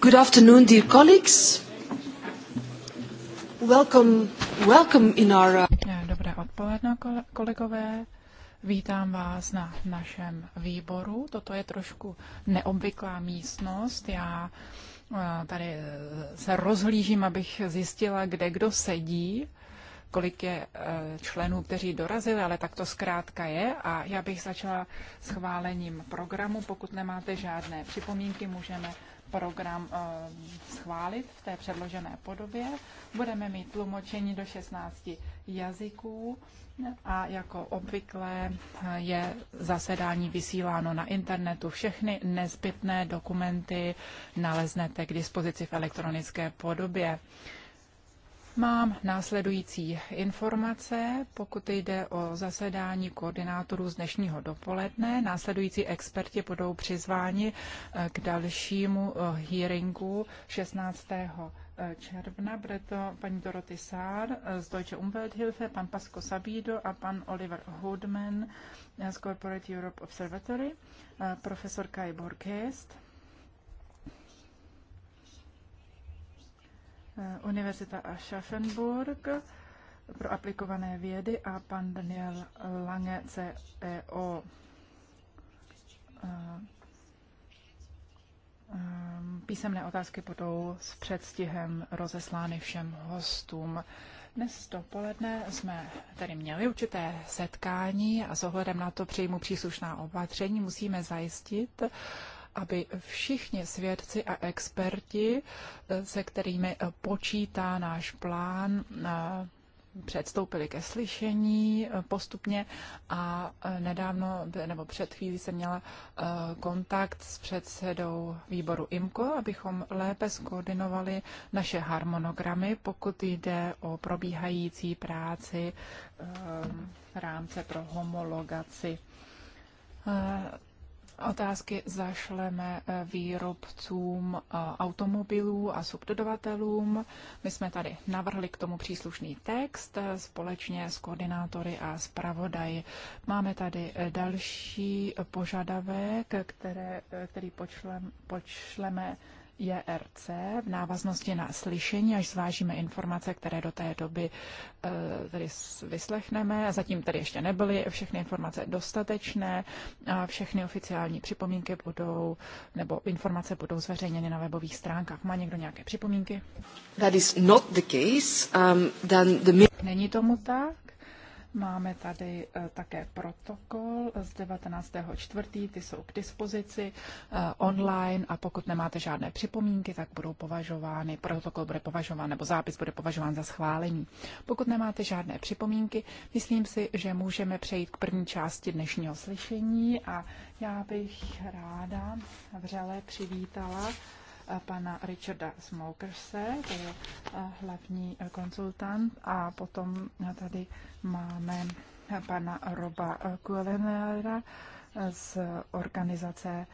Good afternoon, dear colleagues. Welcome, welcome in our... Uh, eh, Dobré odpoledne, kolegové. Vítám vás na našem výboru. Toto je trošku neobvyklá místnost. Já eh, tady eh, se rozhlížím, abych zjistila, kde kdo sedí kolik je členů, kteří dorazili, ale tak to zkrátka je. A já bych začala schválením programu. Pokud nemáte žádné připomínky, můžeme program eh, schválit v té předložené podobě. Budeme mít tlumočení do 16 jazyků a jako obvykle eh, je zasedání vysíláno na internetu. Všechny nezbytné dokumenty naleznete k dispozici v elektronické podobě. Mám následující informace, pokud jde o zasedání koordinátorů z dnešního dopoledne. Následující experti budou přizváni eh, k dalšímu eh, hearingu 16 eh, června. Bude to paní Doroty Sár z Deutsche Umwelthilfe, pan Pasko Sabido a pan Oliver Hoodman z Corporate Europe Observatory, profesor Kai Borkest. Eh, Univerzita Aschaffenburg pro aplikované vědy a pan Daniel Lange, CEO. Eh, eh, Písemné otázky budou s předstihem rozeslány všem hostům. Dnes dopoledne jsme tady měli určité setkání a s ohledem na to přijmu příslušná opatření musíme zajistit, aby všichni svědci a experti, se kterými počítá náš plán, eh, předstoupili ke slyšení eh, postupně a eh, nedávno, nebo před chvílí jsem měla kontakt s předsedou výboru IMCO, abychom lépe skoordinovali naše harmonogramy, pokud jde o probíhající práci rámce pro homologaci otázky zašleme eh, výrobcům eh, automobilů a subdodavatelům. My jsme tady navrhli k tomu příslušný text eh, společně s koordinátory a zpravodaji. Máme tady další požadavek, které, který počlem, počleme JRC e v návaznosti na slyšení, až zvážíme informace, které do té doby eh, tedy vyslechneme. Zatím tady ještě nebyly všechny informace dostatečné. A všechny oficiální připomínky budou, nebo informace budou zveřejněny na webových stránkách. Má někdo nějaké připomínky? That is not the case. Um, then the... Není tomu tak? Máme tady eh, také protokol z 19.4. Ty jsou k dispozici eh, online a pokud nemáte žádné připomínky, tak budou považovány, protokol bude považován nebo zápis bude považován za schválení. Pokud nemáte žádné připomínky, myslím si, že můžeme přejít k první části dnešního slyšení a já bych ráda vřele přivítala pana Richarda Smokerse, to je eh, hlavní eh, konzultant, a potom tady máme pana Roba eh, Kulenera z organizace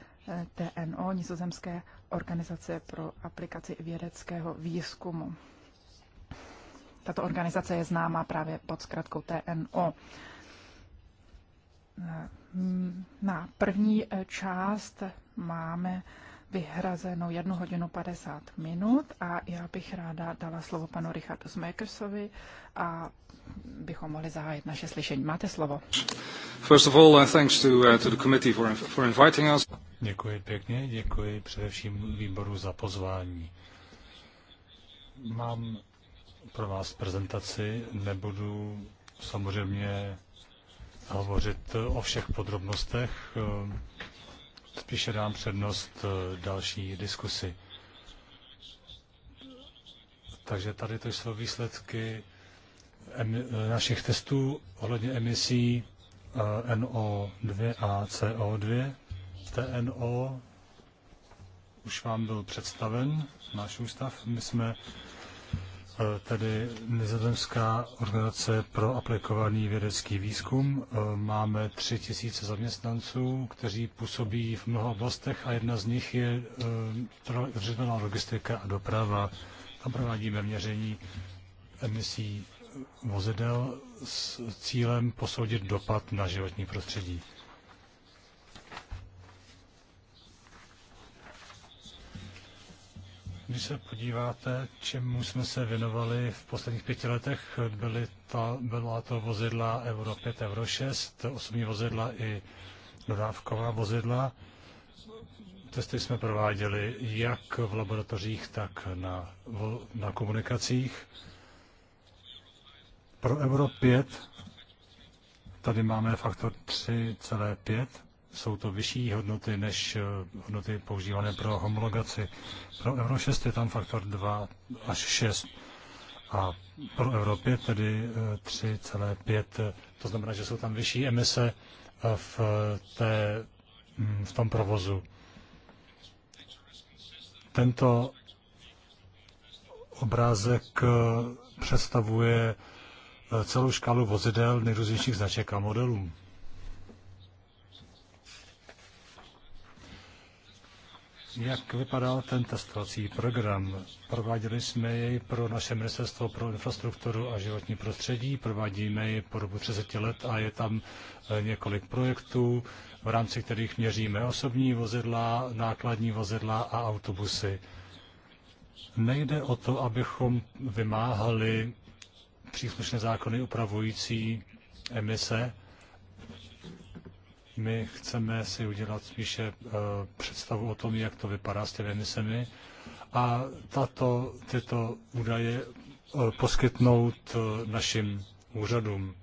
TNO, Nizozemské organizace pro aplikaci vědeckého výzkumu. Tato organizace je známá právě pod zkratkou TNO. Na první část máme Vyhrazeno 1 hodinu 50 minut a já bych ráda dala slovo panu Richardu Smekersovi a bychom mohli zahájit naše slyšení. Máte slovo. First of all, uh, thanks to, uh, to the committee for, for inviting us. Děkuji pěkně, děkuji především výboru za pozvání. Mám pro vás prezentaci, nebudu samozřejmě hovořit o všech podrobnostech spíše dám přednost eh, další diskusi. Takže tady to jsou výsledky eh, našich testů ohledně emisí eh, NO2 a CO2. TNO už vám byl představen, náš ústav. My jsme Eh, tedy Nizozemská organizace pro aplikovaný vědecký výzkum. Eh, máme tři tisíce zaměstnanců, kteří působí v mnoha oblastech a jedna z nich je eh, udržitelná logistika a doprava. Tam provádíme měření emisí vozidel s cílem posoudit dopad na životní prostředí. Když se podíváte, čemu jsme se věnovali v posledních pěti letech, byly ta, byla to vozidla Euro 5, Euro 6, osobní vozidla i dodávková vozidla. Testy jsme prováděli jak v laboratořích, tak na, na komunikacích. Pro Euro 5 tady máme faktor 3,5 jsou to vyšší hodnoty než eh, hodnoty používané pro homologaci. Pro Euro 6 je tam faktor 2 až 6 a pro Evropě tedy 3,5. Eh, to znamená, že jsou tam vyšší emise eh, v, té, hm, v tom provozu. Tento obrázek představuje celou škálu vozidel nejrůznějších značek a modelů. jak vypadal ten testovací program. Prováděli jsme jej pro naše ministerstvo pro infrastrukturu a životní prostředí, provádíme jej po dobu 30 let a je tam eh, několik projektů, v rámci kterých měříme osobní vozidla, nákladní vozidla a autobusy. Nejde o to, abychom vymáhali příslušné zákony upravující emise, my chceme si udělat spíše eh, představu o tom, jak to vypadá s těmi emisemi a tato, tyto údaje eh, poskytnout eh, našim úřadům.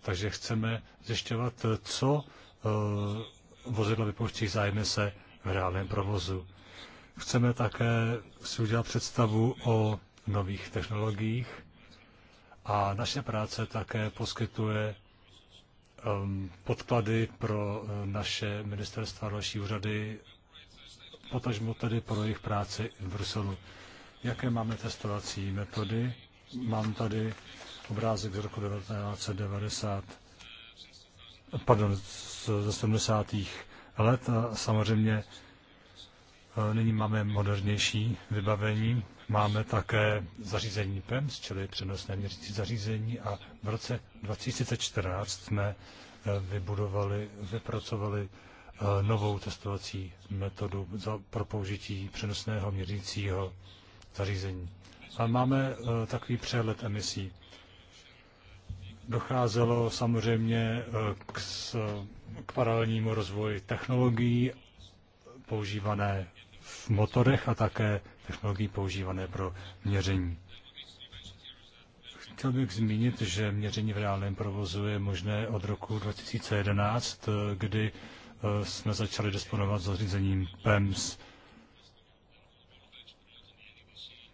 Takže chceme zjišťovat, co vozidla vypouští za se v reálném provozu. Chceme také si udělat představu o nových technologiích a naše práce také poskytuje Um, podklady pro uh, naše ministerstva a další úřady, potažmo tedy pro jejich práci v Bruselu. Jaké máme testovací metody? Mám tady obrázek z roku 1990, pardon, ze 70. let a samozřejmě uh, nyní máme modernější vybavení, Máme také zařízení PEMS, čili přenosné měřící zařízení a v roce 2014 jsme eh, vybudovali, vypracovali eh, novou testovací metodu pro použití přenosného měřícího zařízení. A máme eh, takový přehled emisí. Docházelo samozřejmě k, k paralelnímu rozvoji technologií používané v motorech a také technologií používané pro měření. Chtěl bych zmínit, že měření v reálném provozu je možné od roku 2011, kdy eh, jsme začali disponovat zařízením PEMS.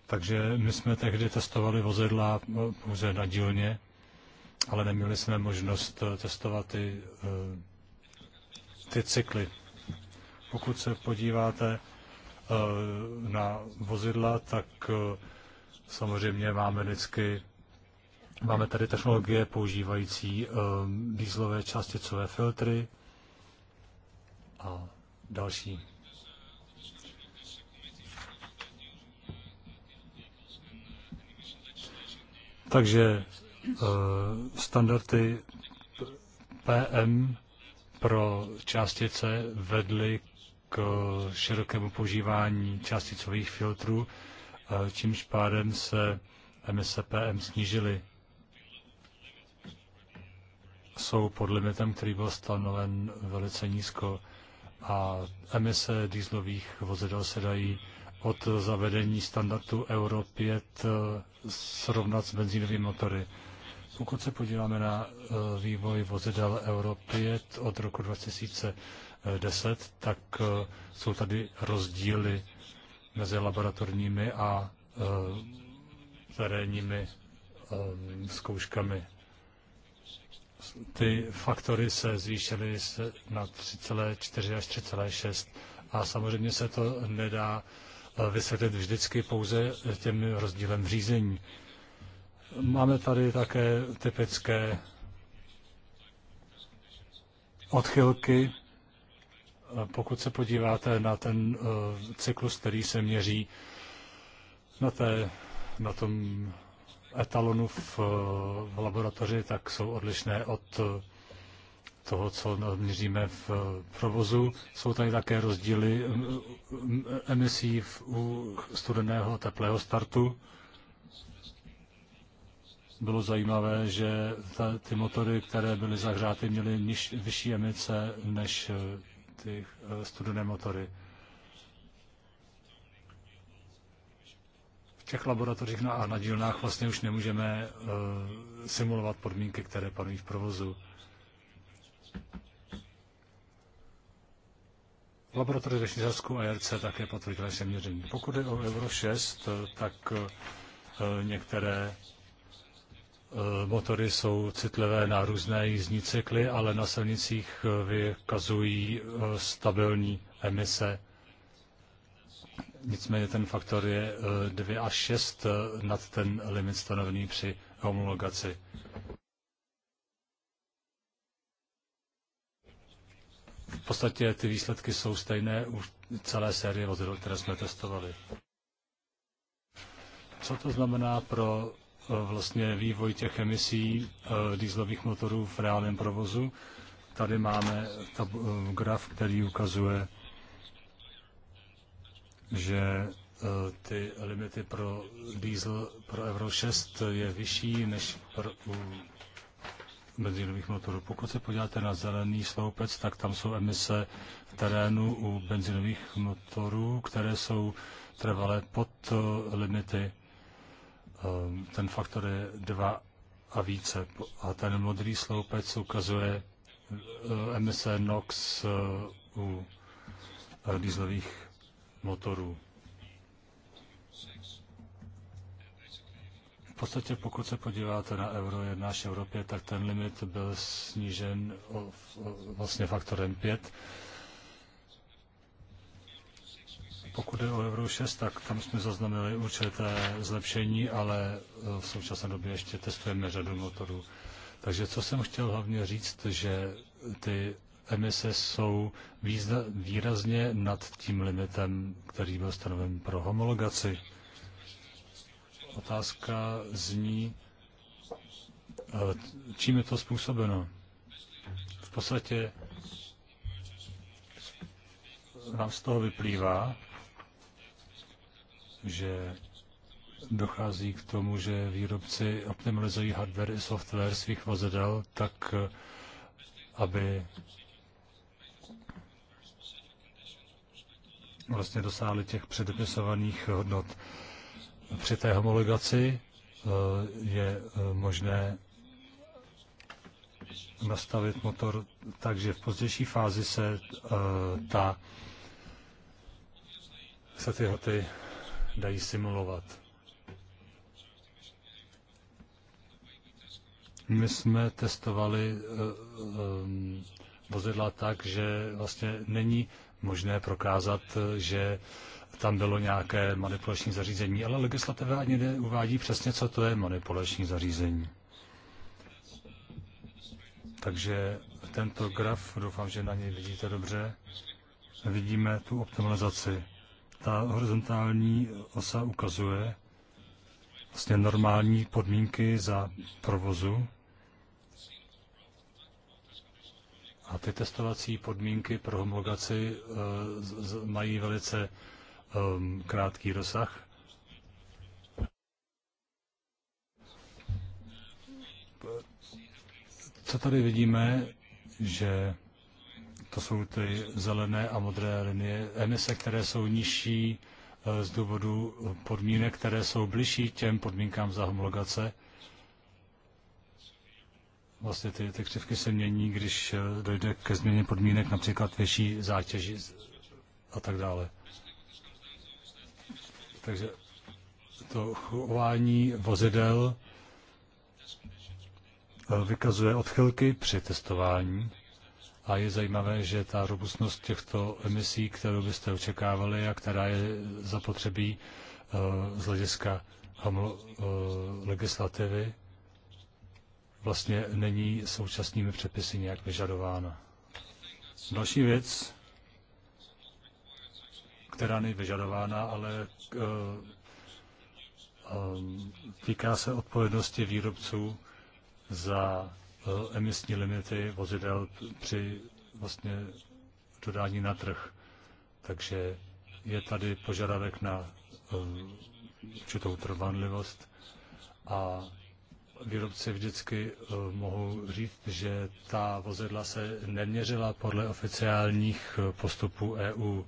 Takže my jsme tehdy testovali vozidla eh, pouze na dílně, ale neměli jsme možnost eh, testovat ty, ty cykly. Pokud se podíváte Eh, na vozidla, tak eh, samozřejmě máme vždycky Máme tady technologie používající eh, dýzlové částicové filtry a další. Takže standardy PM pro částice vedly Eh, širokému používání částicových filtrů, eh, čímž pádem se emise PM snížily. Jsou pod limitem, který byl stanoven velice nízko a emise dýzlových vozidel se dají od zavedení standardu Euro 5 eh, srovnat s benzínovými motory. Pokud se podíváme na vývoj vozidel Euro 5 od roku 2000, 10, tak eh, jsou tady rozdíly mezi laboratorními a eh, terénními eh, zkouškami. Ty faktory se zvýšily na 3,4 až 3,6 a samozřejmě se to nedá vysvětlit vždycky pouze těm rozdílem v řízení. Máme tady také typické odchylky pokud se podíváte na ten eh, cyklus, který se měří na, té, na tom etalonu v, eh, v laboratoři, tak jsou odlišné od eh, toho, co měříme v provozu. Jsou tady také rozdíly emisí v, u studeného teplého startu. Bylo zajímavé, že ta, ty motory, které byly zahřáty, měly niž, vyšší emice než ty eh, studené motory. V těch laboratořích a na dílnách vlastně už nemůžeme eh, simulovat podmínky, které panují v provozu. Laboratoře ve Švýcarsku a JRC také potvrdila, se měření. Pokud je o Euro 6, eh, tak některé Eh, motory jsou citlivé na různé jízdní cykly, ale na silnicích eh, vykazují eh, stabilní emise. Nicméně ten faktor je 2 až 6 nad ten limit stanovený při homologaci. V podstatě ty výsledky jsou stejné u celé série vozidel, které jsme testovali. Co to znamená pro Eh, vlastně vývoj těch emisí eh, dýzlových motorů v reálném provozu. Tady máme eh, graf, který ukazuje, že ty limity pro diesel pro Euro 6 je vyšší než pro, u benzínových motorů. Pokud se podíváte na zelený sloupec, tak tam jsou emise v terénu u benzínových motorů, které jsou trvalé pod limity Ehm, ten faktor je dva a více. A ten modrý sloupec ukazuje eh, emise NOx eh, u eh, dieselových motorů. V podstatě pokud se podíváte na Euro 1 až Evropě, tak ten limit byl snížen vlastně faktorem 5 Pokud je o Euro 6, tak tam jsme zaznamenali určité zlepšení, ale e, v současné době ještě testujeme řadu motorů. Takže co jsem chtěl hlavně říct, že ty emise jsou výrazně nad tím limitem, který byl stanoven pro homologaci. Otázka zní, e, čím je to způsobeno. V podstatě nám z toho vyplývá, že dochází k tomu, že výrobci optimalizují hardware i software svých vozidel tak, aby vlastně dosáhli těch předpisovaných hodnot. Při té homologaci eh, je eh, možné nastavit motor takže v pozdější fázi se eh, ta se ty ty dají simulovat. My jsme testovali eh, eh, vozidla tak, že vlastně není možné prokázat, eh, že tam bylo nějaké manipulační zařízení, ale legislativa ani neuvádí přesně, co to je manipulační zařízení. Takže tento graf, doufám, že na něj vidíte dobře, vidíme tu optimalizaci ta horizontální osa ukazuje vlastně normální podmínky za provozu a ty testovací podmínky pro homologaci eh, mají velice ehm, krátký rozsah. Co tady vidíme, že to jsou ty zelené a modré linie. Emise, které jsou nižší eh, z důvodu podmínek, které jsou bližší těm podmínkám za homologace. Vlastně ty, ty křivky se mění, když eh, dojde ke změně podmínek, například větší zátěži a tak dále. Takže to chování vozidel eh, vykazuje odchylky při testování. A je zajímavé, že ta robustnost těchto emisí, kterou byste očekávali a která je zapotřebí eh, z hlediska eh, legislativy, vlastně není současnými předpisy nějak vyžadována. Další věc, která není vyžadována, ale eh, týká se odpovědnosti výrobců za Eh, emisní limity vozidel při vlastně dodání na trh. Takže je tady požadavek na eh, určitou trvanlivost a výrobci vždycky eh, mohou říct, že ta vozidla se neměřila podle oficiálních postupů EU.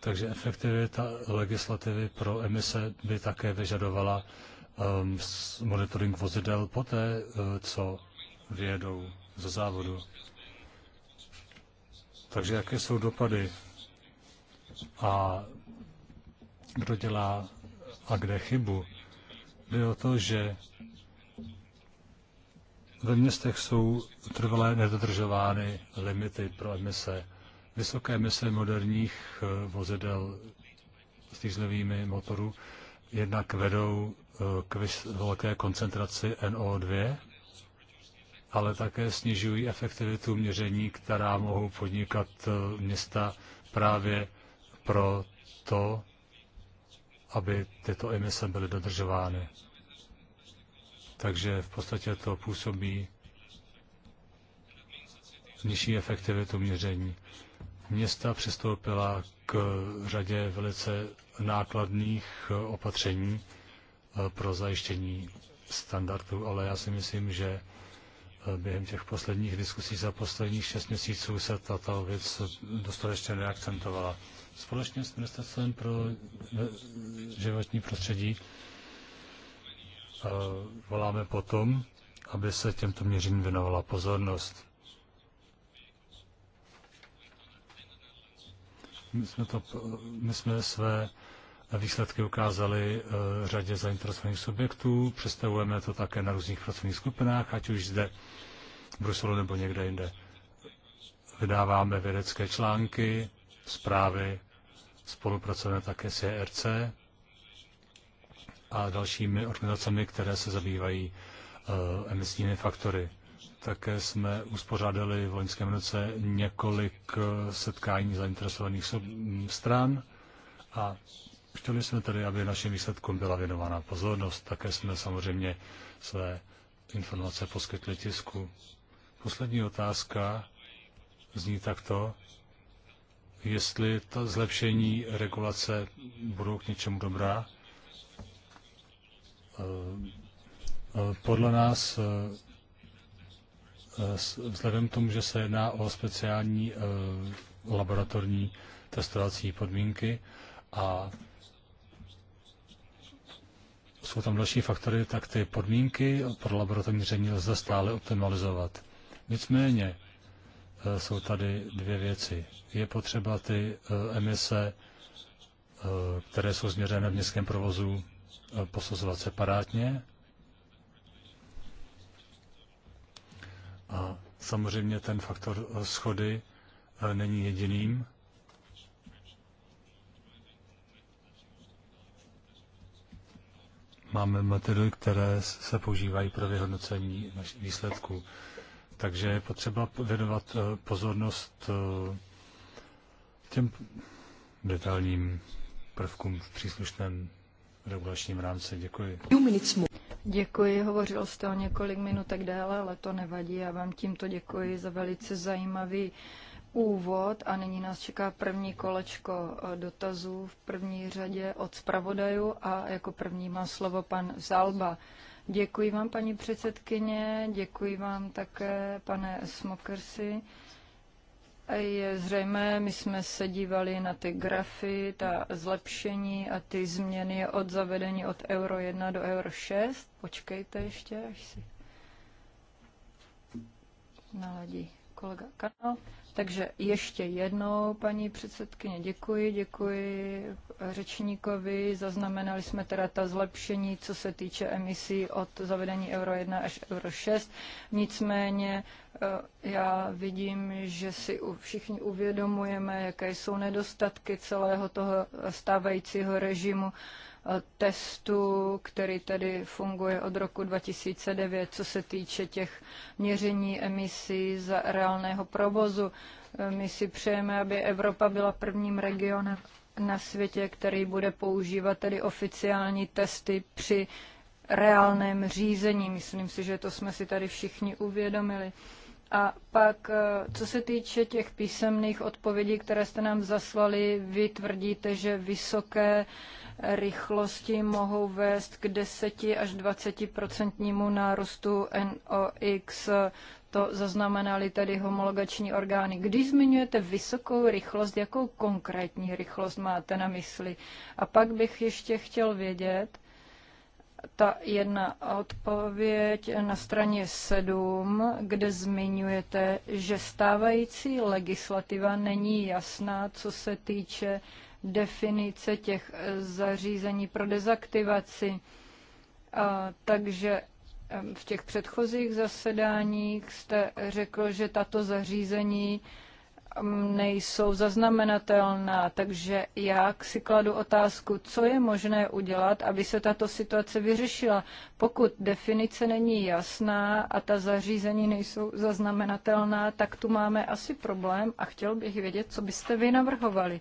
Takže efektivita legislativy pro emise by také vyžadovala Um, monitoring vozidel poté, uh, co vyjedou ze závodu. Takže jaké jsou dopady a kdo dělá a kde chybu? Jde o to, že ve městech jsou trvalé nedodržovány limity pro emise. Vysoké emise moderních uh, vozidel s dýzlovými motorů jednak vedou k velké koncentraci NO2, ale také snižují efektivitu měření, která mohou podnikat e, města právě pro to, aby tyto emise byly dodržovány. Takže v podstatě to působí nižší efektivitu měření. Města přistoupila k řadě velice nákladných e, opatření, pro zajištění standardů, ale já si myslím, že eh, během těch posledních diskusí za posledních šest měsíců se tato věc dostatečně neakcentovala. Společně s Ministerstvem pro eh, životní prostředí eh, voláme potom, aby se těmto měřím věnovala pozornost. My jsme, to, my jsme své Výsledky ukázaly eh, řadě zainteresovaných subjektů. Představujeme to také na různých pracovních skupinách, ať už zde v Bruselu nebo někde jinde. Vydáváme vědecké články, zprávy, spolupracujeme také s ERC a dalšími organizacemi, které se zabývají eh, emisními faktory. Také jsme uspořádali v loňském roce několik eh, setkání zainteresovaných stran a Chtěli jsme tedy, aby našim výsledkům byla věnována pozornost. Také jsme samozřejmě své informace poskytli tisku. Poslední otázka zní takto. Jestli to zlepšení regulace budou k něčemu dobrá, eh, eh, podle nás, eh, vzhledem k tomu, že se jedná o speciální laboratorní testovací podmínky a jsou tam další faktory, tak ty podmínky pro laboratorní měření lze stále optimalizovat. Nicméně e, jsou tady dvě věci. Je potřeba ty e, emise, e, které jsou změřené v městském provozu, posuzovat separátně. A samozřejmě ten faktor schody není jediným máme metody, které se používají pro vyhodnocení výsledků. Takže je potřeba věnovat eh, pozornost eh, těm detailním prvkům v příslušném regulačním rámci. Děkuji. Děkuji, hovořil jste o několik minut tak déle, ale to nevadí. Já vám tímto děkuji za velice zajímavý uh, úvod a nyní nás čeká první kolečko eh, dotazů v první řadě od zpravodajů a jako první má slovo pan Zalba. Děkuji vám, paní předsedkyně, děkuji vám také, pane Smokersi. Je zřejmé, my jsme se dívali na ty grafy, ta zlepšení a ty změny od zavedení od euro 1 do euro 6. Počkejte ještě, až si naladí kolega kanál. Takže ještě jednou, paní předsedkyně, děkuji, děkuji řečníkovi. Zaznamenali jsme teda ta zlepšení, co se týče emisí od zavedení Euro 1 až Euro 6. Nicméně eh, já vidím, že si všichni uvědomujeme, jaké jsou nedostatky celého toho stávajícího režimu testu, který tady funguje od roku 2009, co se týče těch měření emisí za reálného provozu. E, my si přejeme, aby Evropa byla prvním regionem na světě, který bude používat tedy oficiální testy při reálném řízení. Myslím si, že to jsme si tady všichni uvědomili. A pak, eh, co se týče těch písemných odpovědí, které jste nám zaslali, vy tvrdíte, že vysoké rychlosti mohou vést k 10 až 20% nárostu NOx. To zaznamenali tady homologační orgány. Když zmiňujete vysokou rychlost, jakou konkrétní rychlost máte na mysli? A pak bych ještě chtěl vědět, ta jedna odpověď na straně 7, kde zmiňujete, že stávající legislativa není jasná, co se týče definice těch zařízení pro dezaktivaci. A, takže v těch předchozích zasedáních jste řekl, že tato zařízení Um, nejsou zaznamenatelná. Takže já si kladu otázku, co je možné udělat, aby se tato situace vyřešila. Pokud definice není jasná a ta zařízení nejsou zaznamenatelná, tak tu máme asi problém a chtěl bych vědět, co byste vy navrhovali.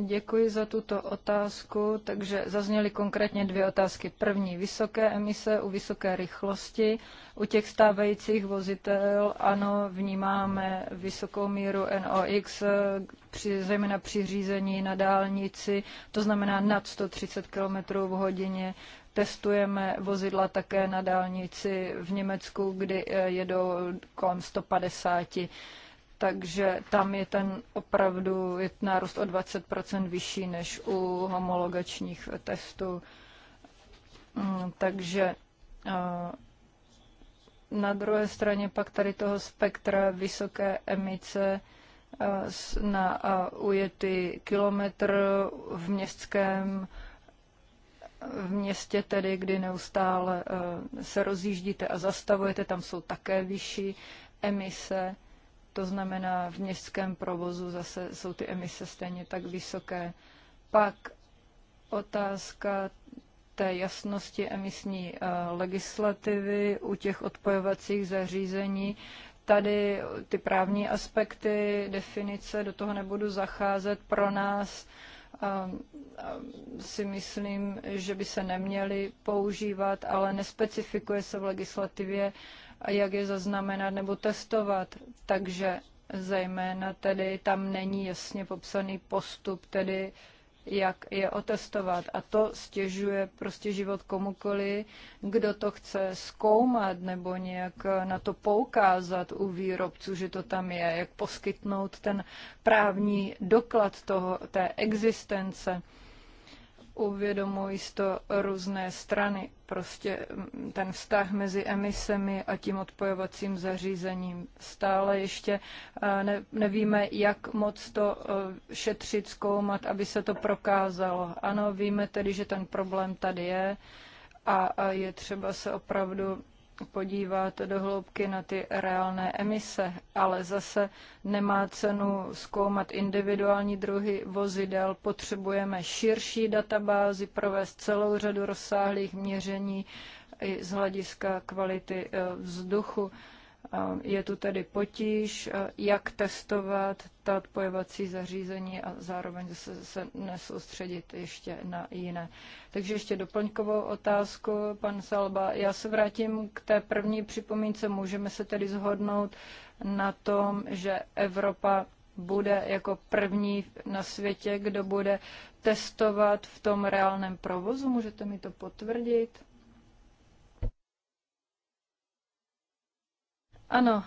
Děkuji za tuto otázku. Takže zazněly konkrétně dvě otázky. První, vysoké emise u vysoké rychlosti. U těch stávajících vozitel, ano, vnímáme vysokou míru NOx, při, zejména při řízení na dálnici, to znamená nad 130 km v hodině. Testujeme vozidla také na dálnici v Německu, kdy eh, jedou kolem 150 km takže tam je ten opravdu je nárůst o 20 vyšší než u homologačních testů. Mm, takže eh, na druhé straně pak tady toho spektra vysoké emice eh, na eh, ujetý kilometr v městském v městě tedy, kdy neustále se rozjíždíte a zastavujete, tam jsou také vyšší emise. To znamená, v městském provozu zase jsou ty emise stejně tak vysoké. Pak otázka té jasnosti emisní eh, legislativy u těch odpojovacích zařízení. Tady ty právní aspekty, definice, do toho nebudu zacházet. Pro nás eh, si myslím, že by se neměly používat, ale nespecifikuje se v legislativě a jak je zaznamenat nebo testovat. Takže zejména tedy tam není jasně popsaný postup, tedy jak je otestovat. A to stěžuje prostě život komukoli, kdo to chce zkoumat nebo nějak na to poukázat u výrobců, že to tam je, jak poskytnout ten právní doklad toho, té existence uvědomují to různé strany. Prostě mm, ten vztah mezi emisemi a tím odpojovacím zařízením. Stále ještě ne, nevíme, jak moc to e, šetřit, zkoumat, aby se to prokázalo. Ano, víme tedy, že ten problém tady je a je třeba se opravdu podívat do hloubky na ty reálné emise, ale zase nemá cenu zkoumat individuální druhy vozidel. Potřebujeme širší databázi, provést celou řadu rozsáhlých měření i z hlediska kvality eh, vzduchu. Je tu tedy potíž, jak testovat ta odpojovací zařízení a zároveň se, se nesoustředit ještě na jiné. Takže ještě doplňkovou otázku, pan Salba. Já se vrátím k té první připomínce. Můžeme se tedy zhodnout na tom, že Evropa bude jako první na světě, kdo bude testovat v tom reálném provozu. Můžete mi to potvrdit? Ano,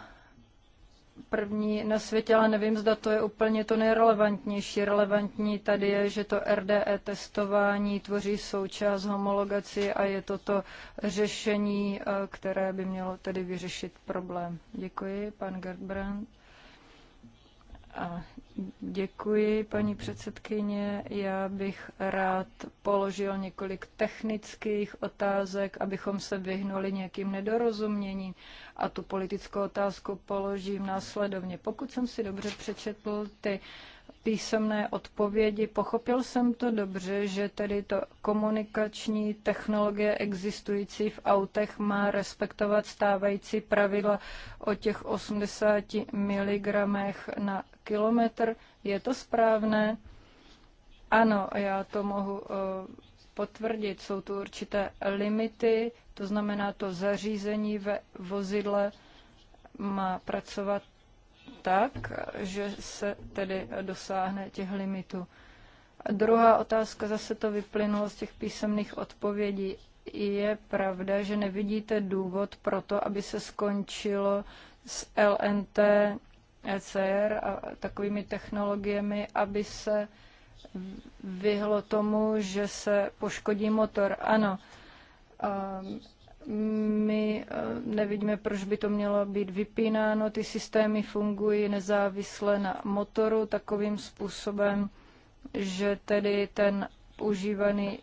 první na světě, ale nevím, zda to je úplně to nejrelevantnější. Relevantní tady je, že to RDE testování tvoří součást homologaci a je to to řešení, eh, které by mělo tedy vyřešit problém. Děkuji, pan Gerbrand. A děkuji, paní předsedkyně. Já bych rád položil několik technických otázek, abychom se vyhnuli nějakým nedorozuměním. A tu politickou otázku položím následovně. Pokud jsem si dobře přečetl ty písemné odpovědi. Pochopil jsem to dobře, že tedy to komunikační technologie existující v autech má respektovat stávající pravidla o těch 80 mg na kilometr. Je to správné? Ano, já to mohu eh, potvrdit. Jsou tu určité limity, to znamená to zařízení ve vozidle má pracovat tak, že se tedy dosáhne těch limitů. A druhá otázka, zase to vyplynulo z těch písemných odpovědí. Je pravda, že nevidíte důvod pro to, aby se skončilo s LNT, ECR a takovými technologiemi, aby se vyhlo tomu, že se poškodí motor. Ano, ehm, my eh, nevidíme, proč by to mělo být vypínáno. Ty systémy fungují nezávisle na motoru takovým způsobem, že tedy ten používaný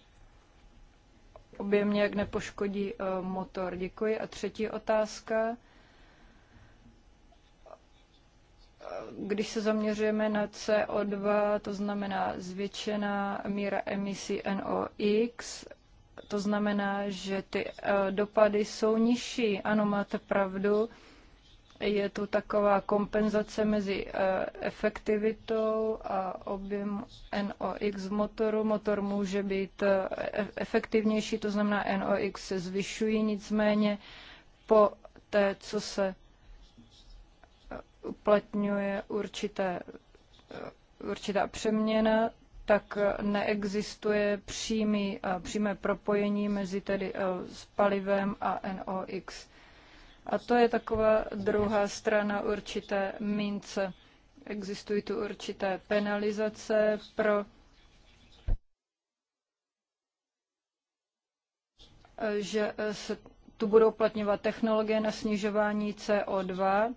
objem nějak nepoškodí eh, motor. Děkuji. A třetí otázka. Když se zaměřujeme na CO2, to znamená zvětšená míra emisí NOx, to znamená, že ty eh, dopady jsou nižší. Ano, máte pravdu. Je tu taková kompenzace mezi eh, efektivitou a objem NOx motoru. Motor může být eh, e-, efektivnější, to znamená NOx se zvyšují, nicméně po té, co se uplatňuje určité, určitá přeměna, tak neexistuje přímý, eh, přímé propojení mezi tedy eh, s palivem a NOx. A to je taková druhá strana určité mince. Existují tu určité penalizace pro eh, že se tu budou uplatňovat technologie na snižování CO2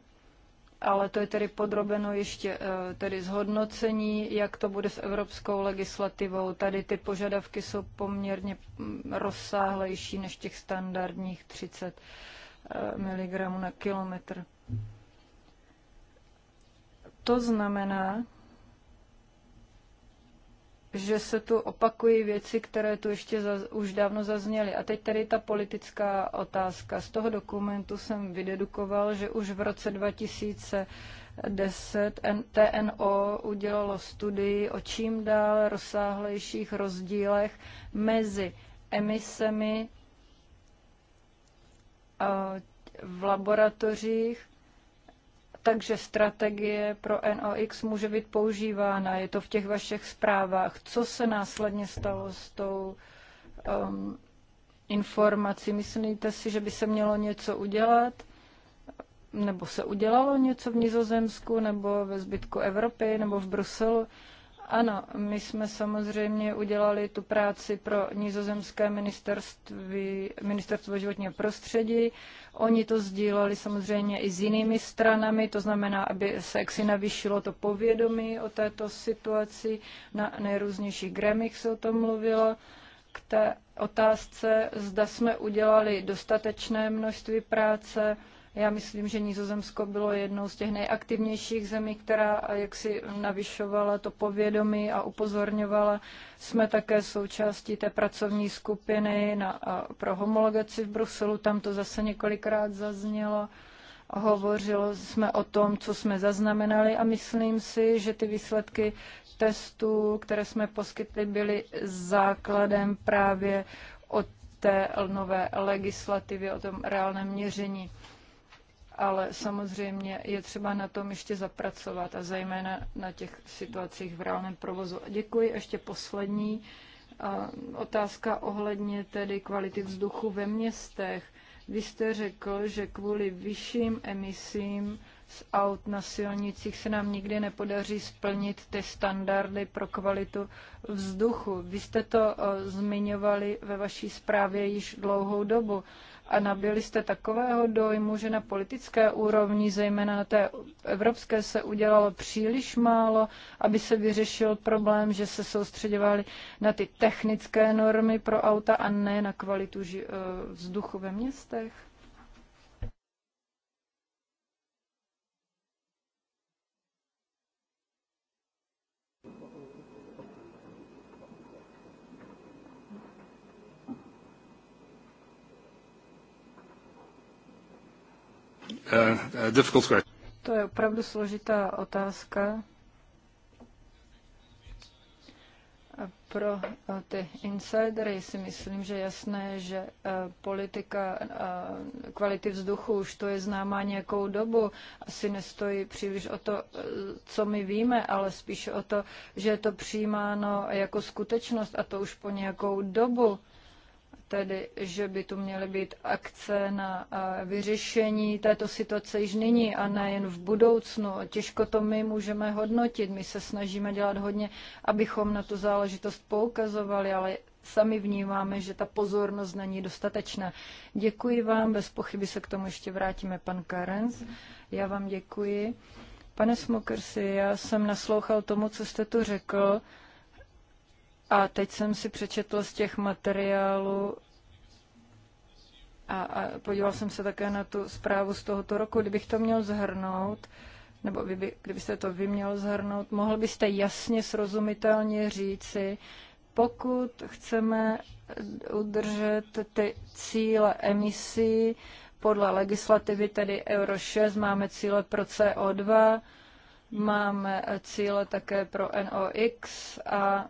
ale to je tedy podrobeno ještě eh, tedy zhodnocení, jak to bude s evropskou legislativou. Tady ty požadavky jsou poměrně mm, rozsáhlejší než těch standardních 30 eh, mg na kilometr. To znamená, že se tu opakují věci, které tu ještě za, už dávno zazněly. A teď tady ta politická otázka. Z toho dokumentu jsem vydedukoval, že už v roce 2010 TNO udělalo studii o čím dál rozsáhlejších rozdílech mezi emisemi v laboratořích takže strategie pro NOx může být používána. Je to v těch vašich zprávách. Co se následně stalo s tou um, informací? Myslíte si, že by se mělo něco udělat? Nebo se udělalo něco v Nizozemsku, nebo ve zbytku Evropy, nebo v Bruselu? Ano, my jsme samozřejmě udělali tu práci pro nizozemské ministerství, ministerstvo životního prostředí. Oni to sdíleli samozřejmě i s jinými stranami, to znamená, aby se jaksi navýšilo to povědomí o této situaci. Na nejrůznějších gremích se o tom mluvilo. K té otázce, zda jsme udělali dostatečné množství práce, já myslím, že Nizozemsko bylo jednou z těch nejaktivnějších zemí, která eh, jaksi navyšovala to povědomí a upozorňovala. Jsme také součástí té pracovní skupiny na, pro homologaci v Bruselu, tam to zase několikrát zaznělo hovořilo jsme o tom, co jsme zaznamenali a myslím si, že ty výsledky testů, které jsme poskytli, byly základem právě o té nové legislativě, o tom reálném měření ale samozřejmě je třeba na tom ještě zapracovat a zejména na těch situacích v reálném provozu. A děkuji. Ještě poslední otázka ohledně tedy kvality vzduchu ve městech. Vy jste řekl, že kvůli vyšším emisím z aut na silnicích se nám nikdy nepodaří splnit ty standardy pro kvalitu vzduchu. Vy jste to zmiňovali ve vaší zprávě již dlouhou dobu a nabili jste takového dojmu, že na politické úrovni, zejména na té evropské, se udělalo příliš málo, aby se vyřešil problém, že se soustředovali na ty technické normy pro auta a ne na kvalitu eh, vzduchu ve městech? Eh, difficult question. To je opravdu složitá otázka. pro eh, ty insidery si myslím, že jasné, že eh, politika kvality vzduchu už to je známá nějakou dobu. Asi nestojí příliš o to, co my víme, ale spíš o to, že je to přijímáno jako skutečnost a to už po nějakou dobu tedy, že by tu měly být akce na eh, vyřešení této situace již nyní a nejen v budoucnu. Těžko to my můžeme hodnotit. My se snažíme dělat hodně, abychom na tu záležitost poukazovali, ale sami vnímáme, že ta pozornost není dostatečná. Děkuji vám, bez pochyby se k tomu ještě vrátíme, pan Karenz. Já vám děkuji. Pane Smokersi, já jsem naslouchal tomu, co jste tu řekl. A teď jsem si přečetl z těch materiálů, a, a podíval jsem se také na tu zprávu z tohoto roku. Kdybych to měl zhrnout, nebo vy by, kdybyste to vy měl zhrnout, mohl byste jasně, srozumitelně říci, pokud chceme udržet ty cíle emisí, podle legislativy, tedy Euro 6, máme cíle pro CO2, máme cíle také pro NOx a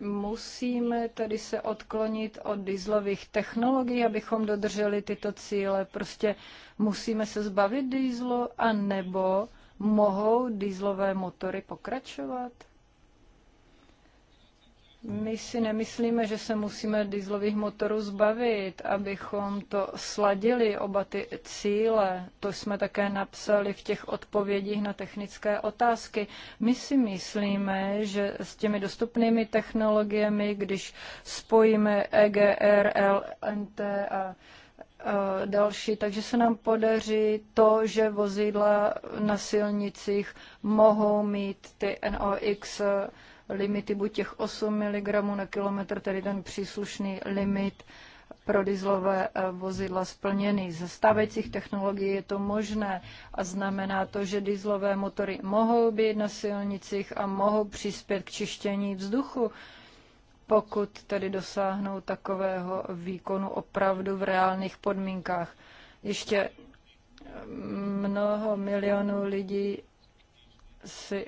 musíme tedy se odklonit od dýzlových technologií, abychom dodrželi tyto cíle. Prostě musíme se zbavit dýzlu, a nebo mohou dýzlové motory pokračovat? My si nemyslíme, že se musíme dýzlových motorů zbavit, abychom to sladili, oba ty cíle. To jsme také napsali v těch odpovědích na technické otázky. My si myslíme, že s těmi dostupnými technologiemi, když spojíme EGR, LNT a další, takže se nám podaří to, že vozidla na silnicích mohou mít ty NOx limity buď těch 8 mg na kilometr, tedy ten příslušný limit pro dizlové eh, vozidla splněný. Ze stávajících technologií je to možné a znamená to, že dizlové motory mohou být na silnicích a mohou přispět k čištění vzduchu, pokud tedy dosáhnou takového výkonu opravdu v reálných podmínkách. Ještě eh, mnoho milionů lidí si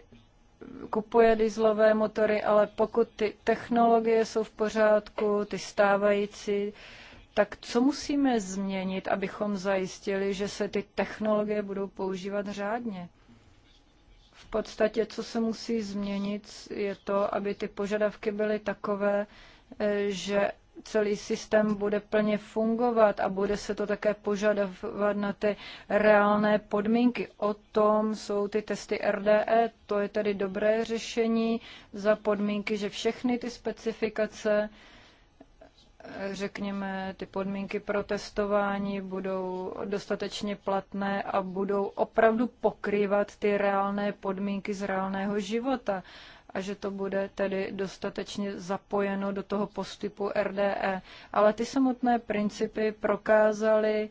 kupuje dieselové motory, ale pokud ty technologie jsou v pořádku, ty stávající, tak co musíme změnit, abychom zajistili, že se ty technologie budou používat řádně? V podstatě, co se musí změnit, je to, aby ty požadavky byly takové, eh, že celý systém bude plně fungovat a bude se to také požadovat na ty reálné podmínky. O tom jsou ty testy RDE, to je tedy dobré řešení za podmínky, že všechny ty specifikace, řekněme, ty podmínky pro testování budou dostatečně platné a budou opravdu pokrývat ty reálné podmínky z reálného života a že to bude tedy dostatečně zapojeno do toho postupu RDE. Ale ty samotné principy prokázaly,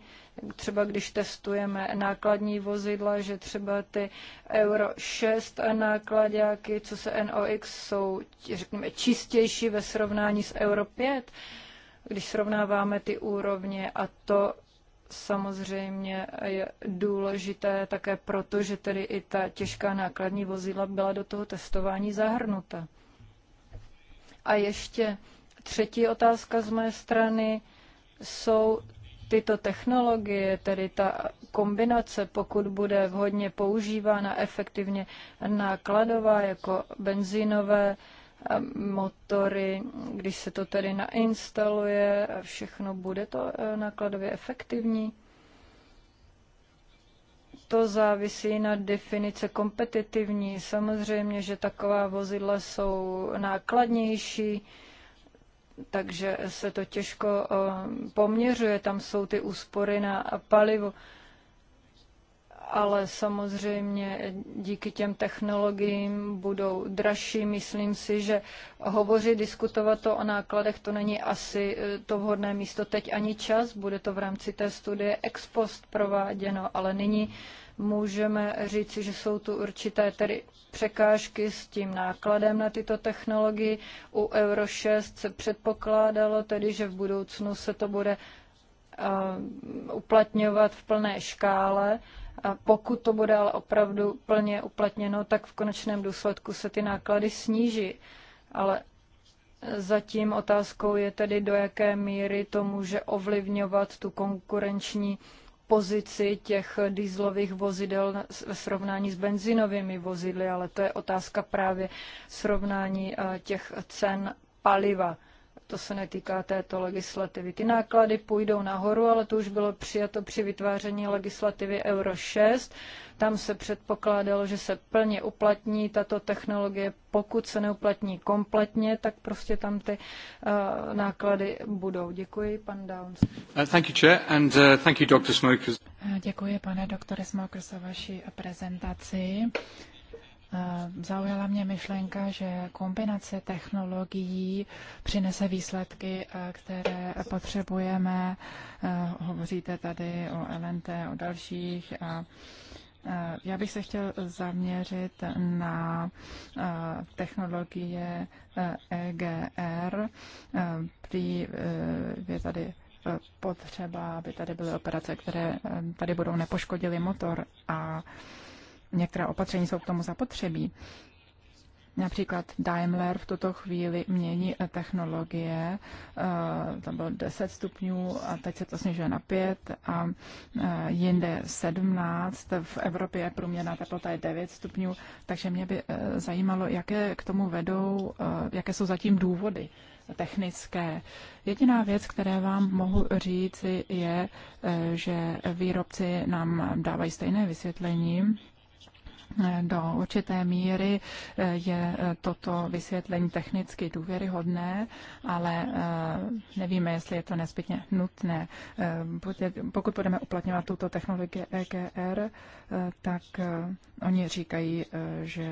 třeba když testujeme nákladní vozidla, že třeba ty Euro 6 nákladňáky, co se NOx, jsou, řekněme, čistější ve srovnání s Euro 5 když srovnáváme ty úrovně a to samozřejmě je důležité také proto, že tedy i ta těžká nákladní vozidla byla do toho testování zahrnuta. A ještě třetí otázka z mé strany. Jsou tyto technologie, tedy ta kombinace, pokud bude vhodně používána, efektivně nákladová jako benzínové motory, když se to tedy nainstaluje, všechno bude to eh, nákladově efektivní? To závisí na definice kompetitivní. Samozřejmě, že taková vozidla jsou nákladnější, takže se to těžko eh, poměřuje. Tam jsou ty úspory na palivu ale samozřejmě díky těm technologiím budou dražší. Myslím si, že hovořit, diskutovat to o nákladech, to není asi eh, to vhodné místo teď ani čas. Bude to v rámci té studie ex post prováděno, ale nyní můžeme říci, že jsou tu určité tedy překážky s tím nákladem na tyto technologie. U Euro 6 se předpokládalo tedy, že v budoucnu se to bude uh, uplatňovat v plné škále a pokud to bude ale opravdu plně uplatněno, tak v konečném důsledku se ty náklady sníží. Ale zatím otázkou je tedy, do jaké míry to může ovlivňovat tu konkurenční pozici těch dýzlových vozidel ve srovnání s benzinovými vozidly, ale to je otázka právě srovnání eh, těch cen paliva to se netýká této legislativy. Ty náklady půjdou nahoru, ale to už bylo přijato při vytváření legislativy Euro 6. Tam se předpokládalo, že se plně uplatní tato technologie. Pokud se neuplatní kompletně, tak prostě tam ty uh, náklady budou. Děkuji, pan Downs. Uh, thank you, Chair, and uh, thank you, Dr. Děkuji, pane doktore Smokers, za vaši prezentaci. Eh, zaujala mě myšlenka, že kombinace technologií přinese výsledky, eh, které potřebujeme. Eh, hovoříte tady o LNT, o dalších. já bych se chtěl zaměřit na technologie EGR. E prý je tady potřeba, aby tady byly operace, které tady budou nepoškodily motor a některá opatření jsou k tomu zapotřebí. Například Daimler v tuto chvíli mění technologie, eh, tam bylo 10 stupňů a teď se to snižuje na 5 a eh, jinde 17, v Evropě průměrná teplota je 9 stupňů, takže mě by eh, zajímalo, jaké k tomu vedou, jaké jsou zatím důvody technické. Jediná věc, které vám mohu říci, je, že výrobci nám dávají stejné vysvětlení, do určité míry eh, je eh, toto vysvětlení technicky důvěryhodné, ale eh, nevíme, jestli je to nezbytně nutné. Pokud budeme uplatňovat tuto technologii EGR, tak oni říkají, že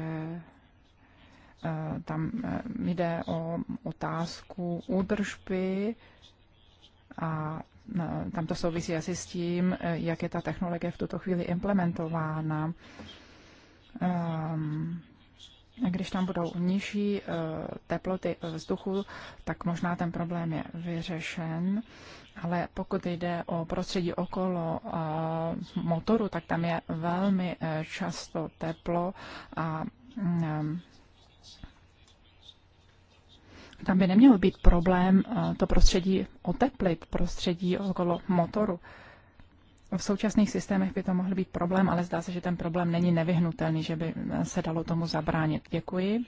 tam jde o otázku údržby a tam to souvisí asi s tím, jak je ta technologie v tuto chvíli implementována. Ehm, když tam budou nižší eh, teploty vzduchu, tak možná ten problém je vyřešen. Ale pokud jde o prostředí okolo eh, motoru, tak tam je velmi eh, často teplo a ehm, tam by neměl být problém to prostředí oteplit, prostředí okolo motoru. V současných systémech by to mohl být problém, ale zdá se, že ten problém není nevyhnutelný, že by se dalo tomu zabránit. Děkuji.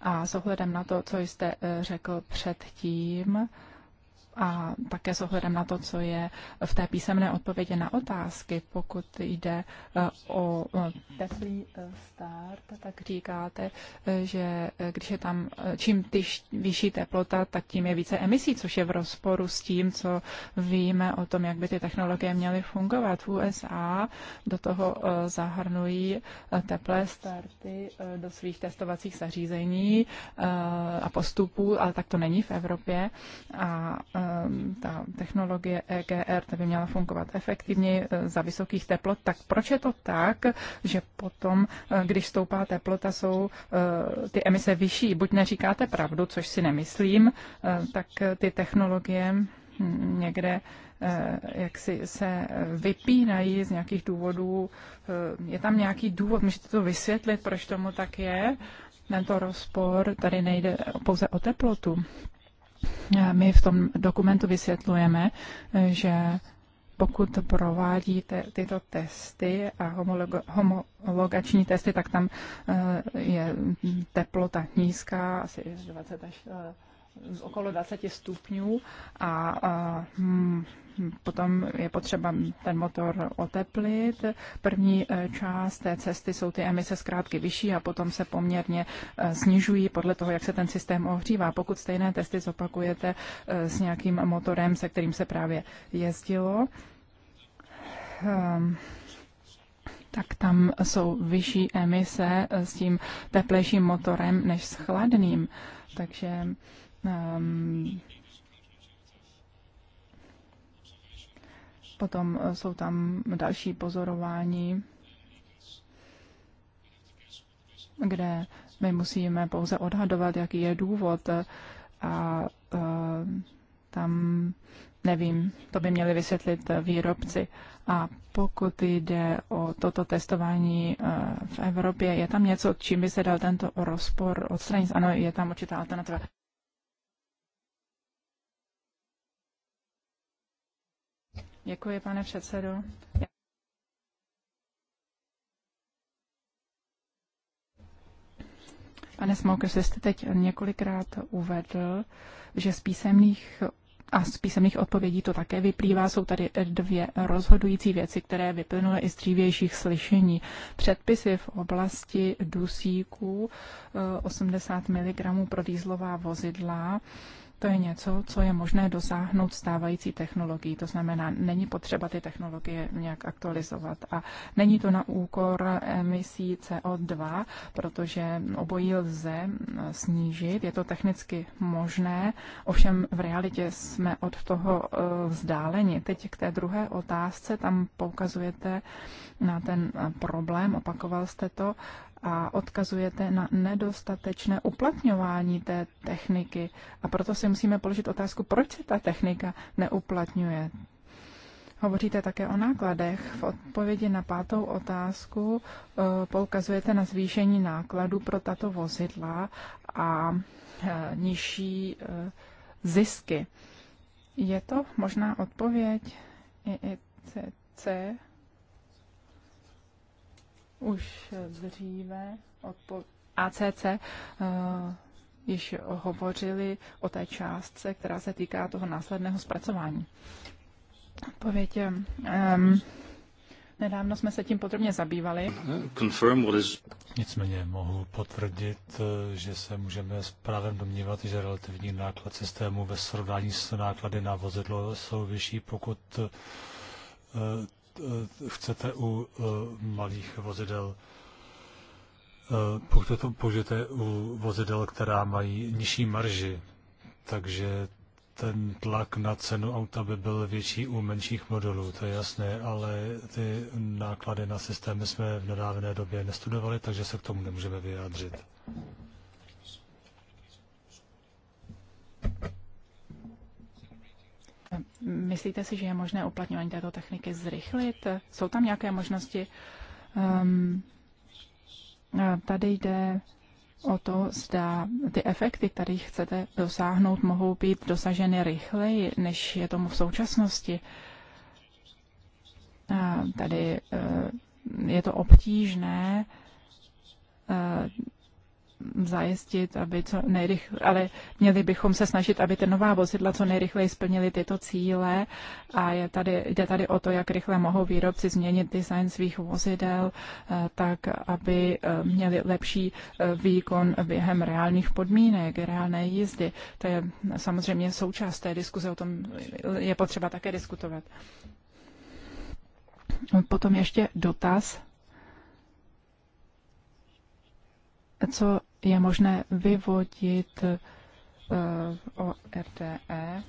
A s ohledem na to, co jste eh, řekl předtím, a také s ohledem na to, co je v té písemné odpovědi na otázky, pokud jde e, o teplý e, start, tak říkáte, e, že když je tam čím tyž, vyšší teplota, tak tím je více emisí, což je v rozporu s tím, co víme o tom, jak by ty technologie měly fungovat. V USA do toho zahrnují teplé starty do svých testovacích zařízení a postupů, ale tak to není v Evropě. A Ehm, ta technologie EGR by měla fungovat efektivněji eh, za vysokých teplot, tak proč je to tak, že potom, eh, když stoupá teplota, jsou eh, ty emise vyšší? Buď neříkáte pravdu, což si nemyslím, tak ty technologie hm, někde jak si se vypínají z nějakých důvodů. Je tam nějaký důvod, můžete to vysvětlit, proč tomu tak je? Tento rozpor tady nejde pouze o teplotu. Eh, my v tom dokumentu vysvětlujeme, eh, že pokud provádíte tyto testy a homologo, homologační testy, tak tam eh, je teplota nízká, asi 20 až z okolo 20 stupňů a, a hmm, potom je potřeba ten motor oteplit. První e, část té cesty jsou ty emise zkrátky vyšší a potom se poměrně e, snižují podle toho, jak se ten systém ohřívá. Pokud stejné testy zopakujete e, s nějakým motorem, se kterým se právě jezdilo, ehm, tak tam jsou vyšší emise s tím teplejším motorem než s chladným. Takže um, Potom e, jsou tam další pozorování, kde my musíme pouze odhadovat, jaký je důvod a e, tam nevím, to by měli vysvětlit e, výrobci. A pokud jde o toto testování v Evropě, je tam něco, čím by se dal tento rozpor odstranit? Ano, je tam určitá alternativa. Děkuji, pane předsedo. Pane Smokers, jste teď několikrát uvedl, že z písemných a z písemných odpovědí to také vyplývá. Jsou tady dvě rozhodující věci, které vyplnuly i z dřívějších slyšení. Předpisy v oblasti dusíků 80 mg pro dýzlová vozidla to je něco, co je možné dosáhnout stávající technologií. To znamená, není potřeba ty technologie nějak aktualizovat. A není to na úkor emisí CO2, protože obojí lze snížit. Je to technicky možné, ovšem v realitě jsme od toho eh, vzdáleni. Teď k té druhé otázce, tam poukazujete na ten eh, problém, opakoval jste to a odkazujete na nedostatečné uplatňování té techniky. A proto si musíme položit otázku, proč se ta technika neuplatňuje. Hovoříte také o nákladech. V odpovědi na pátou otázku e, poukazujete na zvýšení nákladu pro tato vozidla a e, nižší e, zisky. Je to možná odpověď C už dříve od ACC uh, eh, již hovořili o té částce, která se týká toho následného zpracování. Odpověď um, nedávno jsme se tím podrobně zabývali. Nicméně mohu potvrdit, eh, že se můžeme s právem domnívat, že relativní náklad systému ve srovnání s náklady na vozidlo jsou vyšší, pokud eh, Eh, chcete u eh, malých vozidel. Eh, Pokud to použijete u vozidel, která mají nižší marži, takže ten tlak na cenu auta by byl větší u menších modelů, to je jasné, ale ty náklady na systémy jsme v nedávné době nestudovali, takže se k tomu nemůžeme vyjádřit. Myslíte si, že je možné uplatňování této techniky zrychlit? Jsou tam nějaké možnosti? Um, tady jde o to, zda ty efekty, které chcete dosáhnout, mohou být dosaženy rychleji, než je tomu v současnosti. A tady eh, je to obtížné eh, zajistit, aby co nejrychle, ale měli bychom se snažit, aby ty nová vozidla co nejrychleji splnily tyto cíle a je tady, jde tady o to, jak rychle mohou výrobci změnit design svých vozidel, eh, tak aby eh, měli lepší eh, výkon během reálných podmínek, reálné jízdy. To je samozřejmě součást té diskuze, o tom je potřeba také diskutovat. Potom ještě dotaz co je možné vyvodit eh, o RTE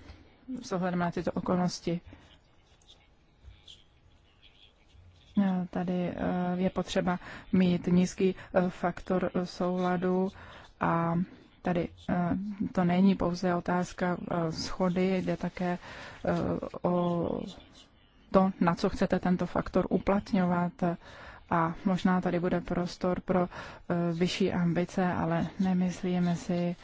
s ohledem na tyto okolnosti. Eh, tady eh, je potřeba mít nízký faktor souladu a tady to není pouze otázka schody, jde také o to, na co chcete tento faktor uplatňovat a možná tady bude prostor pro e, vyšší ambice, ale nemyslíme si, e,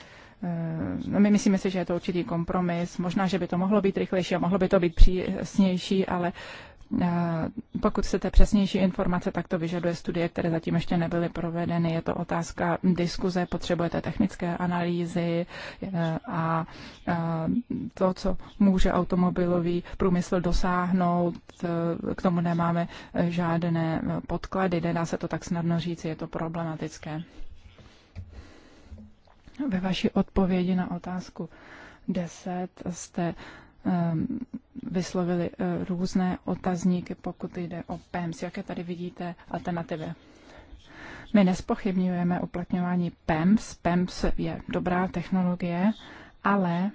No my myslíme si, že je to určitý kompromis. Možná, že by to mohlo být rychlejší a mohlo by to být přísnější, ale pokud chcete přesnější informace, tak to vyžaduje studie, které zatím ještě nebyly provedeny. Je to otázka diskuze, potřebujete technické analýzy e, a e, to, co může automobilový průmysl dosáhnout, e, k tomu nemáme žádné podklady. Nedá se to tak snadno říct, je to problematické. Ve vaší odpovědi na otázku 10 jste Ehm, vyslovili eh, různé otazníky, pokud jde o PEMS. Jaké tady vidíte alternativy? My nespochybňujeme uplatňování PEMS. PEMS je dobrá technologie, ale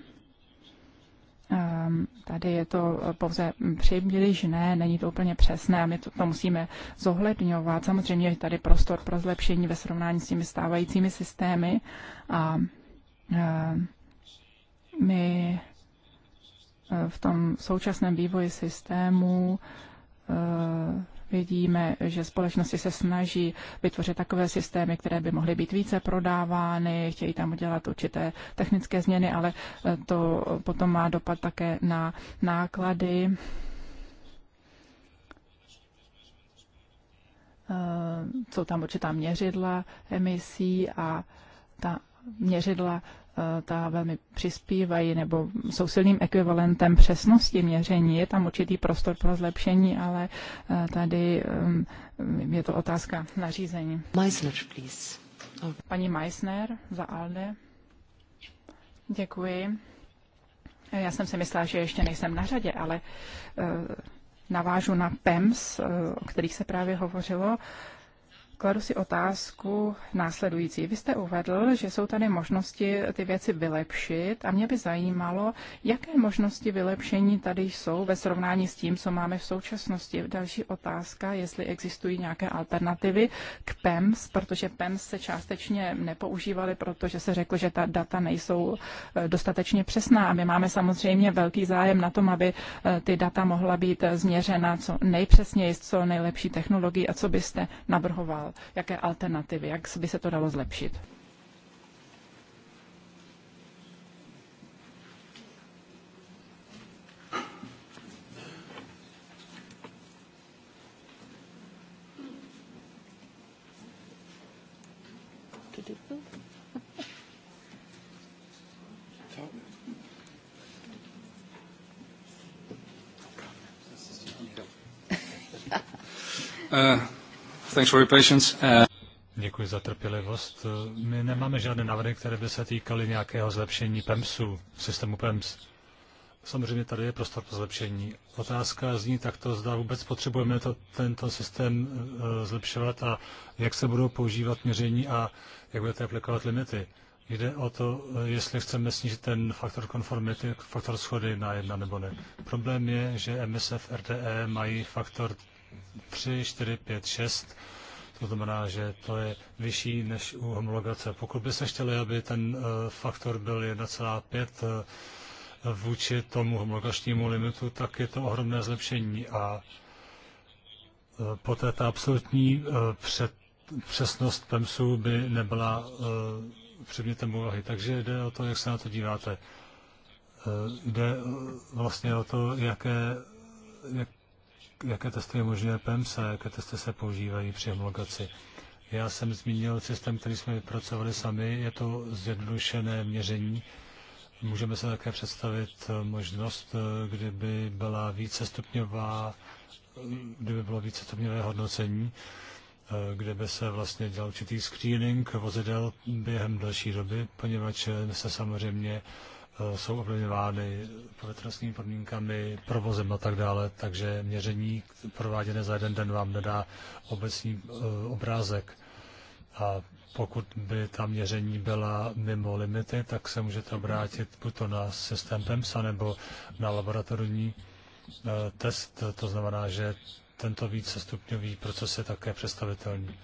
ehm, Tady je to pouze přibližné, není to úplně přesné a my to, to musíme zohledňovat. Samozřejmě je tady prostor pro zlepšení ve srovnání s těmi stávajícími systémy a, a ehm, my Eh, v tom současném vývoji systému eh, vidíme, že společnosti se snaží vytvořit takové systémy, které by mohly být více prodávány, chtějí tam udělat určité technické změny, ale eh, to potom má dopad také na náklady. Jsou tam určitá měřidla emisí a ta měřidla Eh, ta velmi přispívají nebo jsou silným ekvivalentem přesnosti měření. Je tam určitý prostor pro zlepšení, ale eh, tady eh, je to otázka nařízení. Meissner, please. Paní Meissner za ALDE. Děkuji. Já jsem si myslela, že ještě nejsem na řadě, ale navážu na PEMS, o kterých se právě hovořilo. Kladu si otázku následující. Vy jste uvedl, že jsou tady možnosti ty věci vylepšit a mě by zajímalo, jaké možnosti vylepšení tady jsou ve srovnání s tím, co máme v současnosti. Další otázka, jestli existují nějaké alternativy k PEMS, protože PEMS se částečně nepoužívaly, protože se řeklo, že ta data nejsou e, dostatečně přesná a my máme samozřejmě velký zájem na tom, aby e, ty data mohla být změřena co nejpřesněji, co nejlepší technologií a co byste navrhoval dál, jaké alternativy, jak by se to dalo zlepšit. Uh, Thanks for your patience. Uh, Děkuji za trpělivost. My nemáme žádné návrhy, které by se týkaly nějakého zlepšení PEMSu, systému PEMS. Samozřejmě tady je prostor pro zlepšení. Otázka zní takto, zda vůbec potřebujeme to, tento systém eh, zlepšovat a jak se budou používat měření a jak budete aplikovat limity. Jde o to, eh, jestli chceme snížit ten faktor konformity, faktor schody na jedna nebo ne. Problém je, že MSF RDE mají faktor 3, 4, 5, 6. To znamená, že to je vyšší než u homologace. Pokud byste chtěli, aby ten eh, faktor byl 1,5 eh, vůči tomu homologačnímu limitu, tak je to ohromné zlepšení. A eh, poté ta absolutní před, přesnost PEMSu by nebyla předmětem úvahy. Takže jde o to, jak se na to díváte. Jde vlastně o to, jaké, jak, jaké testy je možné PMC, jaké testy se používají při homologaci. Já jsem zmínil systém, který jsme vypracovali sami, je to zjednodušené měření. Můžeme se také představit eh, možnost, eh, kdyby byla více stupňová, eh, kdyby bylo více stupňové hodnocení, kde by se vlastně dělal určitý screening vozidel během další doby, poněvadž se samozřejmě Eh, jsou ovlivňovány povětrnostními podmínkami, provozem a tak dále, takže měření prováděné za jeden den vám nedá obecný eh, obrázek. A pokud by ta měření byla mimo limity, tak se můžete obrátit buď to na systém PEMSA nebo na laboratorní eh, test. To znamená, že tento vícestupňový proces je také představitelný.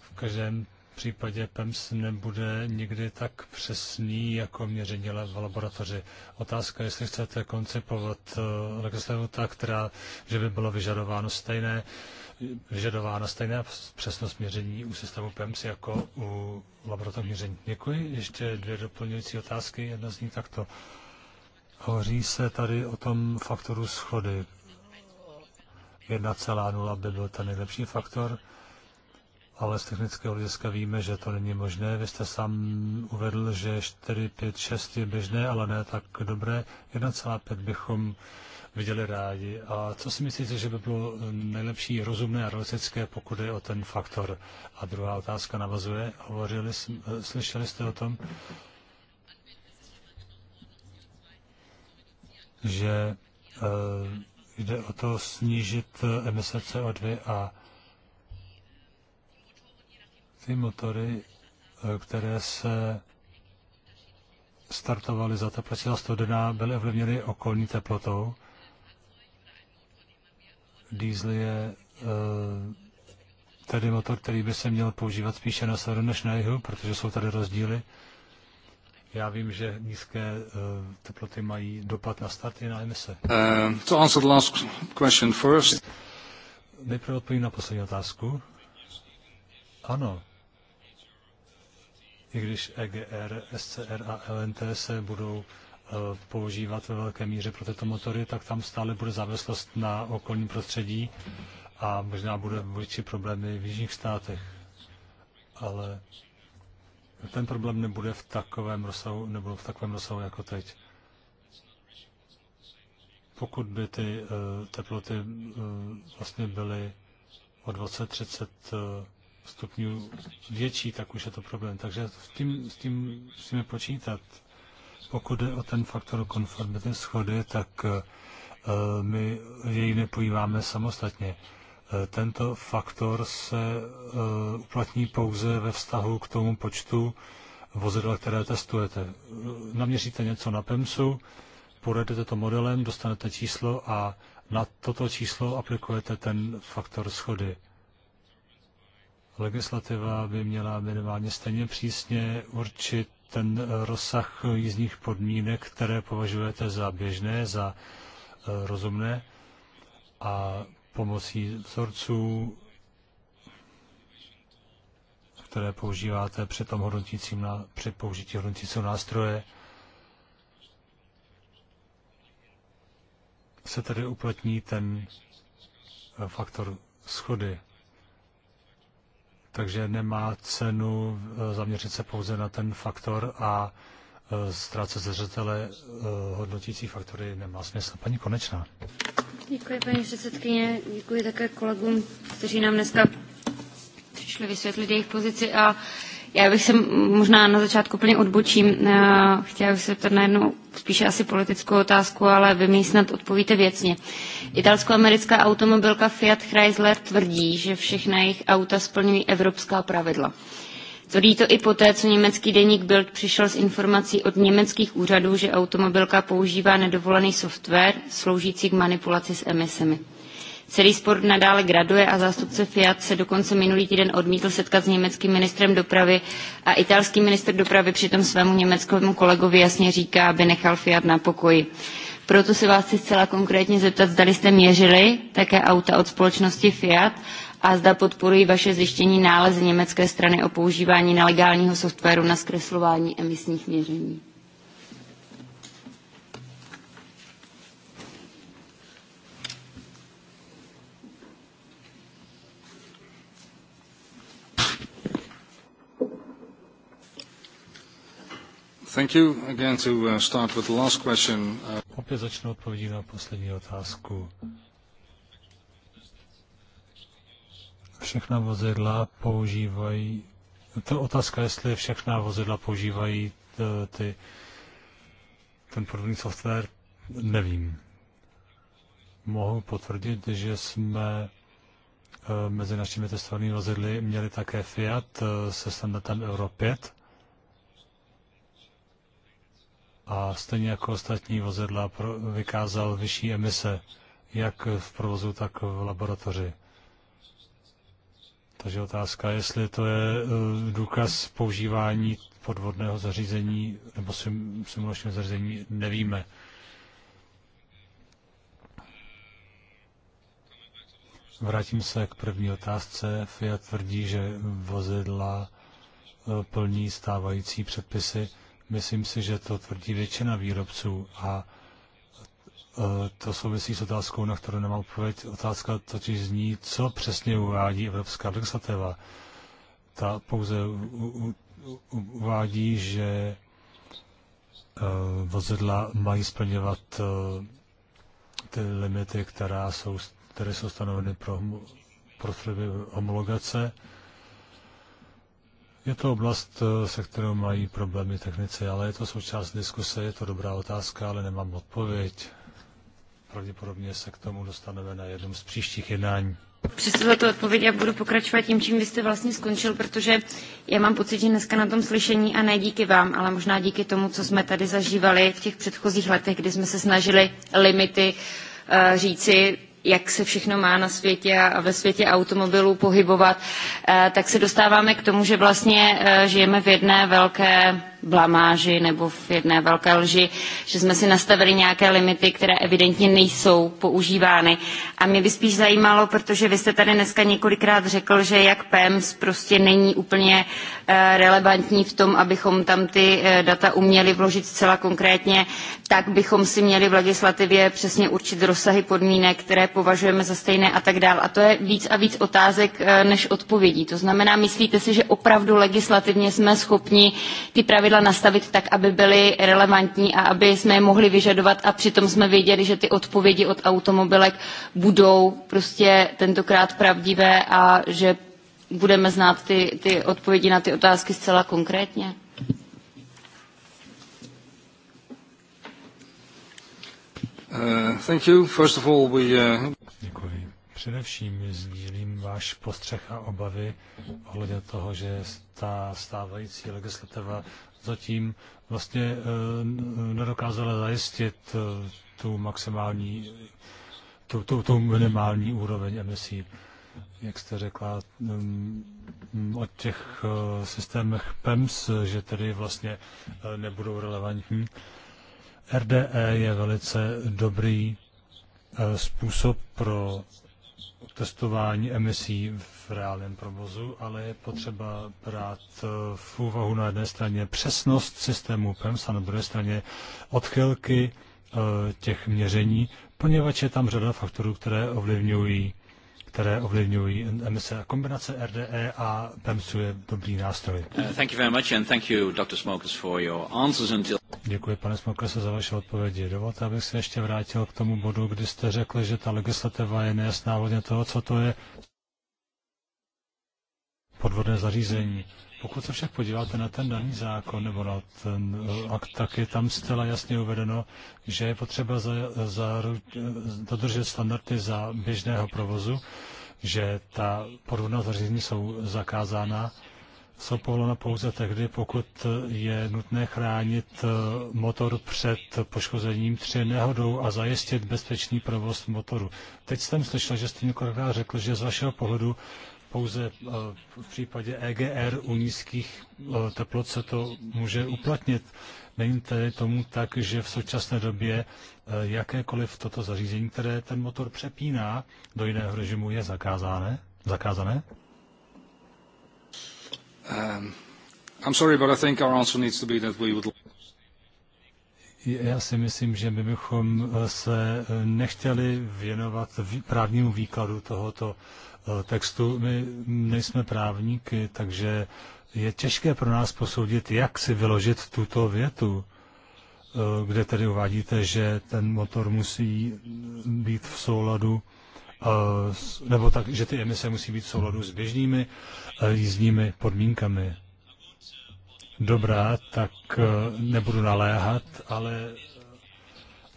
V každém případě PEMS nebude nikdy tak přesný jako měření v laboratoři. Otázka, jestli chcete koncipovat eh, legislativu tak, která, že by bylo vyžadováno stejné, vyžadována stejná přesnost měření u systému PEMS jako u laboratorního měření. Děkuji. Ještě dvě doplňující otázky. Jedna z nich takto. Hovoří se tady o tom faktoru schody. 1,0 by byl ten nejlepší faktor ale z technického hlediska víme, že to není možné. Vy jste sám uvedl, že 4, 5, 6 je běžné, ale ne tak dobré. 1,5 bychom viděli rádi. A co si myslíte, že by bylo nejlepší rozumné a realistické, pokud je o ten faktor? A druhá otázka navazuje. Hovořili, slyšeli jste o tom, že eh, jde o to snížit emise CO2 a ty motory, eh, které se startovaly za a studená, byly ovlivněny okolní teplotou. Diesel je eh, tedy motor, který by se měl používat spíše na severu než na jihu, protože jsou tady rozdíly. Já vím, že nízké eh, teploty mají dopad na starty, na emise. Uh, to answer the last question first. Nejprve odpovím na poslední otázku. Ano, i když EGR, SCR a LNT se budou e, používat ve velké míře pro tyto motory, tak tam stále bude závislost na okolním prostředí a možná bude větší problémy v jižních státech. Ale ten problém nebude v takovém rozsahu, nebo v takovém rozsahu jako teď. Pokud by ty e, teploty e, vlastně byly o 20-30 stupňů větší, tak už je to problém. Takže s tím, s tím musíme počítat. Pokud jde o ten faktor konformity schody, tak eh, my jej nepojíváme samostatně. Eh, tento faktor se eh, uplatní pouze ve vztahu k tomu počtu vozidel, které testujete. Naměříte něco na PEMSu, pojedete to modelem, dostanete číslo a na toto číslo aplikujete ten faktor schody. Legislativa by měla minimálně stejně přísně určit ten eh, rozsah jízdních podmínek, které považujete za běžné, za eh, rozumné a pomocí vzorců, které používáte při tom hodnotícím, na, při použití hodnotícího nástroje, se tedy uplatní ten eh, faktor schody takže nemá cenu e, zaměřit se pouze na ten faktor a e, ztrácet ze zřetele e, hodnotící faktory nemá smysl. Paní Konečná. Děkuji, paní předsedkyně. Děkuji také kolegům, kteří nám dneska přišli vysvětlit jejich pozici a já bych se možná na začátku úplně odbočím. Eh, chtěla bych se to na jednu spíše asi politickou otázku, ale vy mi snad odpovíte věcně. Italsko-americká automobilka Fiat Chrysler tvrdí, že všechna jejich auta splňují evropská pravidla. Tvrdí to i poté, co německý deník Bild přišel s informací od německých úřadů, že automobilka používá nedovolený software sloužící k manipulaci s emisemi. Celý sport nadále graduje a zástupce Fiat se dokonce minulý týden odmítl setkat s německým ministrem dopravy a italský minister dopravy přitom svému německému kolegovi jasně říká, aby nechal Fiat na pokoji. Proto se vás chci zcela konkrétně zeptat, zda jste měřili také auta od společnosti Fiat a zda podporují vaše zjištění nálezy německé strany o používání nelegálního softwaru na zkreslování emisních měření. Thank you again to uh, start with the last question. Uh, Opět začnu odpovědí na poslední otázku. Všechna vozidla používají, to otázka, jestli všechna vozidla používají ty, ten podobný software, nevím. Mohu potvrdit, že jsme eh, mezi našimi testovanými vozidly měli také Fiat eh, se standardem Euro 5, a stejně jako ostatní vozidla vykázal vyšší emise, jak v provozu, tak v laboratoři. Takže otázka, jestli to je eh, důkaz používání podvodného zařízení nebo simulačního zařízení, nevíme. Vrátím se k první otázce. Fiat tvrdí, že vozidla eh, plní stávající předpisy. Myslím si, že to tvrdí většina výrobců a e, to souvisí s otázkou, na kterou nemám odpověď. Otázka totiž zní, co přesně uvádí evropská legislativa. Ta pouze uvádí, že e, vozidla mají splňovat e, ty limity, která jsou, které jsou stanoveny pro, pro homologace. Je to oblast, eh, se kterou mají problémy technici, ale je to součást diskuse, je to dobrá otázka, ale nemám odpověď. Pravděpodobně se k tomu dostaneme na jednom z příštích jednání. Přesto za to odpověď a budu pokračovat tím, čím vy jste vlastně skončil, protože já mám pocit, že dneska na tom slyšení, a ne díky vám, ale možná díky tomu, co jsme tady zažívali v těch předchozích letech, kdy jsme se snažili limity eh, říci jak se všechno má na světě a ve světě automobilů pohybovat, eh, tak se dostáváme k tomu, že vlastně eh, žijeme v jedné velké blamáži nebo v jedné velké lži, že jsme si nastavili nějaké limity, které evidentně nejsou používány. A mě by spíš zajímalo, protože vy jste tady dneska několikrát řekl, že jak PEMS prostě není úplně eh, relevantní v tom, abychom tam ty eh, data uměli vložit zcela konkrétně, tak bychom si měli v legislativě přesně určit rozsahy podmínek, které považujeme za stejné a tak dále. A to je víc a víc otázek eh, než odpovědí. To znamená, myslíte si, že opravdu legislativně jsme schopni ty pravidla pravidla nastavit tak, aby byly relevantní a aby jsme je mohli vyžadovat a přitom jsme věděli, že ty odpovědi od automobilek budou prostě tentokrát pravdivé a že budeme znát ty, ty odpovědi na ty otázky zcela konkrétně. Uh, uh, Děkuji. Především sdílím váš postřeh a obavy ohledně toho, že ta stávající legislativa zatím vlastně eh, nedokázala zajistit eh, tu maximální, tu, tu, tu minimální úroveň emisí. Jak jste řekla, mm, mm, o těch eh, systémech PEMS, že tedy vlastně nebudou relevantní. RDE je velice dobrý způsob pro testování emisí v reálném provozu, ale je potřeba brát eh, v úvahu na jedné straně přesnost systému PEMS a na druhé straně odchylky eh, těch měření, poněvadž je tam řada faktorů, které ovlivňují které ovlivňují emise. Kombinace RDE a PEMSu je dobrý nástroj. Uh, Děkuji, pane Smokerse, za vaše odpovědi. Dovolte, abych se ještě vrátil k tomu bodu, kdy jste řekl, že ta legislativa je nejasná hodně toho, co to je, podvodné zařízení. Pokud se však podíváte na ten daný zákon nebo na ten eh, akt, tak je tam zcela jasně uvedeno, že je potřeba za, za, eh, dodržet standardy za běžného provozu, že ta podvodná zařízení jsou zakázána, jsou povolena pouze tehdy, pokud je nutné chránit eh, motor před poškozením tři nehodou a zajistit bezpečný provoz motoru. Teď jsem slyšel, že jste několikrát řekl, že z vašeho pohledu pouze eh, v případě EGR u nízkých eh, teplot se to může uplatnit. Není tedy tomu tak, že v současné době eh, jakékoliv toto zařízení, které ten motor přepíná do jiného režimu, je zakázané? zakázané? Um, I'm sorry, but I think our answer needs to be that we would já si myslím, že my bychom se nechtěli věnovat právnímu výkladu tohoto Eh, textu. My nejsme právníky, takže je těžké pro nás posoudit, jak si vyložit tuto větu, eh, kde tedy uvádíte, že ten motor musí být v souladu eh, nebo tak, že ty emise musí být v souladu s běžnými jízdními podmínkami. Dobrá, tak nebudu naléhat, ale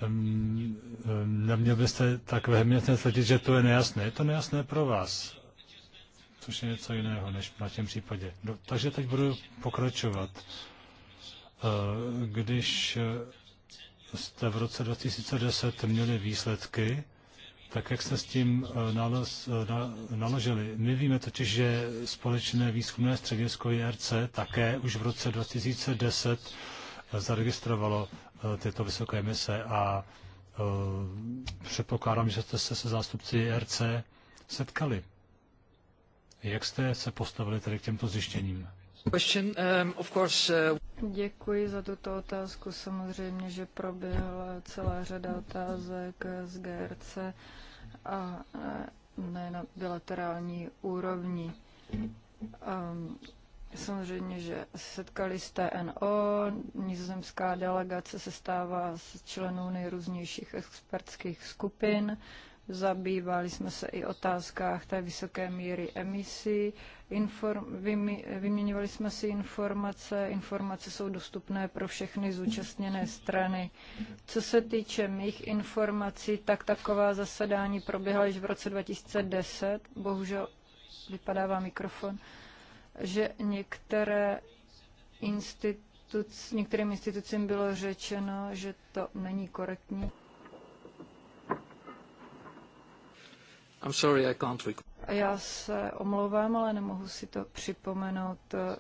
Eh, neměl byste tak vehementně tvrdit, že to je nejasné. Je to nejasné pro vás, což je něco jiného než v našem případě. No, takže teď budu pokračovat. Eh, když eh, jste v roce 2010 měli výsledky, tak jak jste s tím naloz, na, naložili? My víme totiž, že společné výzkumné středisko IRC také už v roce 2010 zaregistrovalo Eh, tyto vysoké mise a eh, předpokládám, že jste se se zástupci e RC setkali. Jak jste se postavili tedy k těmto zjištěním? Um, uh, Děkuji za tuto otázku. Samozřejmě, že proběhla celá řada otázek z GRC a eh, ne na bilaterální úrovni. Um, Samozřejmě, že setkali s TNO, nizozemská delegace se stává z členů nejrůznějších expertských skupin, zabývali jsme se i otázkách té vysoké míry emisí, inform, vymi, vyměňovali jsme si informace, informace jsou dostupné pro všechny zúčastněné strany. Co se týče mých informací, tak taková zasedání proběhla již v roce 2010, bohužel vypadává mikrofon, že některé instituc, některým institucím bylo řečeno, že to není korektní. I'm sorry, I can't Já se omlouvám, ale nemohu si to připomenout eh,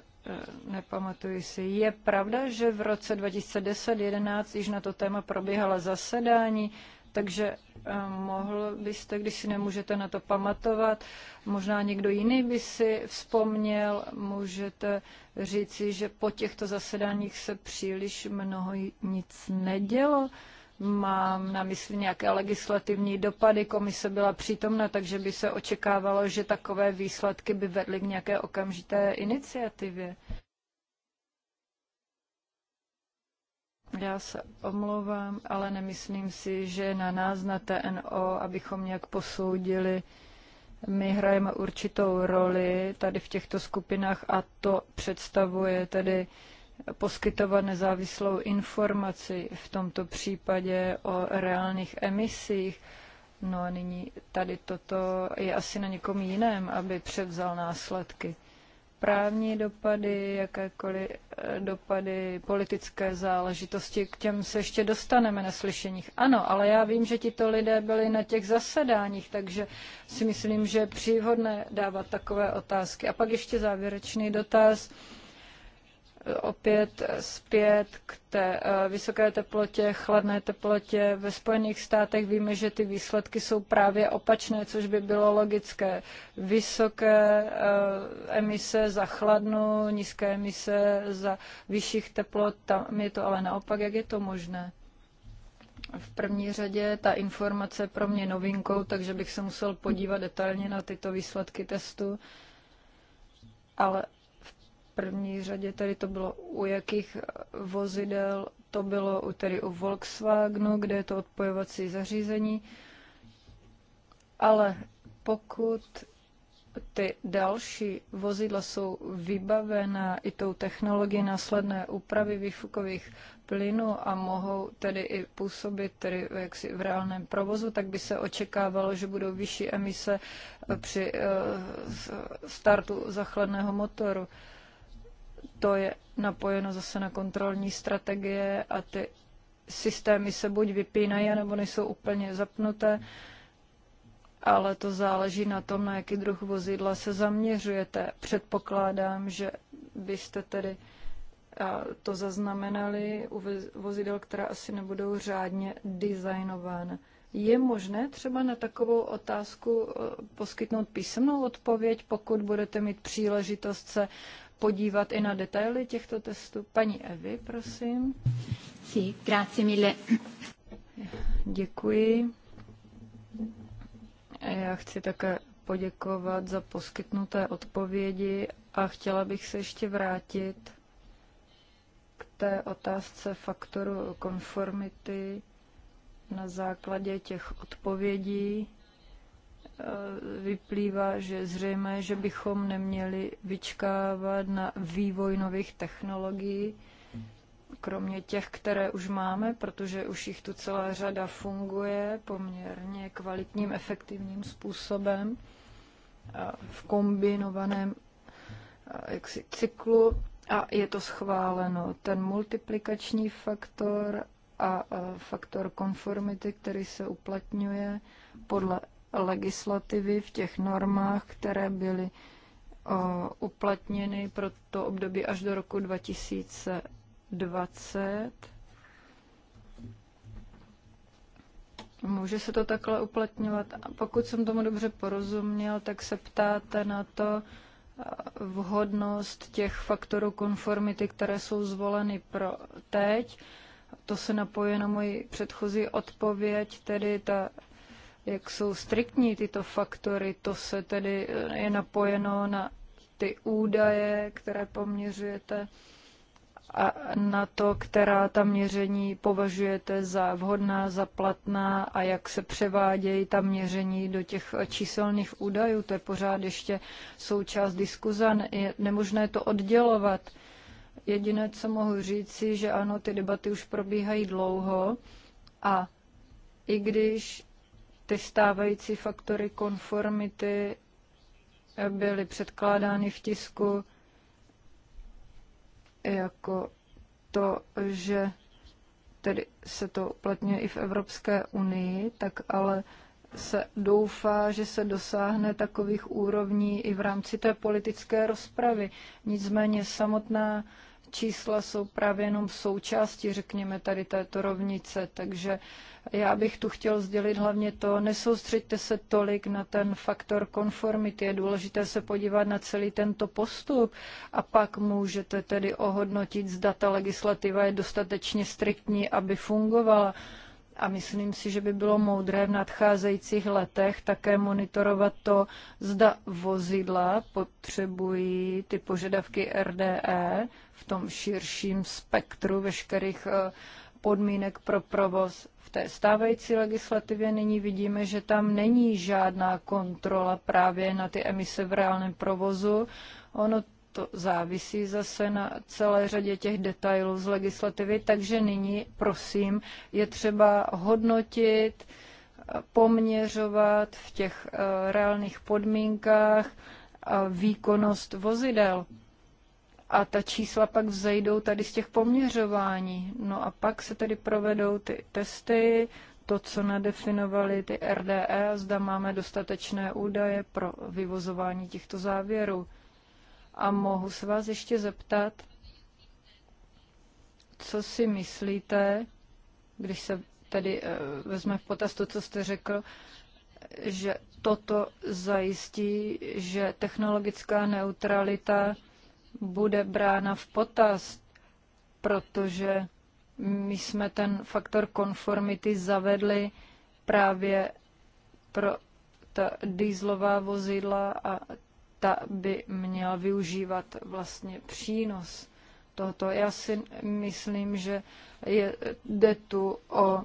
nepamatuji si. Je pravda, že v roce 2010-2011 již na to téma probíhala zasedání, takže eh, mohl byste, když si nemůžete na to pamatovat, možná někdo jiný by si vzpomněl, můžete říci, že po těchto zasedáních se příliš mnoho nic nedělo. Mám na mysli nějaké legislativní dopady, komise byla přítomna, takže by se očekávalo, že takové výsledky by vedly k nějaké okamžité iniciativě. Já se omlouvám, ale nemyslím si, že na nás, na TNO, abychom nějak posoudili. My hrajeme určitou roli tady v těchto skupinách a to představuje tedy poskytovat nezávislou informaci v tomto případě o reálných emisích. No a nyní tady toto je asi na někom jiném, aby převzal následky právní dopady, jakékoliv eh, dopady, politické záležitosti, k těm se ještě dostaneme na slyšeních. Ano, ale já vím, že tito lidé byli na těch zasedáních, takže si myslím, že je příhodné dávat takové otázky. A pak ještě závěrečný dotaz opět zpět k té eh, vysoké teplotě, chladné teplotě. Ve Spojených státech víme, že ty výsledky jsou právě opačné, což by bylo logické. Vysoké eh, emise za chladnu, nízké emise za vyšších teplot, tam je to ale naopak, jak je to možné? V první řadě ta informace pro mě novinkou, takže bych se musel podívat detailně na tyto výsledky testu. Ale první řadě tady to bylo u jakých vozidel, to bylo u, tedy u Volkswagenu, kde je to odpojovací zařízení. Ale pokud ty další vozidla jsou vybavená i tou technologií následné úpravy výfukových plynů a mohou tedy i působit tedy jaksi v reálném provozu, tak by se očekávalo, že budou vyšší emise při eh, startu zachladného motoru to je napojeno zase na kontrolní strategie a ty systémy se buď vypínají, nebo nejsou úplně zapnuté, ale to záleží na tom, na jaký druh vozidla se zaměřujete. Předpokládám, že byste tedy to zaznamenali u vozidel, která asi nebudou řádně designována. Je možné třeba na takovou otázku e, poskytnout písemnou odpověď, pokud budete mít příležitost se podívat i na detaily těchto testů? Paní Evy, prosím. Sí, grazie mille. Děkuji. Já chci také poděkovat za poskytnuté odpovědi a chtěla bych se ještě vrátit k té otázce faktoru konformity na základě těch odpovědí Eh, vyplývá, že zřejmé, že bychom neměli vyčkávat na vývoj nových technologií, kromě těch, které už máme, protože už jich tu celá řada funguje poměrně kvalitním, efektivním způsobem v kombinovaném eh, jaksi, cyklu a je to schváleno. Ten multiplikační faktor a eh, faktor konformity, který se uplatňuje podle legislativy v těch normách, které byly uplatněny pro to období až do roku 2020. Může se to takhle uplatňovat? A pokud jsem tomu dobře porozuměl, tak se ptáte na to vhodnost těch faktorů konformity, které jsou zvoleny pro teď. To se napoje na moji předchozí odpověď, tedy ta jak jsou striktní tyto faktory, to se tedy eh, je napojeno na ty údaje, které poměřujete a na to, která ta měření považujete za vhodná, za platná a jak se převádějí ta měření do těch číselných údajů. To je pořád ještě součást diskuze. Je nemožné to oddělovat. Jediné, co mohu říci, že ano, ty debaty už probíhají dlouho a i když ty stávající faktory konformity byly předkládány v tisku jako to, že tedy se to uplatňuje i v Evropské unii, tak ale se doufá, že se dosáhne takových úrovní i v rámci té politické rozpravy. Nicméně samotná čísla jsou právě jenom součástí, řekněme, tady této rovnice, takže uh, já bych tu chtěl sdělit hlavně to, nesoustřeďte se tolik na ten faktor konformity. Je důležité se podívat na celý tento postup a pak můžete tedy ohodnotit, zda ta legislativa je dostatečně striktní, aby fungovala. A myslím si, že by bylo moudré v nadcházejících letech také monitorovat to, zda vozidla potřebují ty požadavky RDE v tom širším spektru veškerých eh, podmínek pro provoz té stávající legislativě nyní vidíme, že tam není žádná kontrola právě na ty emise v reálném provozu. Ono to závisí zase na celé řadě těch detailů z legislativy, takže nyní, prosím, je třeba hodnotit, poměřovat v těch eh, reálných podmínkách eh, výkonnost vozidel a ta čísla pak vzejdou tady z těch poměřování. No a pak se tady provedou ty testy, to, co nadefinovali ty RDE, zda máme dostatečné údaje pro vyvozování těchto závěrů. A mohu se vás ještě zeptat, co si myslíte, když se tedy eh, vezme v potaz to, co jste řekl, že toto zajistí, že technologická neutralita bude brána v potaz, protože my jsme ten faktor konformity zavedli právě pro ta dýzlová vozidla a ta by měla využívat vlastně přínos tohoto. Já si myslím, že je, jde tu o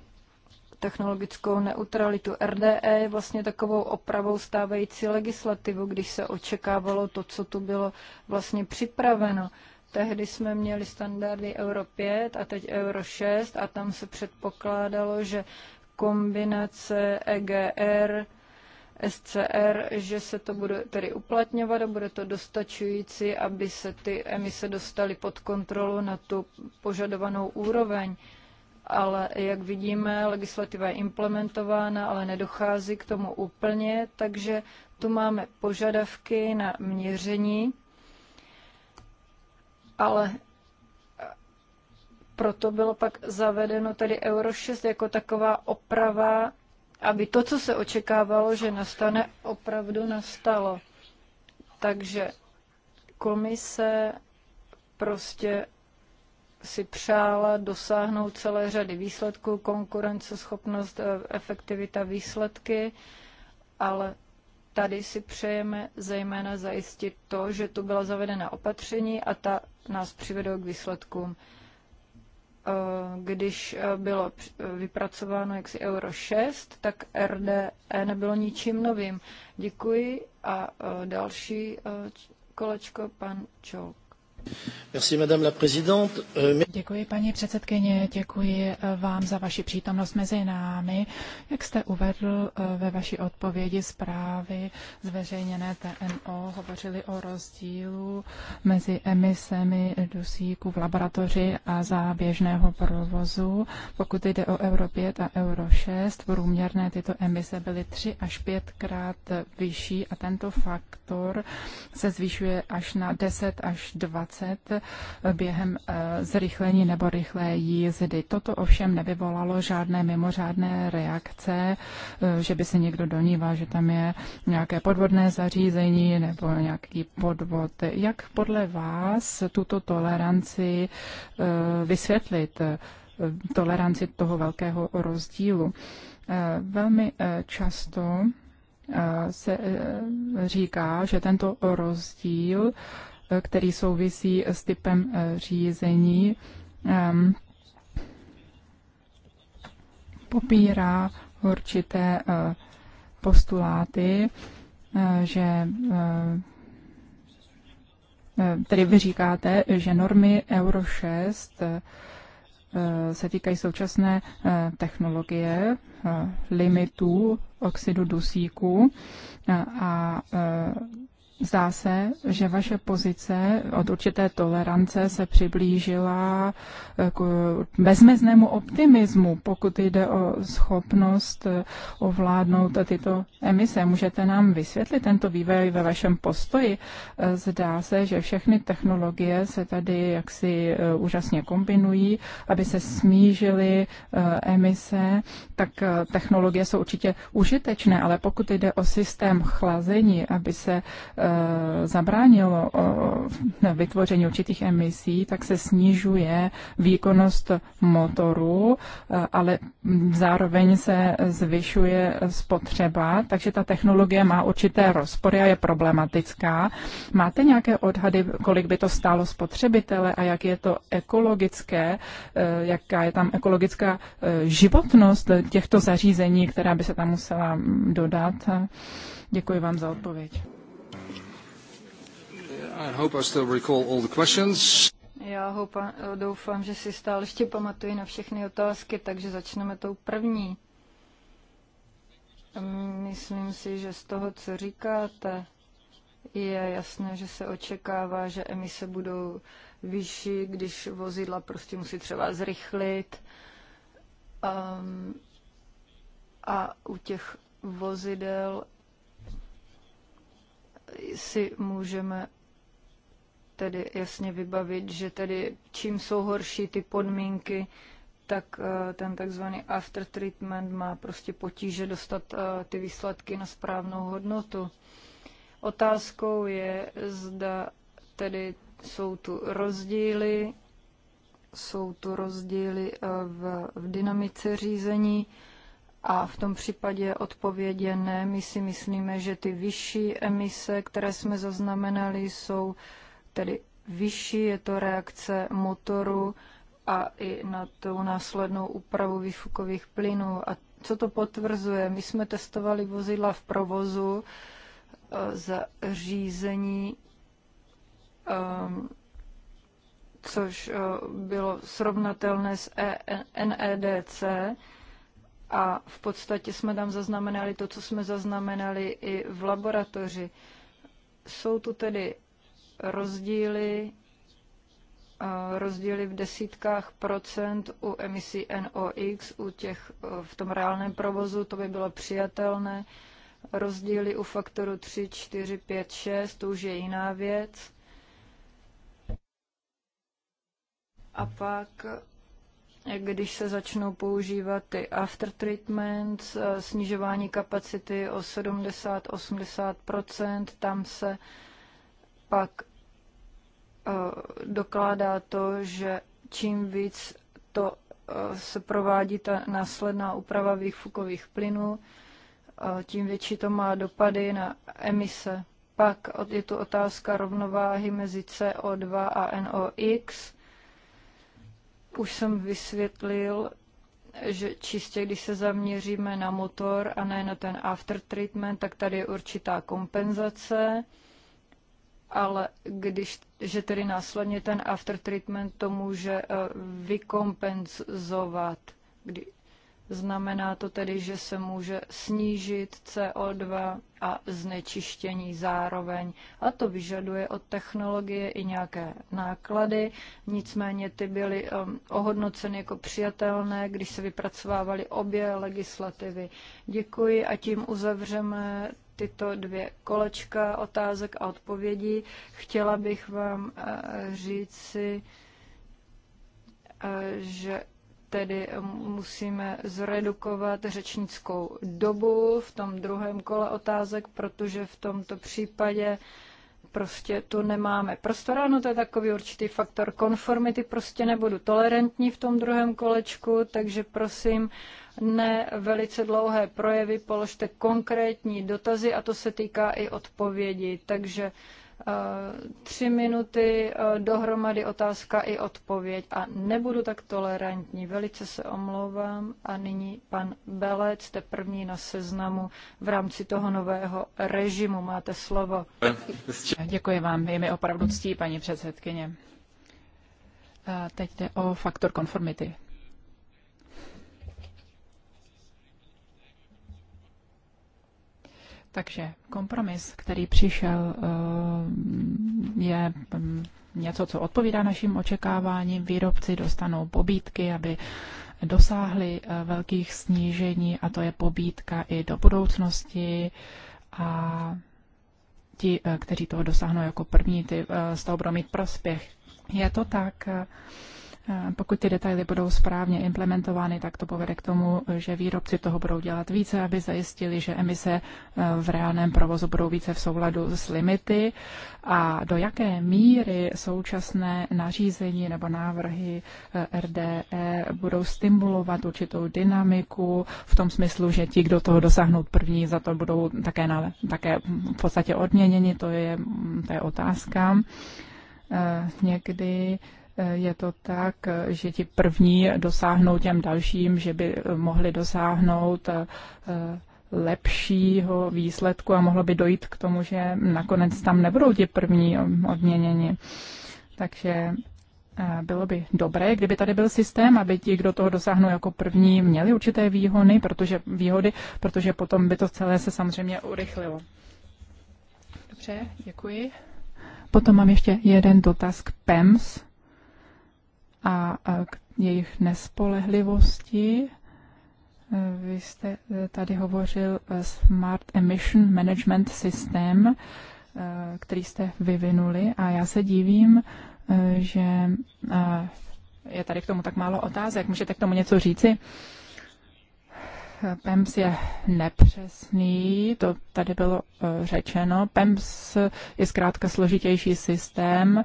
technologickou neutralitu. RDE je vlastně takovou opravou stávající legislativu, když se očekávalo to, co tu bylo vlastně připraveno. Tehdy jsme měli standardy Euro 5 a teď Euro 6 a tam se předpokládalo, že kombinace EGR, SCR, že se to bude tedy uplatňovat a bude to dostačující, aby se ty emise dostaly pod kontrolu na tu požadovanou úroveň ale jak vidíme, legislativa je implementována, ale nedochází k tomu úplně, takže tu máme požadavky na měření, ale eh, proto bylo pak zavedeno tady Euro 6 jako taková oprava, aby to, co se očekávalo, že nastane, opravdu nastalo. Takže komise prostě si přála dosáhnout celé řady výsledků, konkurenceschopnost, eh, efektivita výsledky, ale tady si přejeme zejména zajistit to, že tu byla zavedena opatření a ta nás přivedou k výsledkům. Eh, když eh, bylo vypracováno jaksi Euro 6, tak RDE nebylo ničím novým. Děkuji a další kolečko pan Čolk. Euh, děkuji, paní předsedkyně, děkuji eh, vám za vaši přítomnost mezi námi. Jak jste uvedl eh, ve vaší odpovědi zprávy zveřejněné TNO, hovořili o rozdílu mezi emisemi dusíku v laboratoři a za běžného provozu. Pokud jde o Euro 5 a Euro 6, průměrné tyto emise byly 3 až 5 krát vyšší a tento faktor se zvyšuje až na 10 až 20 20 během eh, zrychlení nebo rychlé jízdy. Toto ovšem nevyvolalo žádné mimořádné reakce, eh, že by se někdo doníval, že tam je nějaké podvodné zařízení nebo nějaký podvod. Jak podle vás tuto toleranci eh, vysvětlit? toleranci toho velkého rozdílu. Velmi často se říká, že tento rozdíl Eh, který souvisí s typem eh, řízení, ehm, popírá určité eh, postuláty, že tedy vy říkáte, že normy Euro 6 se týkají současné technologie limitů oxidu dusíku a Zdá se, že vaše pozice od určité tolerance se přiblížila eh, k eh, bezmeznému optimismu, pokud jde o schopnost eh, ovládnout tyto emise. Můžete nám vysvětlit tento vývoj ve vašem postoji? Zdá se, že všechny technologie se tady jaksi úžasně kombinují, aby se smížily emise, tak technologie jsou určitě užitečné, ale pokud jde o systém chlazení, aby se Eh, zabránilo eh, vytvoření určitých emisí, tak se snižuje výkonnost motoru, eh, ale zároveň se zvyšuje spotřeba, takže ta technologie má určité rozpory a je problematická. Máte nějaké odhady, kolik by to stálo spotřebitele a jak je to ekologické, jaká je tam ekologická životnost těchto zařízení, která by se tam musela dodat? Děkuji vám za odpověď. I hope I still recall all the questions. Já doufám, že si stále ještě pamatuji na všechny otázky, takže začneme tou první. Myslím si, že z toho, co říkáte, je jasné, že se očekává, že emise budou vyšší, když vozidla prostě musí třeba zrychlit. Um, a u těch vozidel si můžeme tedy jasně vybavit, že tedy čím jsou horší ty podmínky, tak eh, ten takzvaný after treatment má prostě potíže dostat eh, ty výsledky na správnou hodnotu. Otázkou je, zda tedy jsou tu rozdíly, jsou tu rozdíly eh, v, v dynamice řízení a v tom případě odpovědě ne. My si myslíme, že ty vyšší emise, které jsme zaznamenali, jsou uh, tedy vyšší, je to reakce motoru a i na tu následnou úpravu výfukových plynů. A co to potvrzuje? My jsme testovali vozidla v provozu eh, za řízení, ehm, což eh, bylo srovnatelné s e, NEDC a v podstatě jsme tam zaznamenali to, co jsme zaznamenali i v laboratoři. Jsou tu tedy rozdíly, rozdíly v desítkách procent u emisí NOx, u těch e, v tom reálném provozu, to by bylo přijatelné. Rozdíly u faktoru 3, 4, 5, 6, to už je jiná věc. A pak e, když se začnou používat ty after treatments, e, snižování kapacity o 70-80%, tam se uh, pak eh, dokládá to, že čím víc to eh, se provádí ta následná úprava výfukových plynů, eh, tím větší to má dopady na emise. Pak je tu otázka rovnováhy mezi CO2 a NOx. Už jsem vysvětlil, že čistě když se zaměříme na motor a ne na ten after treatment, tak tady je určitá kompenzace ale když, že tedy následně ten after treatment to může eh, vykompenzovat. Kdy, znamená to tedy, že se může snížit CO2 a znečištění zároveň. A to vyžaduje od technologie i nějaké náklady, nicméně ty byly um, ohodnoceny jako přijatelné, když se vypracovávaly obě legislativy. Děkuji a tím uzavřeme tyto dvě kolečka otázek a odpovědí. Chtěla bych vám eh, říci, eh, že tedy musíme zredukovat řečnickou dobu v tom druhém kole otázek, protože v tomto případě uh, prostě tu nemáme prostor. Ano, to je takový určitý faktor konformity, prostě nebudu tolerantní v tom druhém kolečku, takže prosím, ne velice dlouhé projevy, položte konkrétní dotazy a to se týká i odpovědi. Takže tři minuty eh, dohromady otázka i odpověď a nebudu tak tolerantní. Velice se omlouvám a nyní pan Belec, jste první na seznamu v rámci toho nového režimu. Máte slovo. Děkuji vám, je mi opravdu ctí, paní předsedkyně. A teď jde o faktor konformity. Takže kompromis, který přišel, eh, je mm, něco, co odpovídá našim očekáváním. Výrobci dostanou pobídky, aby dosáhli eh, velkých snížení a to je pobídka i do budoucnosti a ti, eh, kteří toho dosáhnou jako první, ty z toho budou mít prospěch. Je to tak, pokud ty detaily budou správně implementovány, tak to povede k tomu, že výrobci toho budou dělat více, aby zajistili, že emise e, v reálném provozu budou více v souladu s limity a do jaké míry současné nařízení nebo návrhy RDE e budou stimulovat určitou dynamiku v tom smyslu, že ti, kdo toho dosáhnou první, za to budou také, na, také v podstatě odměněni, to je, to je otázka. E, někdy je to tak, že ti první dosáhnou těm dalším, že by mohli dosáhnout eh, lepšího výsledku a mohlo by dojít k tomu, že nakonec tam nebudou ti první odměněni. Takže eh, bylo by dobré, kdyby tady byl systém, aby ti, kdo toho dosáhnou jako první, měli určité výhody, protože, výhody, protože potom by to celé se samozřejmě urychlilo. Dobře, děkuji. Potom mám ještě jeden dotaz k PEMS a k jejich nespolehlivosti. Eh, vy jste eh, tady hovořil eh, Smart Emission Management System, který jste vyvinuli a já se divím, že je tady k tomu tak málo otázek. Můžete k tomu něco říci? PEMS je nepřesný, to tady bylo řečeno. PEMS je zkrátka složitější systém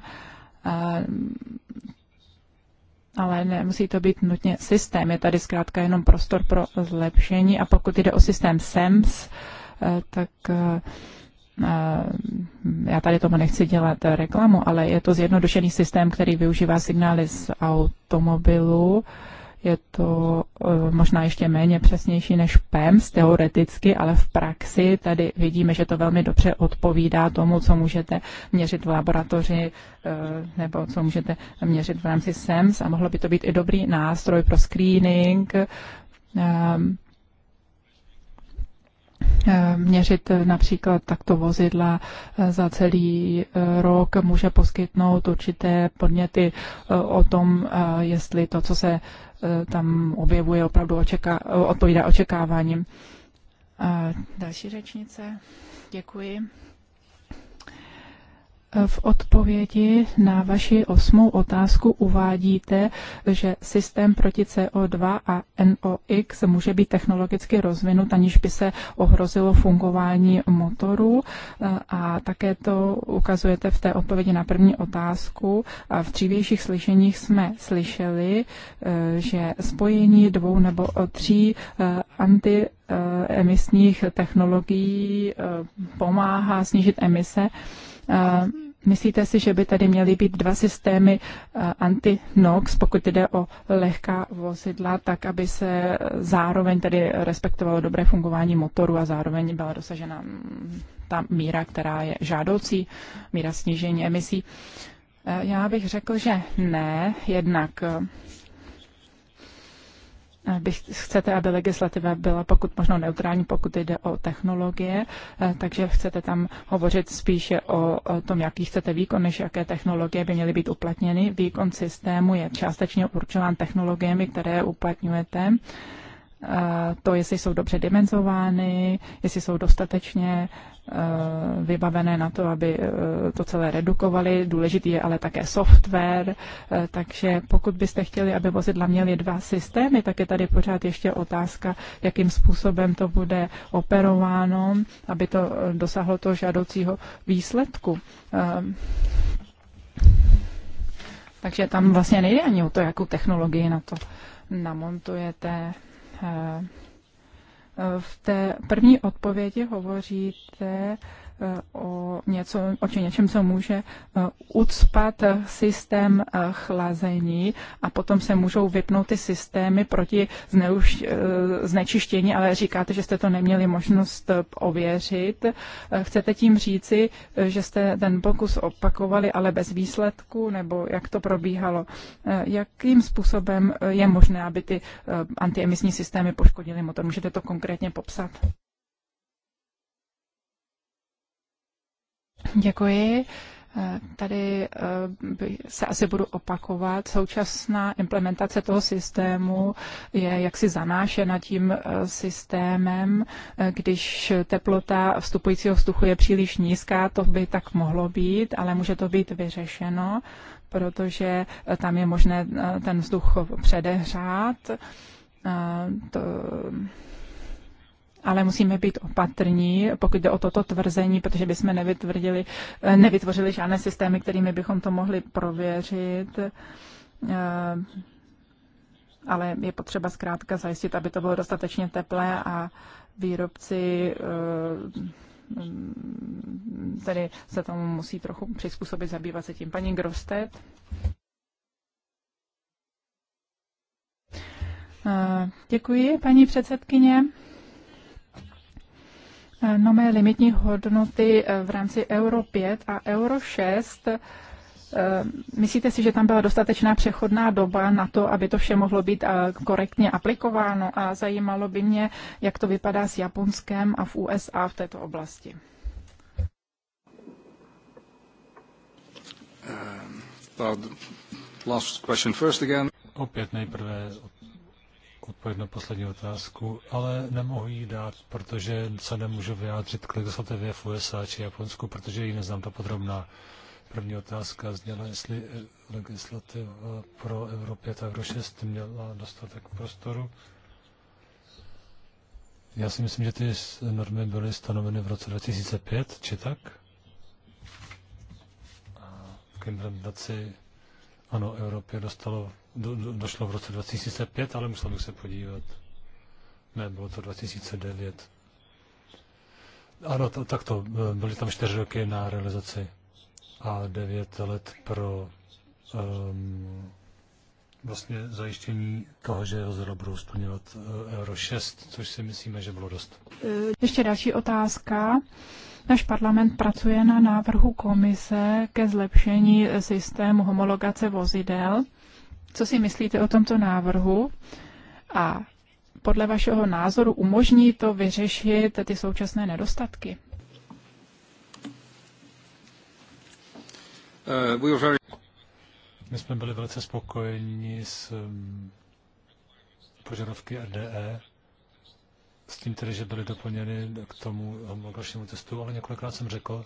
ale nemusí to být nutně systém. Je tady zkrátka jenom prostor pro zlepšení a pokud jde o systém SEMS, e eh, tak eh, eh, já tady tomu nechci dělat reklamu, ale je to zjednodušený systém, který využívá signály z automobilu je to eh, možná ještě méně přesnější než PEMS teoreticky, ale v praxi tady vidíme, že to velmi dobře odpovídá tomu, co můžete měřit v laboratoři eh, nebo co můžete měřit v rámci SEMS e a mohlo by to být i dobrý nástroj pro screening ehm, ehm, měřit například takto vozidla eh, za celý rok může poskytnout určité podněty o tom, jestli to, co se Eh, tam objevuje opravdu očeká, odpovídá očekáváním. A další řečnice. Děkuji. V odpovědi na vaši osmou otázku uvádíte, že systém proti CO2 a NOx může být technologicky rozvinut, aniž by se ohrozilo fungování motoru. A také to ukazujete v té odpovědi na první otázku. A v dřívějších slyšeních jsme slyšeli, e, že spojení dvou nebo tří e, anti emisních technologií e, pomáhá snížit emise Myslíte si, že by tady měly být dva systémy anti-NOx, pokud jde o lehká vozidla, tak aby se zároveň tady respektovalo dobré fungování motoru a zároveň byla dosažena mm, ta míra, která je žádoucí, míra snížení emisí? E, já bych řekl, že ne, jednak bych, chcete, aby legislativa byla pokud možno neutrální, pokud jde o technologie, e, takže chcete tam hovořit spíše o, o tom, jaký chcete výkon, než jaké technologie by měly být uplatněny. Výkon systému je částečně určován technologiemi, které uplatňujete. E, to, jestli jsou dobře dimenzovány, jestli jsou dostatečně Eh, vybavené na to, aby eh, to celé redukovali. Důležitý je ale také software, eh, takže pokud byste chtěli, aby vozidla měly dva systémy, tak je tady pořád ještě otázka, jakým způsobem to bude operováno, aby to dosáhlo toho žádoucího výsledku. Takže tam vlastně nejde ani o to, jakou technologii na to namontujete v té první odpovědi hovoříte o, něco, o něčem, co může e, ucpat systém e, chlazení a potom se můžou vypnout ty systémy proti zneuž, e, znečištění, ale říkáte, že jste to neměli možnost ověřit. Chcete tím říci, že jste ten pokus opakovali, ale bez výsledku, nebo jak to probíhalo? Jakým způsobem je možné, aby ty antiemisní systémy poškodily motor? Můžete to konkrétně popsat? Děkuji. Eh, tady eh, se asi budu opakovat. Současná implementace toho systému je jaksi zanášena tím eh, systémem. Když teplota vstupujícího vzduchu je příliš nízká, to by tak mohlo být, ale může to být vyřešeno, protože tam je možné ten vzduch předehřát. To ale musíme být opatrní, pokud jde o toto tvrzení, protože bychom nevytvrdili, eh, nevytvořili žádné systémy, kterými bychom to mohli prověřit. Eh, ale je potřeba zkrátka zajistit, aby to bylo dostatečně teplé a výrobci eh, tedy se tomu musí trochu přizpůsobit, zabývat se tím. Paní Grostet. Děkuji, paní předsedkyně nové limitní hodnoty eh, v rámci Euro 5 a Euro 6. Eh, myslíte si, že tam byla dostatečná přechodná doba na to, aby to vše mohlo být eh, korektně aplikováno? A zajímalo by mě, jak to vypadá s Japonskem a v USA v této oblasti. Um, Opět nejprve odpovědět na poslední otázku, ale nemohu ji dát, protože se nemůžu vyjádřit k legislativě v USA či Japonsku, protože ji neznám ta podrobná. První otázka zněla, jestli eh, legislativa pro Evropě tak Euro 6 měla dostatek prostoru. Já si myslím, že ty normy byly stanoveny v roce 2005, či tak? A k implementaci ano, Evropě dostalo, do, do, došlo v roce 2005, ale musel bych se podívat. Ne, bylo to 2009. Ano, to, tak to, eh, byly tam čtyři roky na realizaci a devět let pro um, vlastně zajištění toho, že jezero budou splňovat eh, Euro 6, což si myslíme, že bylo dost. Ještě další otázka. Náš parlament pracuje na návrhu komise ke zlepšení systému homologace vozidel. Co si myslíte o tomto návrhu? A podle vašeho názoru umožní to vyřešit ty současné nedostatky? Uh, My jsme byli velice spokojeni s mm, požadavky RDE s tím tedy, že byly doplněny k tomu homologačnímu eh, testu, ale několikrát jsem řekl,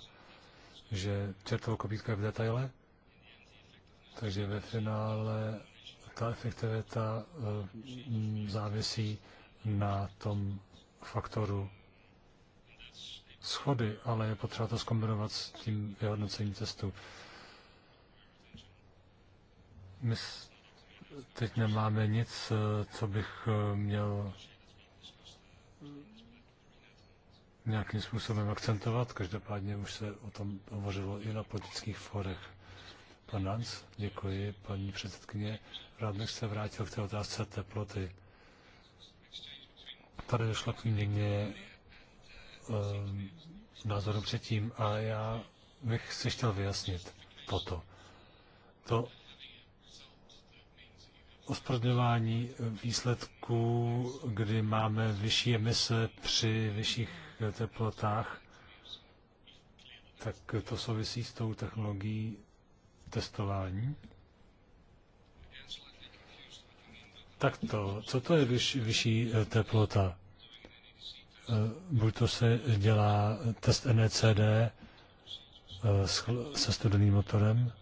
že čertovo kopítko je v detaile, takže ve finále ta efektivita eh, mm, závisí na tom faktoru schody, ale je potřeba to zkombinovat s tím vyhodnocením testu. My teď nemáme nic, eh, co bych měl nějakým způsobem akcentovat. Každopádně už se o tom hovořilo i na politických forech. Pan Nans, děkuji, paní předsedkyně. Rád bych se vrátil k té otázce teploty. Tady došlo k někde um, názoru předtím a já bych si chtěl vyjasnit toto. To ospravedlňování výsledků, kdy máme vyšší emise při vyšších teplotách, tak to souvisí s tou technologií testování. Tak to, co to je vyš, vyšší eh, teplota? Eh, buď to se dělá test NECD eh, se studeným motorem,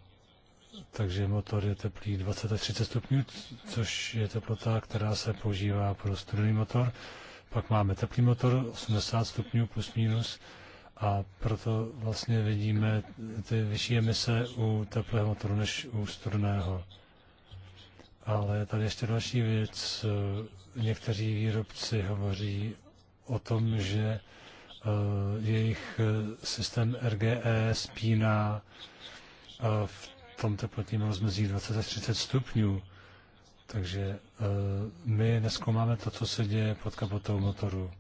takže motor je teplý 20 až 30 stupňů, což je teplota, která se používá pro studený motor. Pak máme teplý motor 80 stupňů plus minus a proto vlastně vidíme ty vyšší emise u teplého motoru než u studeného. Ale je tady ještě další věc. Někteří výrobci hovoří o tom, že eh, jejich eh, systém RGE spíná eh, v tom teplotním rozmezí 20 až 30 stupňů. Takže e, my neskoumáme to, co se děje pod kapotou motoru.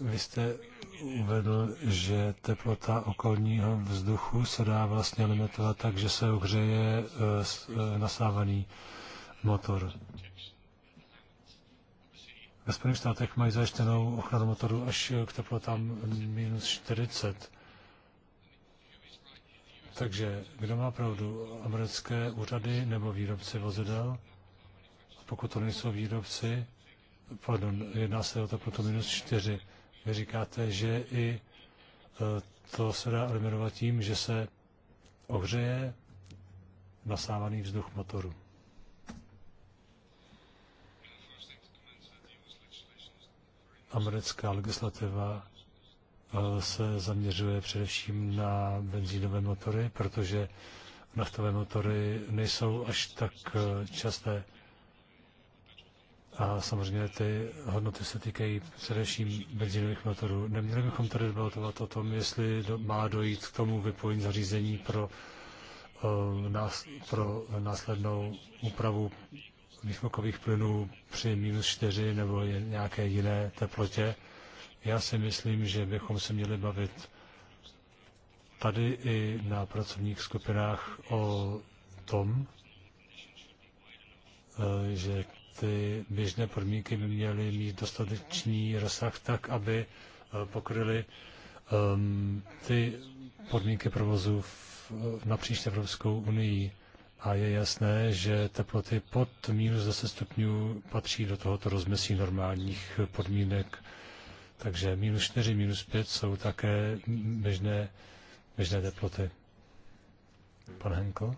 Vy jste uvedl, že teplota okolního vzduchu se dá vlastně limitovat tak, že se ohřeje e, e, nasávaný motor. Ve Spojených státech mají zajištěnou ochranu motoru až k teplotám minus 40. Takže kdo má pravdu? Americké úřady nebo výrobci vozidel? Pokud to nejsou výrobci, pardon, jedná se o to proto minus čtyři. Vy říkáte, že i e, to se dá eliminovat tím, že se ohřeje nasávaný vzduch motoru. Americká legislativa Eh, se zaměřuje především na benzínové motory, protože naftové motory nejsou až tak eh, časté. A samozřejmě ty hodnoty se týkají především benzínových motorů. Neměli bychom tady debatovat o tom, jestli do, má dojít k tomu vypojení zařízení pro, eh, nás, pro následnou úpravu výfukových plynů při minus 4 nebo nějaké jiné teplotě. Já si myslím, že bychom se měli bavit tady i na pracovních skupinách o tom, eh, že ty běžné podmínky by měly mít dostatečný rozsah tak, aby eh, pokryly um, ty podmínky provozu v, napříč Evropskou unii. A je jasné, že teploty pod minus 10 stupňů patří do tohoto rozmesí normálních podmínek takže minus 4, minus 5 jsou také běžné, běžné teploty. Pan Henko?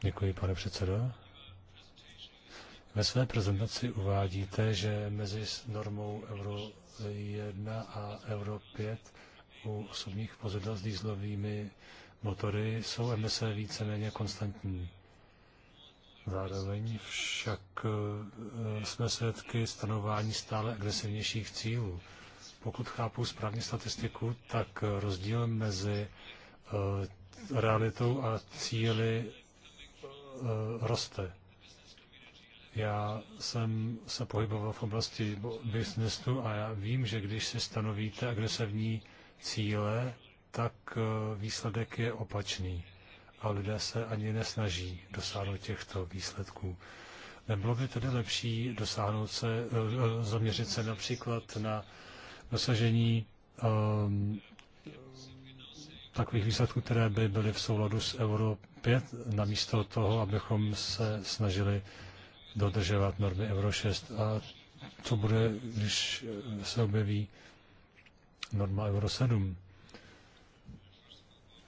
Děkuji, pane předsedo. Ve své prezentaci uvádíte, že mezi normou Euro 1 a Euro 5 u osobních vozidel s dýzlovými motory jsou emise víceméně konstantní. Zároveň však eh, jsme svědky stanování stále agresivnějších cílů. Pokud chápu správně statistiku, tak rozdíl mezi eh, realitou a cíly eh, roste. Já jsem se pohyboval v oblasti biznesu a já vím, že když si stanovíte agresivní cíle, tak výsledek je opačný a lidé se ani nesnaží dosáhnout těchto výsledků. Nebylo by tedy lepší dosáhnout se, eh, zaměřit se například na dosažení um, takových výsledků, které by byly v souladu s Euro 5, namísto toho, abychom se snažili dodržovat normy Euro 6. A co bude, když se objeví norma Euro 7?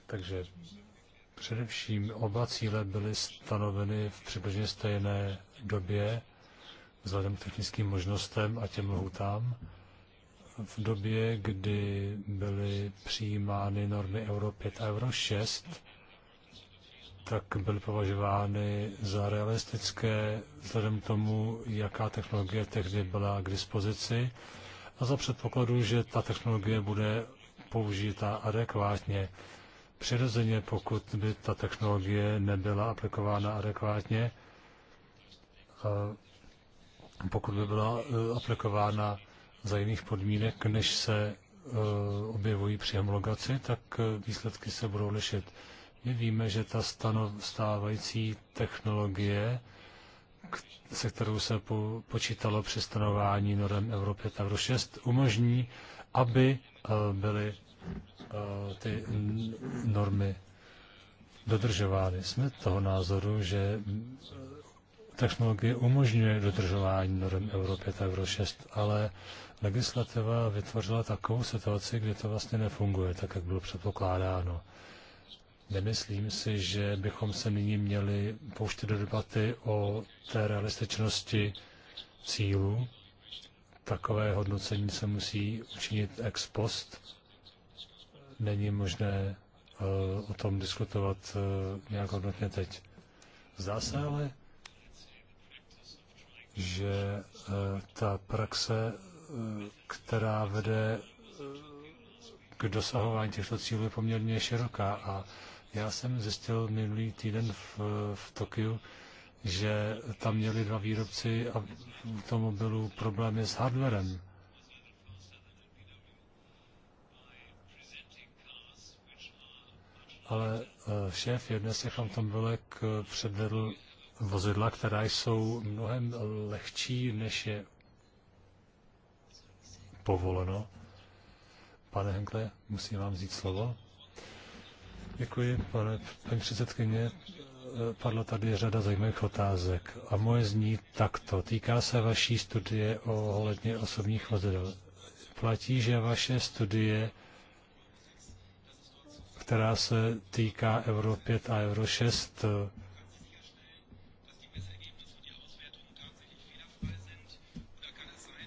Takže Především oba cíle byly stanoveny v přibližně stejné době vzhledem k technickým možnostem a těm lhutám. V době, kdy byly přijímány normy Euro 5 a Euro 6, tak byly považovány za realistické vzhledem k tomu, jaká technologie tehdy byla k dispozici a za předpokladu, že ta technologie bude použita adekvátně. Přirozeně, pokud by ta technologie nebyla aplikována adekvátně, pokud by byla e, aplikována za jiných podmínek, než se e, objevují při homologaci, tak e, výsledky se budou lišit. My víme, že ta stávající technologie, se kterou se počítalo při stanování norem Evropy, Euro 6, umožní, aby byly Eh, ty normy dodržovány. Jsme toho názoru, že eh, technologie umožňuje dodržování norm Euro 5 a Euro 6, ale legislativa vytvořila takovou situaci, kdy to vlastně nefunguje tak, jak bylo předpokládáno. Nemyslím si, že bychom se nyní měli pouštět do debaty o té realističnosti cílu. Takové hodnocení se musí učinit ex post, není možné eh, o tom diskutovat eh, nějak hodnotně teď. Zdá se ale, že eh, ta praxe, která vede k dosahování těchto cílů, je poměrně široká. A já jsem zjistil minulý týden v, v Tokiu, že tam měli dva výrobci automobilů problémy s hardwarem. ale eh, šéf jedné z těch automobilek eh, předvedl vozidla, která jsou mnohem lehčí, než je povoleno. Pane Henkle, musím vám vzít slovo. Děkuji, pane, paní předsedkyně. Eh, padla tady řada zajímavých otázek a moje zní takto. Týká se vaší studie o ohledně osobních vozidel. Platí, že vaše studie která se týká Euro 5 a Euro 6.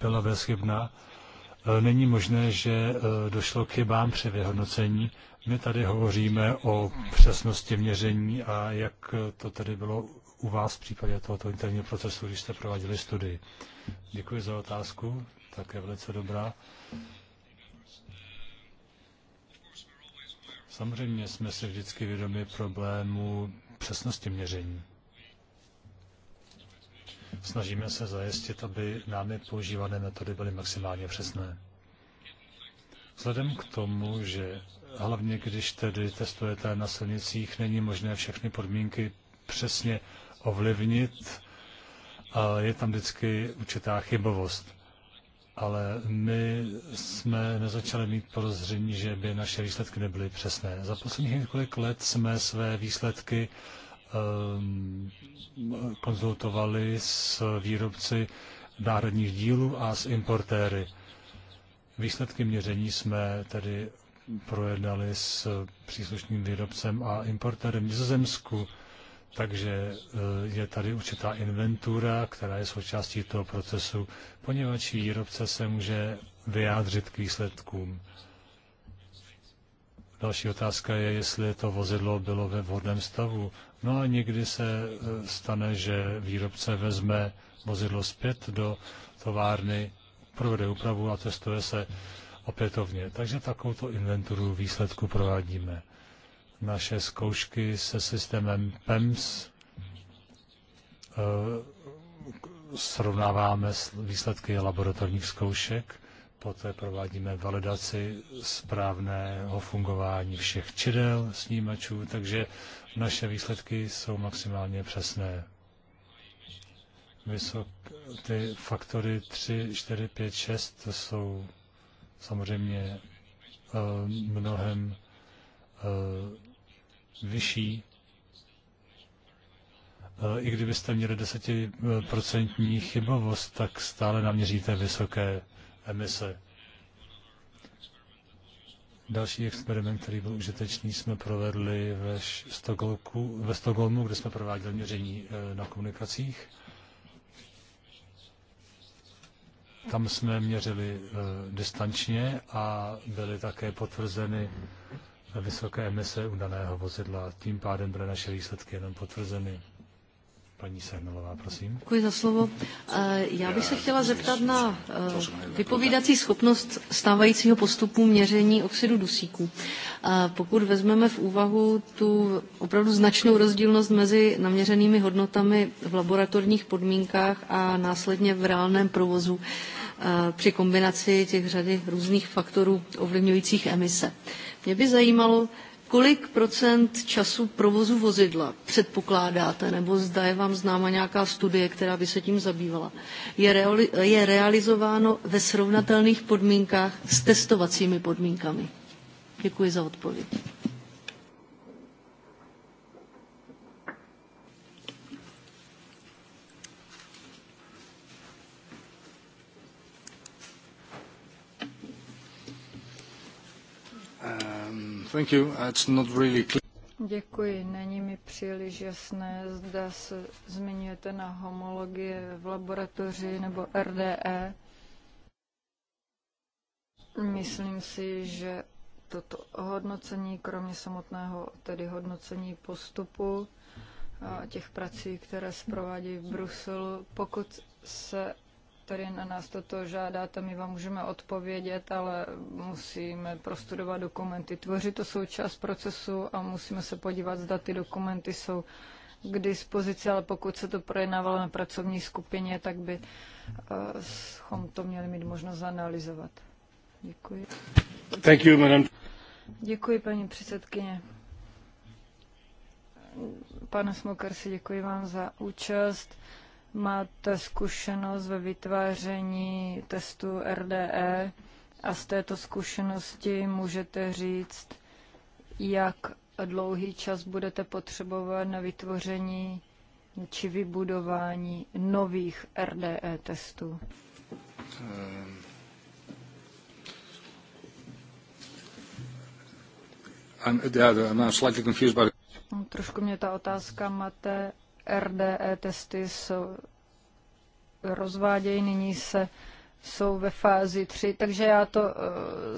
Byla bezchybná. Není možné, že eh, došlo k chybám při vyhodnocení. My tady hovoříme o přesnosti měření a jak eh, to tedy bylo u vás v případě tohoto interního procesu, když jste prováděli studii. Děkuji za otázku, také velice dobrá. Samozřejmě jsme si vždycky vědomi problému přesnosti měření. Snažíme se zajistit, aby námi používané metody byly maximálně přesné. Vzhledem k tomu, že hlavně když tedy testujete na silnicích, není možné všechny podmínky přesně ovlivnit, je tam vždycky určitá chybovost ale my jsme nezačali mít podezření, že by naše výsledky nebyly přesné. Za posledních několik let jsme své výsledky um, konzultovali s výrobci náhradních dílů a s importéry. Výsledky měření jsme tedy projednali s příslušným výrobcem a importérem v Nizozemsku. Takže eh, je tady určitá inventura, která je součástí toho procesu, poněvadž výrobce se může vyjádřit k výsledkům. Další otázka je, jestli to vozidlo bylo ve vhodném stavu. No a někdy se eh, stane, že výrobce vezme vozidlo zpět do továrny, provede úpravu a testuje se opětovně. Takže takovou inventuru výsledku provádíme naše zkoušky se systémem PEMS, eh, srovnáváme výsledky laboratorních zkoušek, poté provádíme validaci správného fungování všech čidel, snímačů, takže naše výsledky jsou maximálně přesné. Vysok, ty faktory 3, 4, 5, 6 to jsou samozřejmě eh, mnohem eh, vyšší, eh, i kdybyste měli desetiprocentní chybovost, tak stále naměříte vysoké emise. Další experiment, který byl užitečný, jsme provedli ve, Stokholku, ve Stockholmu, kde jsme prováděli měření eh, na komunikacích. Tam jsme měřili eh, distančně a byly také potvrzeny vysoké emise u daného vozidla. Tím pádem byly naše výsledky jenom potvrzeny. Paní Sehnalová, prosím. Děkuji za slovo. Eh, já bych se chtěla zeptat na eh, vypovídací schopnost stávajícího postupu měření oxidu dusíku. Eh, pokud vezmeme v úvahu tu opravdu značnou rozdílnost mezi naměřenými hodnotami v laboratorních podmínkách a následně v reálném provozu při kombinaci těch řady různých faktorů ovlivňujících emise. Mě by zajímalo, kolik procent času provozu vozidla předpokládáte, nebo zda je vám známa nějaká studie, která by se tím zabývala, je, reali- je realizováno ve srovnatelných podmínkách s testovacími podmínkami? Děkuji za odpověď. Thank you. It's not really clear. Děkuji. Není mi příliš jasné, zda se zmiňujete na homologie v laboratoři nebo RDE. Myslím si, že toto hodnocení, kromě samotného tedy hodnocení postupu těch prací, které se provádějí v Bruselu, pokud se tady na nás toto žádáte, my vám můžeme odpovědět, ale musíme prostudovat dokumenty. Tvoří to součást procesu a musíme se podívat, zda ty dokumenty jsou k dispozici, ale pokud se to projednávalo na pracovní skupině, tak by bychom eh, to měli mít možnost zanalizovat. Děkuji. Thank you, madam. Děkuji, paní předsedkyně. Pane Smokersi, děkuji vám za účast máte zkušenost ve vytváření testu RDE a z této zkušenosti můžete říct, jak dlouhý čas budete potřebovat na vytvoření či vybudování nových RDE testů? Um, I'm, I'm slightly confused by... Trošku mě ta otázka mate, RDE testy jsou, rozvádějí, nyní se jsou ve fázi 3, takže já to uh,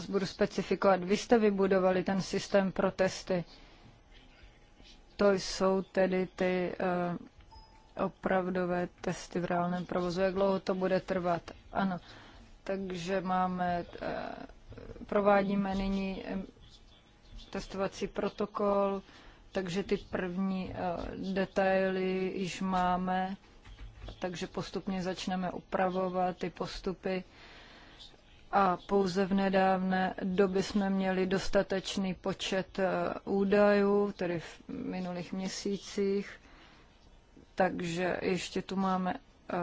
budu specifikovat. Vy jste vybudovali ten systém pro testy. To jsou tedy ty uh, opravdové testy v reálném provozu. Jak dlouho to bude trvat? Ano. Takže máme, uh, provádíme nyní testovací protokol, takže ty první eh, detaily již máme, takže postupně začneme upravovat ty postupy. A pouze v nedávné době jsme měli dostatečný počet eh, údajů, tedy v minulých měsících, takže ještě tu máme eh,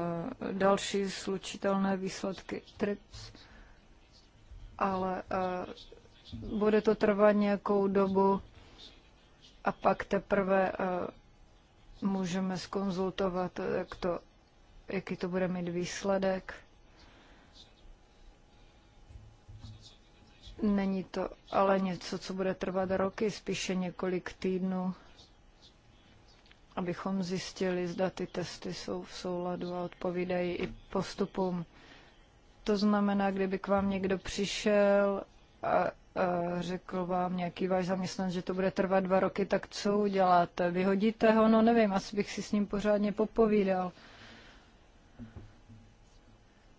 další slučitelné výsledky TRIPS, ale bude to trvat nějakou dobu, a pak teprve eh, můžeme skonzultovat, eh, jak to, jaký to bude mít výsledek. Není to ale něco, co bude trvat roky, spíše několik týdnů, abychom zjistili, zda ty testy jsou v souladu a odpovídají i postupům. To znamená, kdyby k vám někdo přišel a řekl vám nějaký váš zaměstnanec, že to bude trvat dva roky, tak co uděláte? Vyhodíte ho? No nevím, asi bych si s ním pořádně popovídal.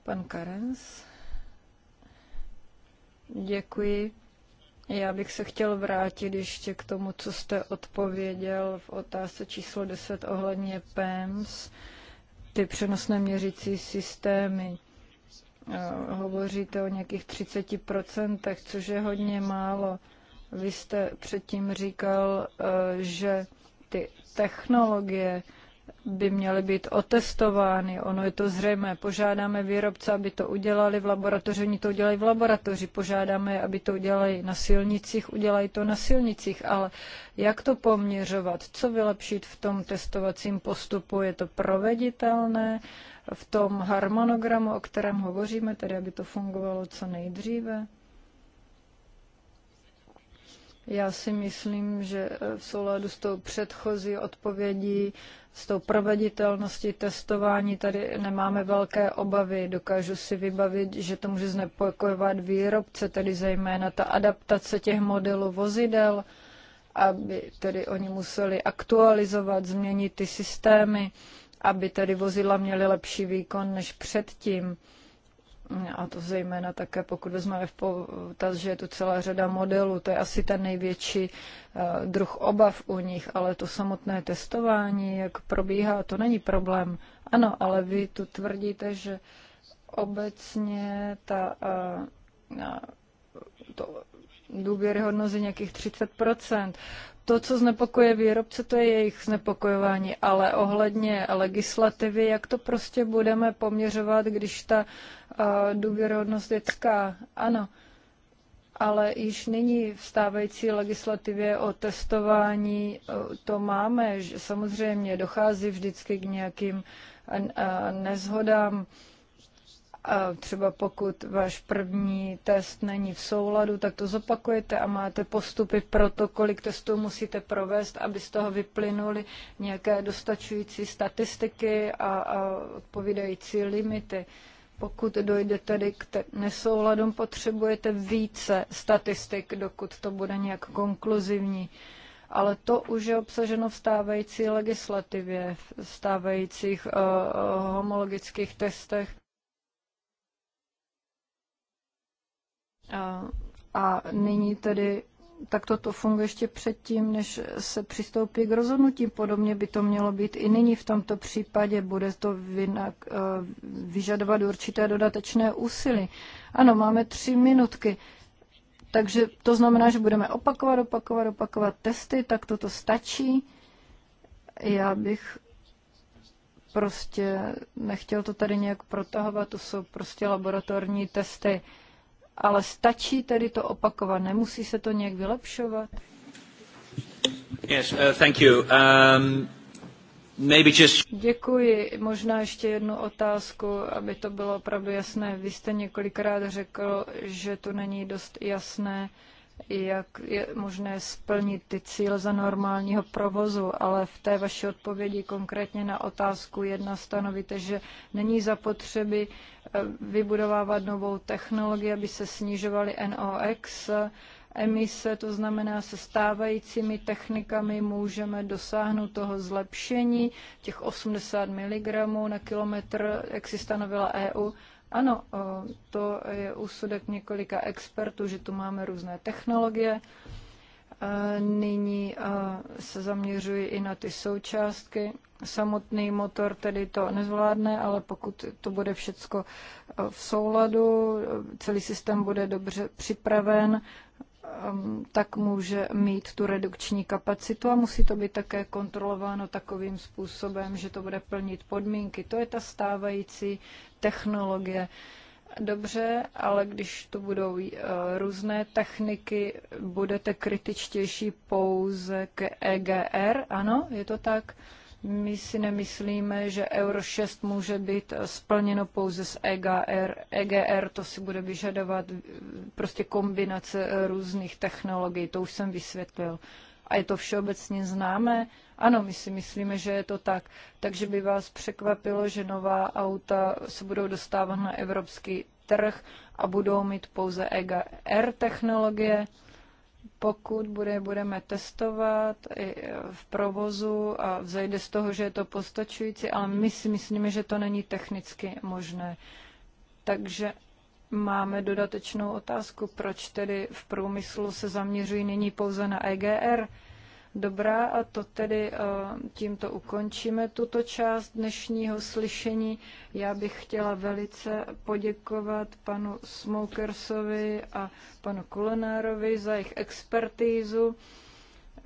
Pan Karens. Děkuji. Já bych se chtěl vrátit ještě k tomu, co jste odpověděl v otázce číslo 10 ohledně PEMS, ty přenosné měřící systémy. Hovoříte o nějakých 30%, což je hodně málo. Vy jste předtím říkal, eh, že ty technologie by měly být otestovány. Ono je to zřejmé. Požádáme výrobce, aby to udělali v laboratoři, oni to udělají v laboratoři. Požádáme, aby to udělali na silnicích, udělají to na silnicích. Ale jak to poměřovat? Co vylepšit v tom testovacím postupu? Je to proveditelné? Uh, v tom harmonogramu, o kterém hovoříme, tedy aby to fungovalo co nejdříve? Já si myslím, že eh, v souladu s tou předchozí odpovědí, s tou proveditelností testování, tady nemáme velké obavy. Dokážu si vybavit, že to může znepokojovat výrobce, tedy zejména ta adaptace těch modelů vozidel, aby tedy oni museli aktualizovat, změnit ty systémy aby tady vozidla měly lepší výkon než předtím. A to zejména také, pokud vezmeme v potaz, že je tu celá řada modelů, to je asi ten největší eh, druh obav u nich, ale to samotné testování, jak probíhá, to není problém. Ano, ale vy tu tvrdíte, že obecně ta, eh, a, a, to důvěryhodnost je nějakých 30 to, co znepokoje výrobce, to je jejich znepokojování, ale ohledně legislativy, jak to prostě budeme poměřovat, když ta důvěrohodnost je taká, ano, ale již nyní v stávající legislativě o testování e, to máme, že samozřejmě dochází vždycky k nějakým nezhodám, a třeba pokud váš první test není v souladu, tak to zopakujete a máte postupy pro to, kolik testů musíte provést, aby z toho vyplynuly nějaké dostačující statistiky a, a odpovídající limity. Pokud dojde tedy k te- nesouladům, potřebujete více statistik, dokud to bude nějak konkluzivní. Ale to už je obsaženo v stávající legislativě, v stávajících uh, homologických testech. A nyní tedy tak toto funguje ještě předtím, než se přistoupí k rozhodnutí. Podobně by to mělo být i nyní v tomto případě. Bude to vynak, eh, vyžadovat určité dodatečné úsilí. Ano, máme tři minutky. Takže to znamená, že budeme opakovat, opakovat, opakovat testy, tak toto stačí. Já bych prostě nechtěl to tady nějak protahovat, to jsou prostě laboratorní testy. Uh, ale stačí tedy to opakovat, nemusí se to nějak vylepšovat? Yes, uh, thank you. Um... Maybe just... Děkuji. Možná ještě jednu otázku, aby to bylo opravdu jasné. Vy jste několikrát řekl, že to není dost jasné, jak je možné splnit ty cíle za normálního provozu, ale v té vaší odpovědi konkrétně na otázku jedna stanovíte, že není zapotřebí vybudovávat novou technologii, aby se snižovaly NOx emise, to znamená se stávajícími technikami můžeme dosáhnout toho zlepšení těch 80 mg na kilometr, jak si stanovila EU. Ano, to je úsudek několika expertů, že tu máme různé technologie, Nyní se zaměřuji i na ty součástky. Samotný motor tedy to nezvládne, ale pokud to bude všecko v souladu, celý systém bude dobře připraven, tak může mít tu redukční kapacitu a musí to být také kontrolováno takovým způsobem, že to bude plnit podmínky. To je ta stávající technologie. Uh, dobře, ale když to budou eh, různé techniky, budete kritičtější pouze k EGR, ano, je to tak? My si nemyslíme, že Euro 6 může být eh, splněno pouze z EGR. EGR to si bude vyžadovat eh, prostě kombinace různých technologií, to už jsem vysvětlil. A je to všeobecně známé, ano, my si myslíme, že je to tak. Takže by vás překvapilo, že nová auta se budou dostávat na evropský trh a budou mít pouze EGR technologie. Pokud bude, budeme testovat i v provozu a vzejde z toho, že je to postačující, ale my si myslíme, že to není technicky možné. Takže máme dodatečnou otázku, proč tedy v průmyslu se zaměřují nyní pouze na EGR. Dobrá, a to tedy eh, tímto ukončíme tuto část dnešního slyšení. Já bych chtěla velice poděkovat panu Smokersovi a panu Kulenárovi za jejich expertízu.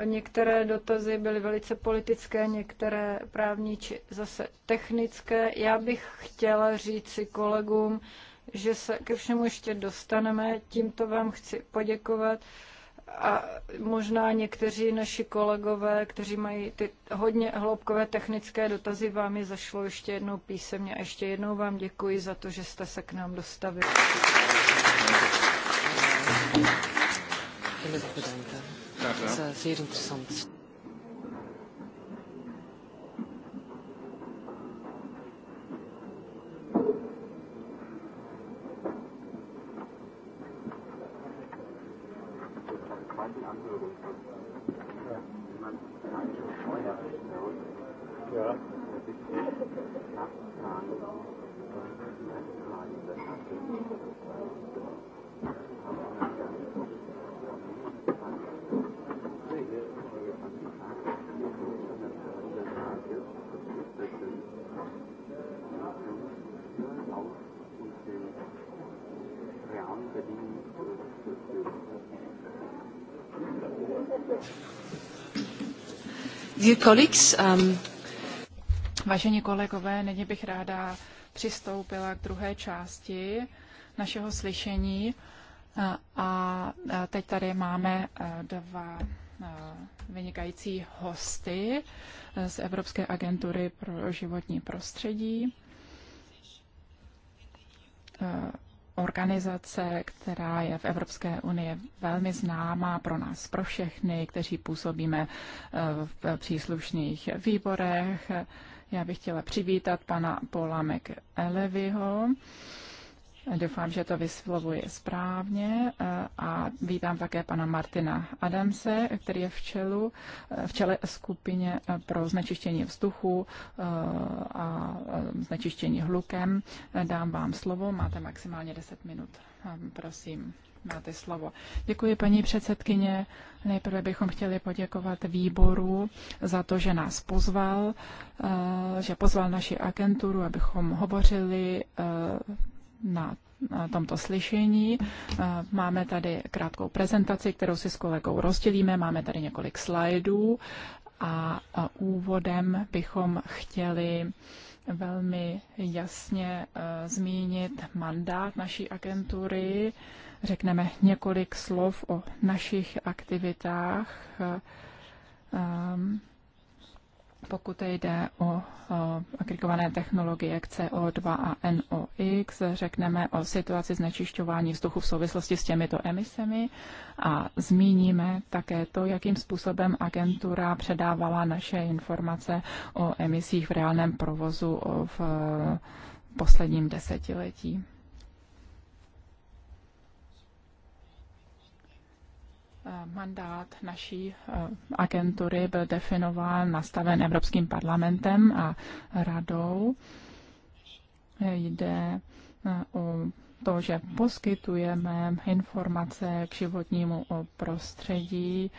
Některé dotazy byly velice politické, některé právní či zase technické. Já bych chtěla říci kolegům, že se ke všemu ještě dostaneme. Tímto vám chci poděkovat a možná někteří naši kolegové, kteří mají ty hodně hloubkové technické dotazy, vám je zašlo ještě jednou písemně a ještě jednou vám děkuji za to, že jste se k nám dostavili. Za zeer interessant. Um, Vážení kolegové, nyní bych ráda přistoupila k druhé části našeho slyšení. A teď tady máme dva vynikající hosty z Evropské agentury pro životní prostředí organizace, která je v Evropské unii velmi známá pro nás, pro všechny, kteří působíme eh, v příslušných výborech. Já bych chtěla přivítat pana Paula McElevyho Doufám, že to vyslovuji správně eh, a vítám také pana Martina Adamse, který je v, čelu, eh, v čele skupině eh, pro znečištění vzduchu a znečištění hlukem. Dám vám slovo, máte maximálně 10 minut. Prosím, máte slovo. Děkuji, paní předsedkyně. Nejprve bychom chtěli poděkovat výboru za to, že nás pozval, že pozval naši agenturu, abychom hovořili na tomto slyšení. Eh, máme tady krátkou prezentaci, kterou si s kolegou rozdělíme. Máme tady několik slajdů a úvodem bychom chtěli velmi jasně eh, zmínit mandát naší agentury. Řekneme několik slov o našich aktivitách. Um, pokud jde o agregované technologie CO2 a NOx, řekneme o situaci znečišťování vzduchu v souvislosti s těmito emisemi a zmíníme také to, jakým způsobem agentura předávala naše informace o emisích v reálném provozu v posledním desetiletí. Eh, mandát naší eh, agentury byl definován, nastaven Evropským parlamentem a radou. Jde eh, o to, že poskytujeme informace k životnímu prostředí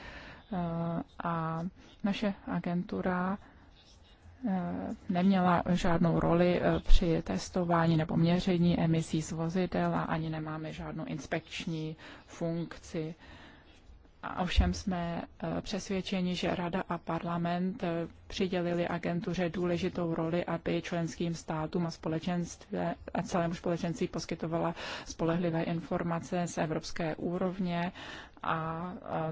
a naše agentura neměla žádnou roli při testování nebo měření emisí z vozidel a ani nemáme žádnou inspekční funkci. A ovšem jsme eh, přesvědčeni, že Rada a parlament eh, přidělili agentuře důležitou roli, aby členským státům a, a celému společenství poskytovala spolehlivé informace z evropské úrovně a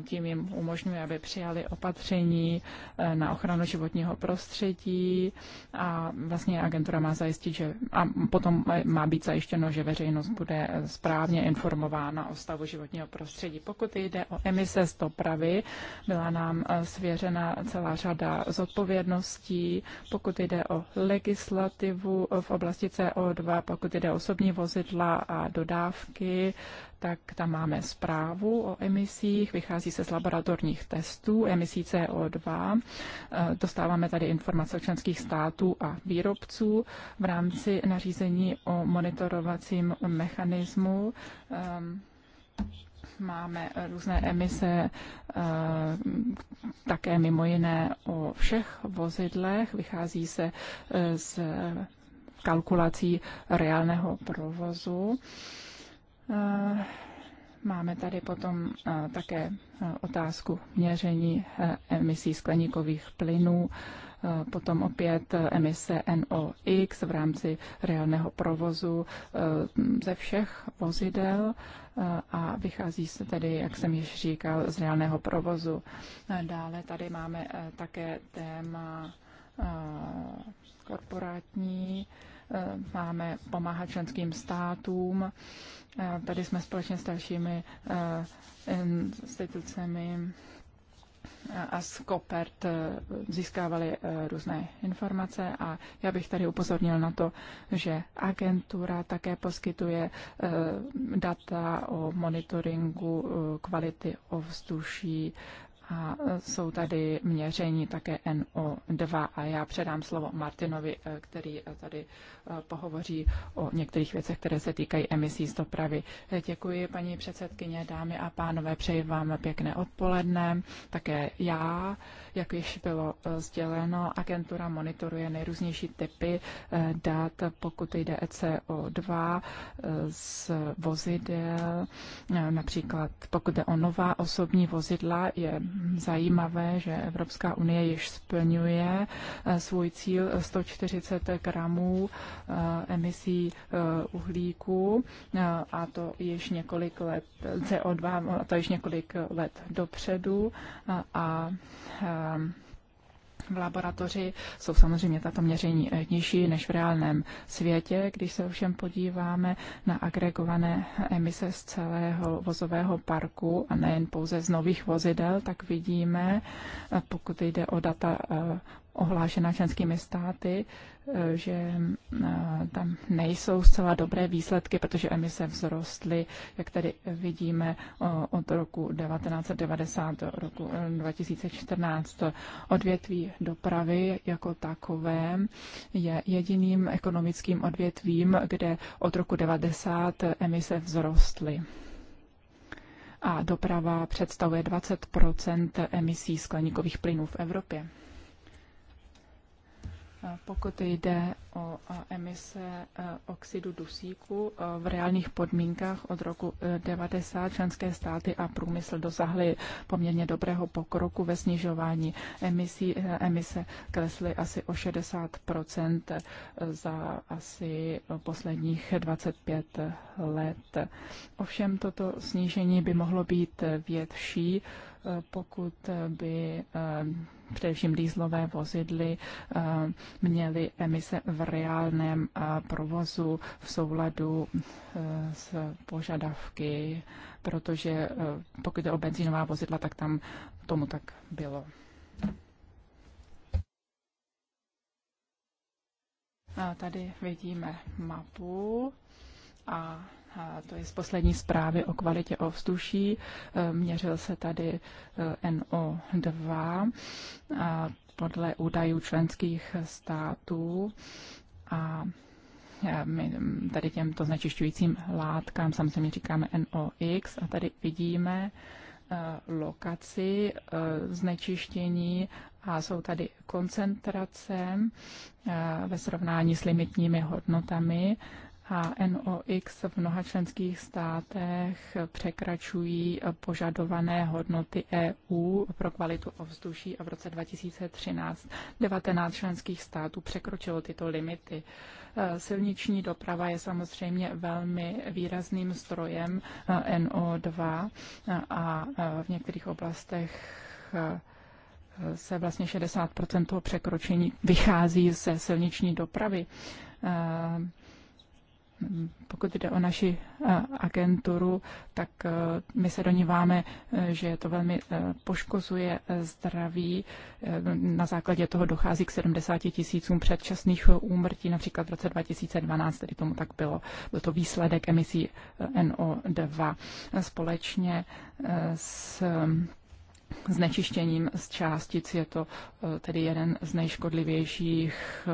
tím jim umožňuje, aby přijali opatření e, na ochranu životního prostředí a vlastně agentura má zajistit, že a potom má být zajištěno, že veřejnost bude správně informována o stavu životního prostředí. Pokud jde o emise z dopravy, byla nám e, svěřena celá řada zodpovědností, pokud jde o legislativu v oblasti CO2, pokud jde o osobní vozidla a dodávky, tak tam máme zprávu o emisích, vychází se z laboratorních testů, emisí CO2. E, dostáváme tady informace o členských států a výrobců v rámci nařízení o monitorovacím mechanismu ehm, máme různé emise, e, také mimo jiné o všech vozidlech. Vychází se e, z kalkulací reálného provozu. Eh, máme tady potom eh, také eh, otázku měření emisí skleníkových plynů, potom opět emise NOx v rámci reálného provozu ze všech vozidel a vychází se tedy, jak jsem již říkal, z reálného provozu. Dále tady máme také téma korporátní, Eh, máme pomáhat členským státům. Eh, tady jsme společně s dalšími eh, institucemi a z Kopert získávali různé informace a já bych tady upozornil na to, že agentura také poskytuje data o monitoringu kvality ovzduší a e, jsou tady měření také NO2 a já předám slovo Martinovi, e, který e, tady pohovoří o některých věcech, které se týkají emisí z dopravy. Děkuji, paní předsedkyně, dámy a pánové, přeji vám pěkné odpoledne. Také já, jak již bylo sděleno, agentura monitoruje nejrůznější typy dat, pokud jde eco 2 z vozidel, například pokud jde o nová osobní vozidla, je zajímavé, že Evropská unie již splňuje eh, svůj cíl 140 gramů eh, emisí eh, uhlíku a to již několik let CO2, to již několik let dopředu a, a v laboratoři jsou samozřejmě tato měření eh, nižší než v reálném světě. Když se ovšem podíváme na agregované emise z celého vozového parku a nejen pouze z nových vozidel, tak vidíme, eh, pokud jde o data eh, ohlášena členskými státy, eh, že eh, tam nejsou zcela dobré výsledky, protože emise vzrostly, jak tady vidíme, od roku 1990 do roku 2014. Eh, Odvětví dopravy jako takové je jediným ekonomickým odvětvím, kde od roku 90 emise vzrostly a doprava představuje 20 emisí skleníkových plynů v Evropě. Pokud jde o emise e, oxidu dusíku e, v reálných podmínkách od roku 90 e, členské státy a průmysl dosahly poměrně dobrého pokroku ve snižování emisí. Emise klesly asi o 60 za asi posledních 25 let. Ovšem toto snížení by mohlo být větší, pokud by eh, především dýzlové vozidly eh, měly emise v reálném eh, provozu v souladu s požadavky, protože pokud jde o benzínová vozidla, tak tam tomu tak bylo. A tady vidíme mapu a a to je z poslední zprávy o kvalitě ovzduší. E, měřil se tady e, NO2 a podle údajů členských států a e, my tady těmto znečišťujícím látkám samozřejmě říkáme NOx a tady vidíme lokaci znečištění a jsou tady koncentrace ve srovnání s limitními hodnotami HNOX v mnoha členských státech překračují požadované hodnoty EU pro kvalitu ovzduší a v roce 2013 19 členských států překročilo tyto limity. Eh, silniční doprava je samozřejmě velmi výrazným strojem eh, NO2 eh, a v některých oblastech se vlastně 60 toho překročení vychází ze silniční dopravy pokud jde o naši eh, agenturu, tak eh, my se doníváme, eh, že to velmi poškozuje zdraví. Na základě toho dochází k 70 tisícům předčasných úmrtí, například v roce 2012, tedy tomu tak bylo. Byl to výsledek emisí NO2 společně s znečištěním z částic je to tedy jeden z nejškodlivějších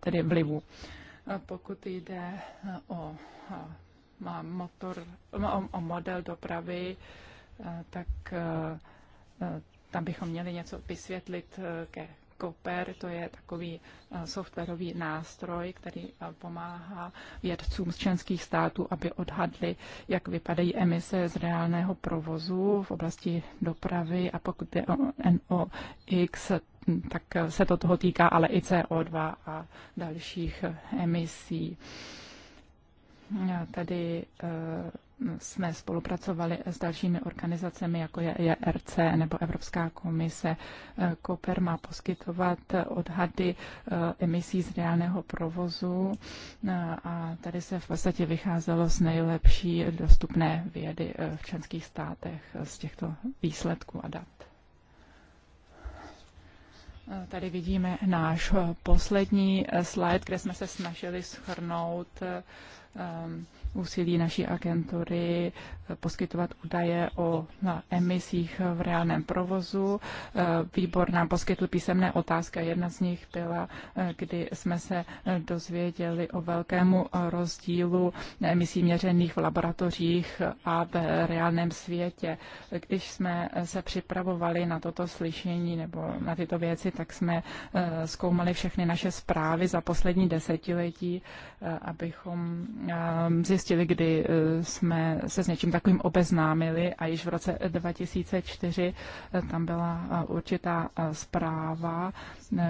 tedy vlivů pokud jde eh, o motor, o model dopravy, eh, tak eh, tam bychom měli něco vysvětlit ke Cooper, to je takový softwarový nástroj, který pomáhá vědcům z členských států, aby odhadli, jak vypadají emise z reálného provozu v oblasti dopravy a pokud je o NOx, Hm, tak eh, se to toho týká ale i CO2 a dalších eh, emisí. Eh, tady jsme spolupracovali s dalšími organizacemi, jako je ERC nebo Evropská komise. Koper má poskytovat odhady emisí z reálného provozu a tady se v podstatě vycházelo z nejlepší dostupné vědy v členských státech z těchto výsledků a dat. Tady vidíme náš eh, poslední eh, slide, kde jsme se snažili schrnout eh, úsilí naší agentury eh, poskytovat údaje o emisích v reálném provozu. Eh, výbor nám poskytl písemné otázky a jedna z nich byla, eh, kdy jsme se dozvěděli o velkému rozdílu emisí měřených v laboratořích a v reálném světě. Když jsme se připravovali na toto slyšení nebo na tyto věci, tak jsme zkoumali všechny naše zprávy za poslední desetiletí, abychom zjistili, zjistili, kdy eh, jsme se s něčím takovým obeznámili a již v roce 2004 eh, tam byla eh, určitá zpráva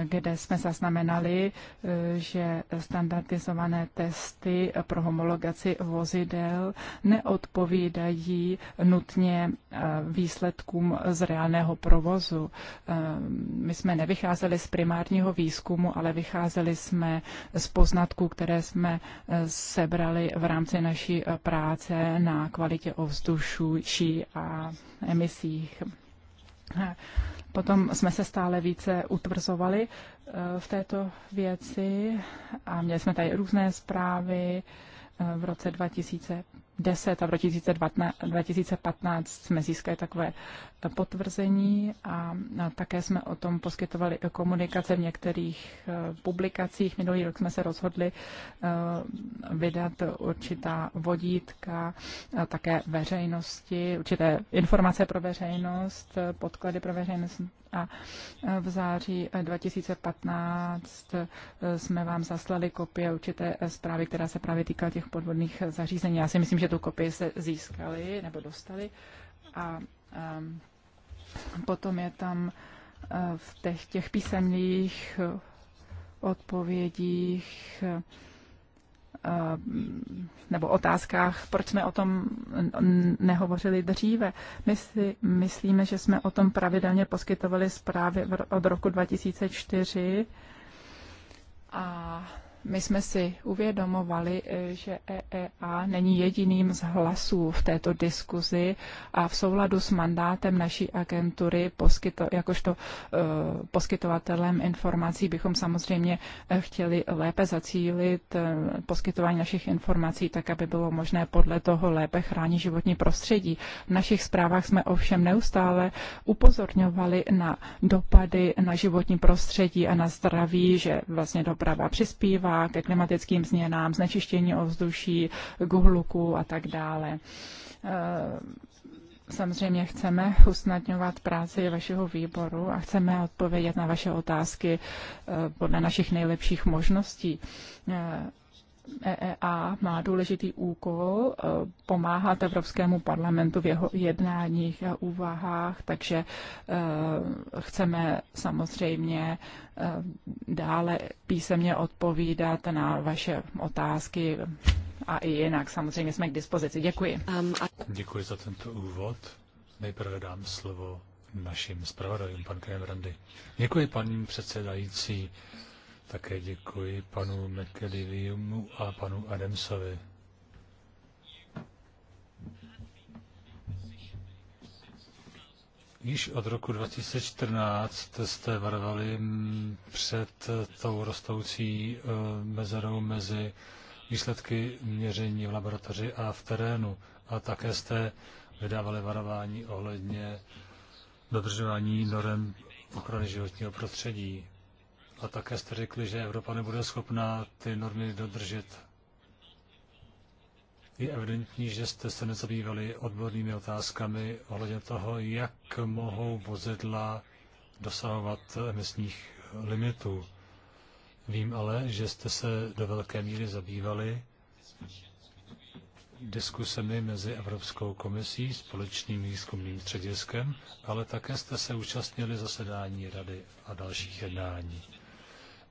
kde jsme zaznamenali, eh, že standardizované testy pro homologaci vozidel neodpovídají nutně eh, výsledkům z reálného provozu. Eh, my jsme nevycházeli z primárního výzkumu, ale vycházeli jsme z poznatků, které jsme sebrali v rámci naší práce na kvalitě ovzduší a emisích. Potom jsme se stále více utvrzovali eh, v této věci a měli jsme tady různé zprávy eh, v roce 2000. 2010 a v roce 2015 jsme získali takové potvrzení a také jsme o tom poskytovali komunikace v některých eh, publikacích. Minulý rok jsme se rozhodli eh, vydat určitá vodítka také veřejnosti, určité informace pro veřejnost, eh, podklady pro veřejnost a v září 2015 eh, eh, jsme vám zaslali kopie určité eh, zprávy, která se právě týká těch podvodných zařízení. Já si myslím, že tu kopii se získali nebo dostali a um, potom je tam v těch, těch písemných odpovědích Eh, nebo otázkách, proč jsme o tom nehovořili dříve. My si myslíme, že jsme o tom pravidelně poskytovali zprávy od roku 2004 a my jsme si uvědomovali, eh, že EEA není jediným z hlasů v této diskuzi a v souladu s mandátem naší agentury, poskyto, jakožto eh, poskytovatelem informací, bychom samozřejmě eh, chtěli lépe zacílit poskytování našich informací tak, aby bylo možné podle toho lépe chránit životní prostředí. V našich zprávách jsme ovšem neustále upozorňovali na dopady na životní prostředí a na zdraví, že vlastně doprava přispívá výzva ke klimatickým změnám, znečištění ovzduší, k hluku a tak dále. Eh, samozřejmě chceme usnadňovat práci vašeho výboru a chceme odpovědět na vaše otázky eh, podle našich nejlepších možností. Eh, EEA má důležitý úkol e, pomáhat Evropskému parlamentu v jeho jednáních a úvahách, takže e, chceme samozřejmě e, dále písemně odpovídat na vaše otázky a i jinak. Samozřejmě jsme k dispozici. Děkuji. Um, Děkuji za tento úvod. Nejprve dám slovo našim zpravodajům, pan Kremrandy. Děkuji, paní předsedající. Také děkuji panu McAlliviumu a panu Adamsovi. Již od roku 2014 jste varovali před tou rostoucí eh, mezerou mezi výsledky měření v laboratoři a v terénu. A také jste vydávali varování ohledně dodržování norem ochrany životního prostředí a také jste řekli, že Evropa nebude schopná ty normy dodržet. Je evidentní, že jste se nezabývali odbornými otázkami ohledně toho, jak mohou vozidla dosahovat emisních limitů. Vím ale, že jste se do velké míry zabývali diskusemi mezi Evropskou komisí, společným výzkumným střediskem, ale také jste se účastnili zasedání rady a dalších jednání.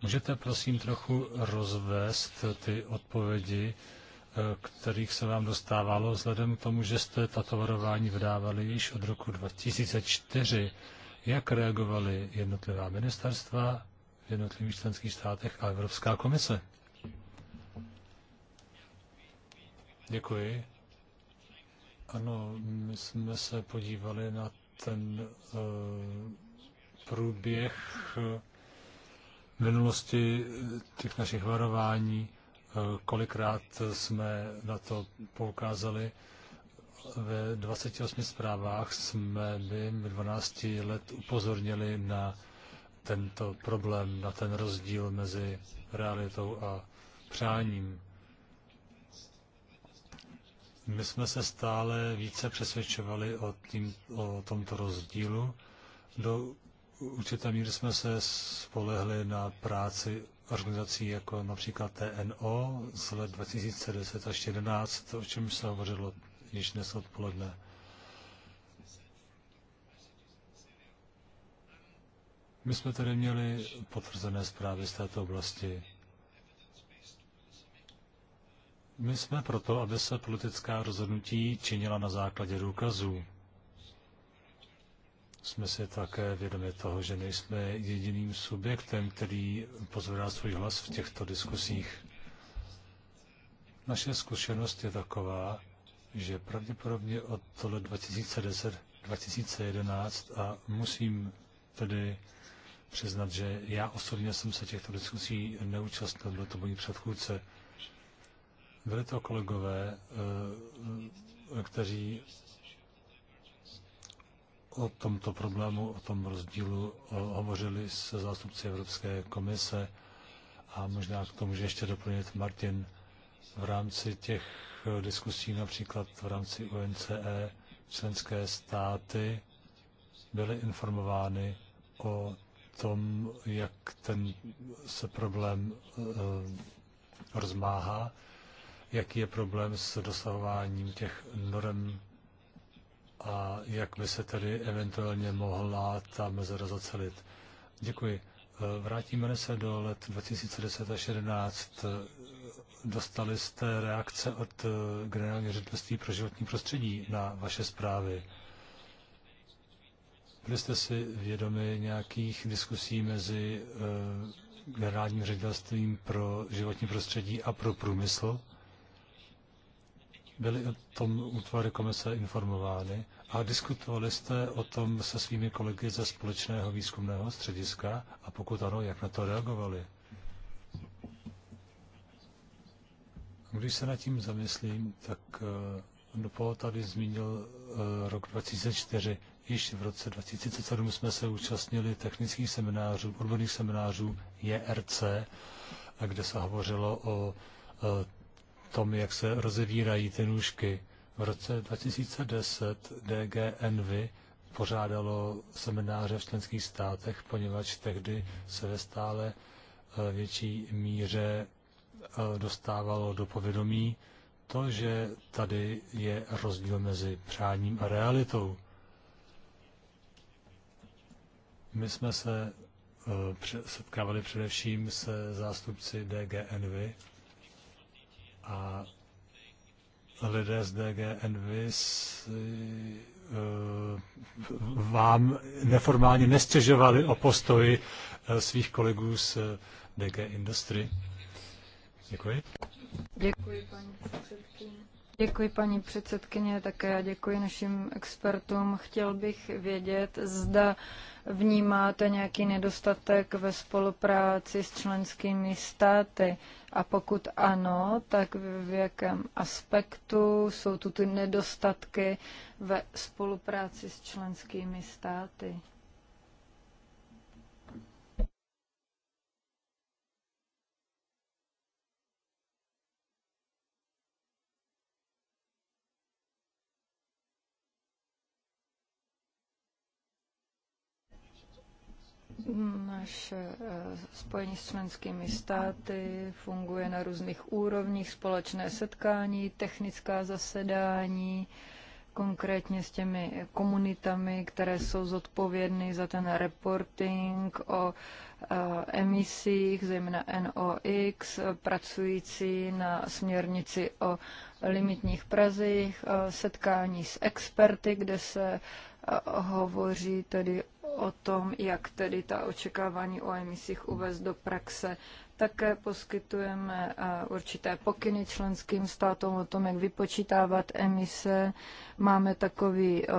Můžete prosím trochu rozvést ty odpovědi, eh, kterých se vám dostávalo, vzhledem k tomu, že jste tato varování vydávali již od roku 2004. Jak reagovaly jednotlivá ministerstva v jednotlivých členských státech a Evropská komise? Děkuji. Ano, my jsme se podívali na ten uh, průběh uh, minulosti těch našich varování, eh, kolikrát jsme na to poukázali. Ve 28 zprávách jsme my 12 let upozornili na tento problém, na ten rozdíl mezi realitou a přáním. My jsme se stále více přesvědčovali o, tím, o tomto rozdílu do určité míry jsme se spolehli na práci organizací jako například TNO z let 2010 až 2011, o čem se hovořilo již dnes odpoledne. My jsme tedy měli potvrzené zprávy z této oblasti. My jsme proto, aby se politická rozhodnutí činila na základě důkazů jsme si také vědomi toho, že nejsme jediným subjektem, který pozvedá svůj hlas v těchto diskusích. Naše zkušenost je taková, že pravděpodobně od tohle 2010, 2011 a musím tedy přiznat, že já osobně jsem se těchto diskusí neúčastnil, byl to můj předchůdce. Byli to kolegové, eh, kteří o tomto problému, o tom rozdílu hovořili se zástupci Evropské komise a možná k tomu může ještě doplnit Martin. V rámci těch eh, diskusí například v rámci UNCE členské státy byly informovány o tom, jak ten se problém eh, rozmáhá, jaký je problém s dosahováním těch norm a jak by se tedy eventuálně mohla ta mezera zacelit. Děkuji. Vrátíme se do let 2010 až 2011. Dostali jste reakce od eh, Generálního ředitelství pro životní prostředí na vaše zprávy. Byli jste si vědomi nějakých diskusí mezi eh, Generálním ředitelstvím pro životní prostředí a pro průmysl? Byli o tom útvary komise informovány a diskutovali jste o tom se svými kolegy ze společného výzkumného střediska a pokud ano, jak na to reagovali? Když se nad tím zamyslím, tak eh, Nopo tady zmínil eh, rok 2004. Již v roce 2007 jsme se účastnili technických seminářů, odborných seminářů JRC, eh, kde se hovořilo o tom, jak se rozevírají ty nůžky. V roce 2010 DGNV pořádalo semináře v členských státech, poněvadž tehdy se ve stále eh, větší míře eh, dostávalo do povědomí to, že tady je rozdíl mezi přáním a realitou. My jsme se eh, setkávali především se zástupci DGNV, a lidé z DG Envis eh, vám neformálně nestěžovali o postoji eh, svých kolegů z DG Industry. Děkuji. Děkuji, paní předsedkyně. Děkuji, paní předsedkyně, také já děkuji našim expertům. Chtěl bych vědět, zda vnímáte nějaký nedostatek ve spolupráci s členskými státy? A pokud ano, tak v jakém aspektu jsou tu ty nedostatky ve spolupráci s členskými státy? Naše eh, spojení s členskými státy funguje na různých úrovních, společné setkání, technická zasedání, konkrétně s těmi komunitami, které jsou zodpovědny za ten reporting o eh, emisích, zejména NOx, pracující na směrnici o limitních prazích, eh, setkání s experty, kde se hovoří tedy o tom, jak tedy ta očekávání o emisích uvést do praxe. Také poskytujeme eh, určité pokyny členským státům o tom, jak vypočítávat emise. Máme takový, eh,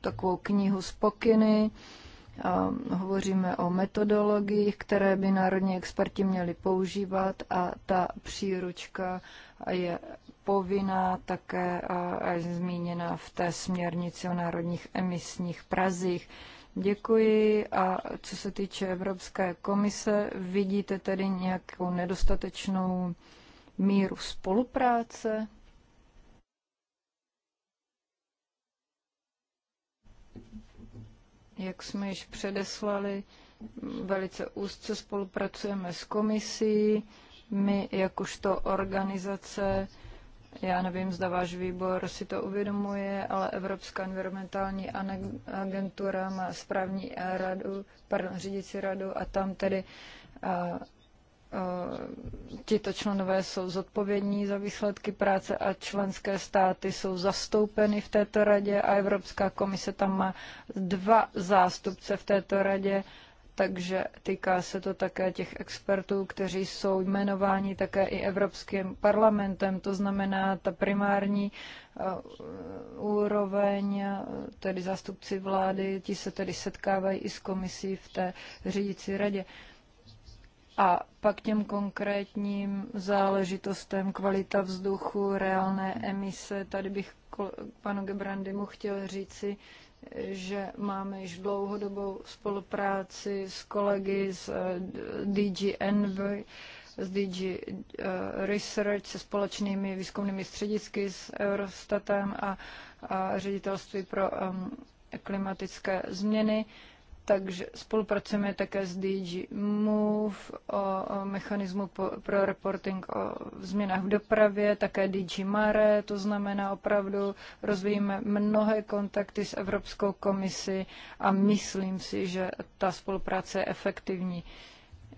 takovou knihu s pokyny. Eh, hovoříme o metodologiích, které by národní experti měli používat a ta příručka je povinná také a je zmíněna v té směrnici o národních emisních prazích. Děkuji. A co se týče Evropské komise, vidíte tedy nějakou nedostatečnou míru spolupráce? Jak jsme již předeslali, velice úzce spolupracujeme s komisí. My, jakožto organizace, já nevím, zda váš výbor si to uvědomuje, ale Evropská environmentální agentura má správní radu, pardon, řídící radu a tam tedy a, a, tito členové jsou zodpovědní za výsledky práce a členské státy jsou zastoupeny v této radě a Evropská komise tam má dva zástupce v této radě takže týká se to také těch expertů, kteří jsou jmenováni také i Evropským parlamentem, to znamená ta primární uh, úroveň, tedy zástupci vlády, ti se tedy setkávají i s komisí v té řídící radě. A pak těm konkrétním záležitostem kvalita vzduchu, reálné emise, tady bych panu Gebrandimu chtěl říci, že máme již dlouhodobou spolupráci s kolegy z eh, DG Envy, s DG eh, Research, se společnými výzkumnými středisky s Eurostatem a, ředitelství pro ehm, klimatické změny. Takže spolupracujeme také s DG Move o, o mechanismu po, pro reporting o změnách v dopravě, také DG Mare, to znamená opravdu rozvíjíme mnohé kontakty s Evropskou komisi a myslím si, že ta spolupráce je efektivní.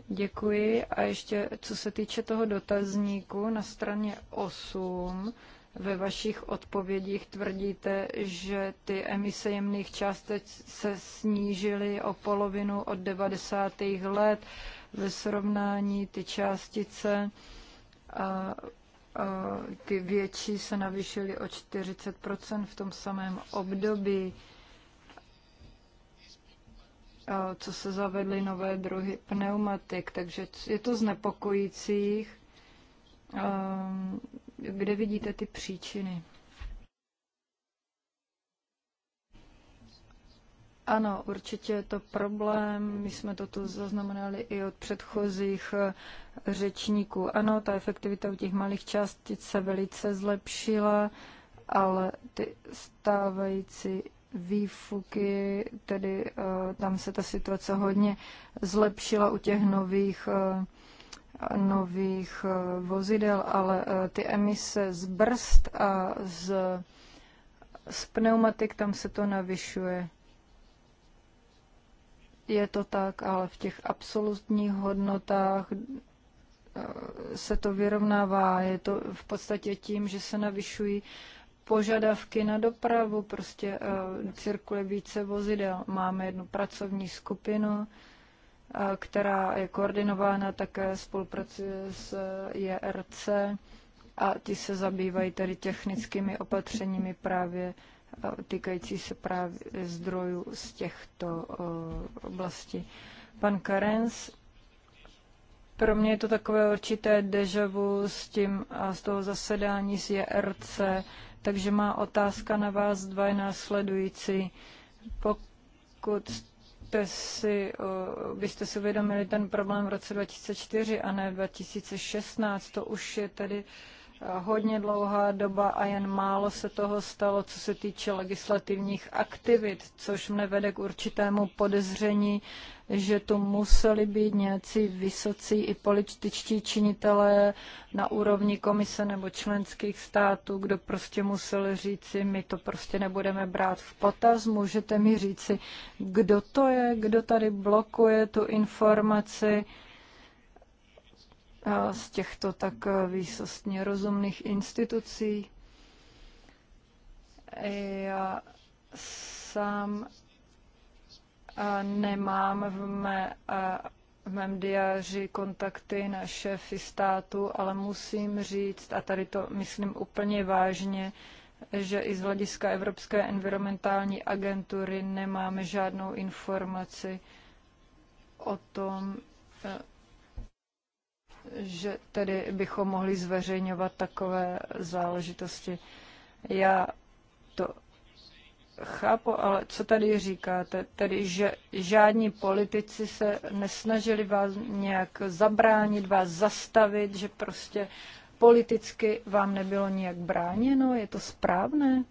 Děkuji. A ještě co se týče toho dotazníku na straně 8, ve vašich odpovědích tvrdíte, že ty emise jemných částic se snížily o polovinu od 90. let ve srovnání ty částice a, a ty větší se navýšily o 40 v tom samém období co se zavedly nové druhy pneumatik, takže je to znepokojících kde vidíte ty příčiny? Ano, určitě je to problém. My jsme to tu zaznamenali i od předchozích eh, řečníků. Ano, ta efektivita u těch malých částic se velice zlepšila, ale ty stávající výfuky, tedy eh, tam se ta situace hodně zlepšila u těch nových eh, nových eh, vozidel, ale eh, ty emise z brzd a z, z pneumatik, tam se to navyšuje. Je to tak, ale v těch absolutních hodnotách eh, se to vyrovnává. Je to v podstatě tím, že se navyšují požadavky na dopravu, prostě cirkule více vozidel. Máme jednu pracovní skupinu, která je koordinována, také spolupracuje s JRC a ty se zabývají tedy technickými opatřeními právě týkající se právě zdrojů z těchto oblastí. Pan Karens, pro mě je to takové určité dejavu s tím a z toho zasedání z JRC, takže má otázka na vás dva je následující. Pokud byste si, eh, byste si uvědomili ten problém v roce 2004 a ne 2016. To už je tedy eh, hodně dlouhá doba a jen málo se toho stalo, co se týče legislativních aktivit, což mne vede k určitému podezření, že to museli být nějací vysocí i političtí činitelé na úrovni komise nebo členských států, kdo prostě musel říci, my to prostě nebudeme brát v potaz. Můžete mi říci, kdo to je, kdo tady blokuje tu informaci z těchto tak výsostně rozumných institucí. Já sám nemám v, mé, v mém diáři kontakty na šéfy státu, ale musím říct, a tady to myslím úplně vážně, že i z hlediska Evropské environmentální agentury nemáme žádnou informaci o tom, e, že tedy bychom mohli zveřejňovat takové záležitosti. Já Chápu, ale co tady říkáte? Tedy, že žádní politici se nesnažili vás nějak zabránit, vás zastavit, že prostě politicky vám nebylo nějak bráněno? Je to správné?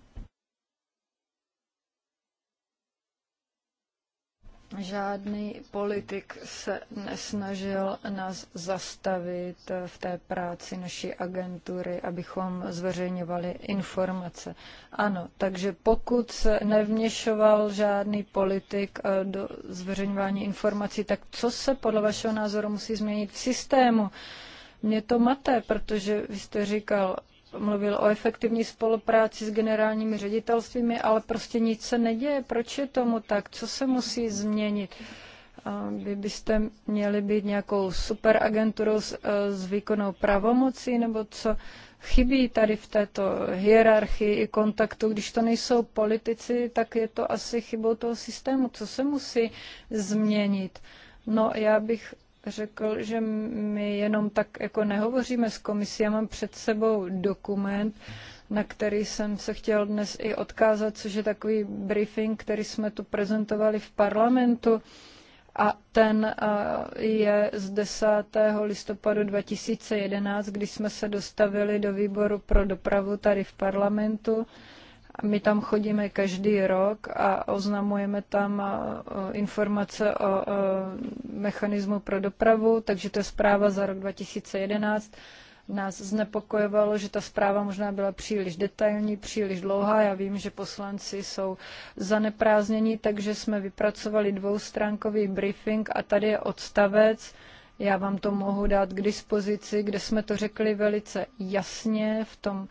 Žádný politik se nesnažil nás zastavit v té práci naší agentury, abychom zveřejňovali informace. Ano, takže pokud se nevměšoval žádný politik eh, do zveřejňování informací, tak co se podle vašeho názoru musí změnit v systému? Mě to mate, protože vy jste říkal, mluvil o efektivní spolupráci s generálními ředitelstvími, ale prostě nic se neděje. Proč je tomu tak? Co se musí změnit? Vy byste měli být nějakou superagenturou s, e, s výkonnou pravomocí, nebo co chybí tady v této hierarchii i kontaktu? Když to nejsou politici, tak je to asi chybou toho systému. Co se musí změnit? No, já bych řekl, že my jenom tak jako nehovoříme s komisí. Já mám před sebou dokument, na který jsem se chtěl dnes i odkázat, což je takový briefing, který jsme tu prezentovali v parlamentu a ten je z 10. listopadu 2011, kdy jsme se dostavili do výboru pro dopravu tady v parlamentu my tam chodíme každý rok a oznamujeme tam e, informace o e, mechanismu pro dopravu, takže to je zpráva za rok 2011 nás znepokojovalo, že ta zpráva možná byla příliš detailní, příliš dlouhá. Já vím, že poslanci jsou zaneprázdnění, takže jsme vypracovali dvoustránkový briefing a tady je odstavec, já vám to mohu dát k dispozici, kde jsme to řekli velice jasně v tom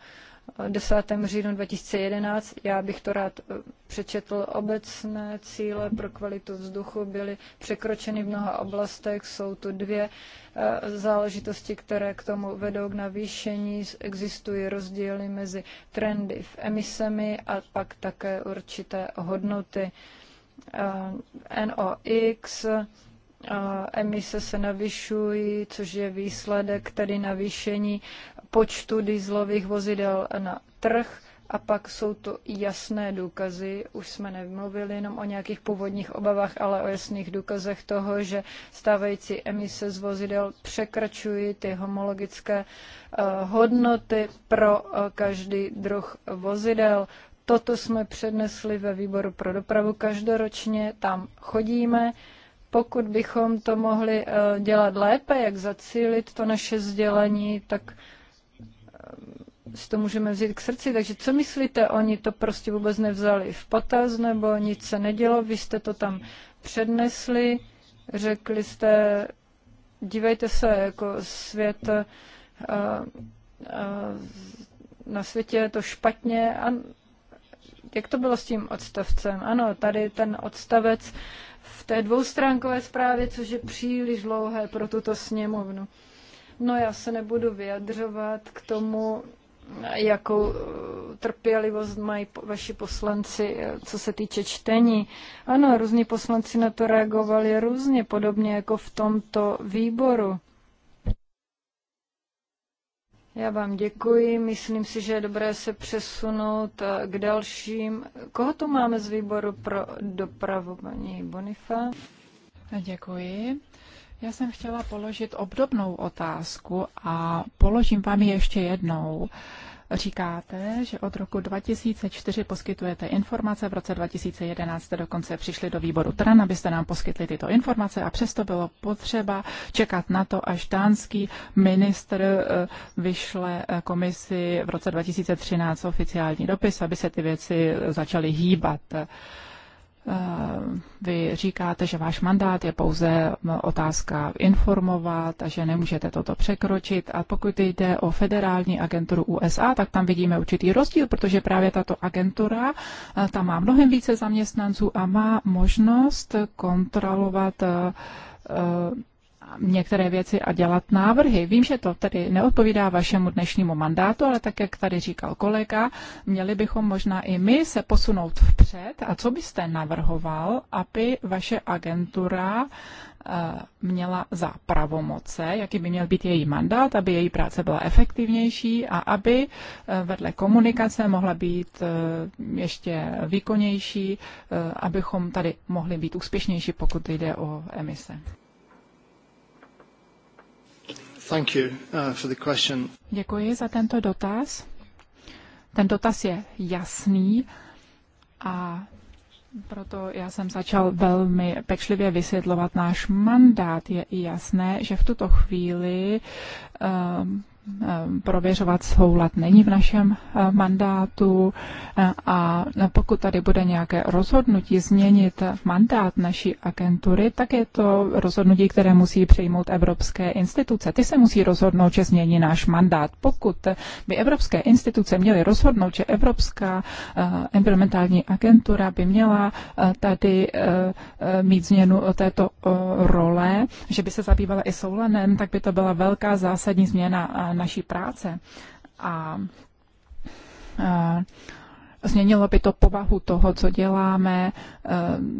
10. říjnu 2011. Já bych to rád eh, přečetl. Obecné cíle pro kvalitu vzduchu byly překročeny v mnoha oblastech. Jsou tu dvě eh, záležitosti, které k tomu vedou k navýšení. Existují rozdíly mezi trendy v emisemi a pak také určité hodnoty. Eh, NOx, emise se navyšují, což je výsledek tedy navýšení počtu dýzlových vozidel na trh. A pak jsou to jasné důkazy, už jsme nemluvili jenom o nějakých původních obavách, ale o jasných důkazech toho, že stávající emise z vozidel překračují ty homologické eh, hodnoty pro eh, každý druh vozidel. Toto jsme přednesli ve výboru pro dopravu každoročně, tam chodíme. Pokud bychom to mohli eh, dělat lépe, jak zacílit to naše sdělení, tak si to můžeme vzít k srdci. Takže co myslíte, oni to prostě vůbec nevzali v potaz nebo nic se nedělo, vy jste to tam přednesli, řekli jste, dívejte se, jako svět a, eh, a, eh, na světě je to špatně. A jak to bylo s tím odstavcem? Ano, tady ten odstavec v té dvoustránkové zprávě, což je příliš dlouhé pro tuto sněmovnu. No já se nebudu vyjadřovat k tomu, jakou eh, trpělivost mají vaši poslanci, eh, co se týče čtení. Ano, různí poslanci na to reagovali různě, podobně jako v tomto výboru. Já vám děkuji. Myslím si, že je dobré se přesunout eh, k dalším. Koho tu máme z výboru pro dopravu, paní Bonifa? Děkuji. Já jsem chtěla položit obdobnou otázku a položím vám ji ještě jednou. Říkáte, že od roku 2004 poskytujete informace, v roce 2011 jste dokonce přišli do výboru TRAN, abyste nám poskytli tyto informace a přesto bylo potřeba čekat na to, až dánský ministr eh, vyšle eh, komisi v roce 2013 oficiální dopis, aby se ty věci eh, začaly hýbat. Vy říkáte, že váš mandát je pouze otázka informovat a že nemůžete toto překročit. A pokud jde o federální agenturu USA, tak tam vidíme určitý rozdíl, protože právě tato agentura eh, tam má mnohem více zaměstnanců a má možnost kontrolovat eh, některé věci a dělat návrhy. Vím, že to tady neodpovídá vašemu dnešnímu mandátu, ale tak, jak tady říkal kolega, měli bychom možná i my se posunout vpřed. A co byste navrhoval, aby vaše agentura eh, měla za pravomoce, jaký by měl být její mandát, aby její práce byla efektivnější a aby eh, vedle komunikace mohla být eh, ještě výkonnější, abychom tady mohli být úspěšnější, pokud jde o emise. Thank you, uh, for the question. Děkuji za tento dotaz. Ten dotaz je jasný a proto já jsem začal velmi pečlivě vysvětlovat náš mandát. Je i jasné, že v tuto chvíli um, Eh, prověřovat soulad není v našem eh, mandátu eh, a pokud tady bude nějaké rozhodnutí změnit mandát naší agentury, tak je to rozhodnutí, které musí přijmout evropské instituce. Ty se musí rozhodnout, že změní náš mandát. Pokud by evropské instituce měly rozhodnout, že Evropská environmentální agentura by měla tady mít změnu této role, že by se zabývala i soulanem, tak by to byla velká zásadní změna naší práce a, a Změnilo by to povahu toho, co děláme, e,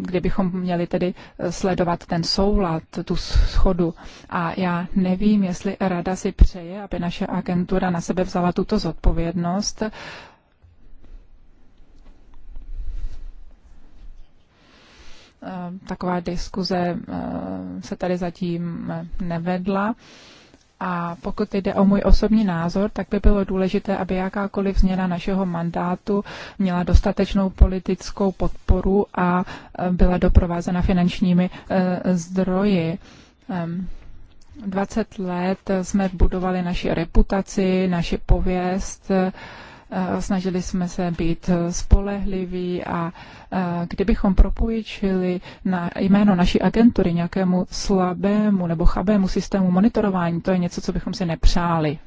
kdybychom měli tedy sledovat ten soulad, tu schodu. A já nevím, jestli rada si přeje, aby naše agentura na sebe vzala tuto zodpovědnost. E, taková diskuze e, se tady zatím nevedla. A pokud jde o můj osobní názor, tak by bylo důležité, aby jakákoliv změna našeho mandátu měla dostatečnou politickou podporu a e, byla doprovázena finančními e, zdroji. 20 let jsme budovali naši reputaci, naši pověst, Eh, snažili jsme se být eh, spolehliví a eh, kdybychom propůjčili na jméno naší agentury nějakému slabému nebo chabému systému monitorování, to je něco, co bychom si nepřáli.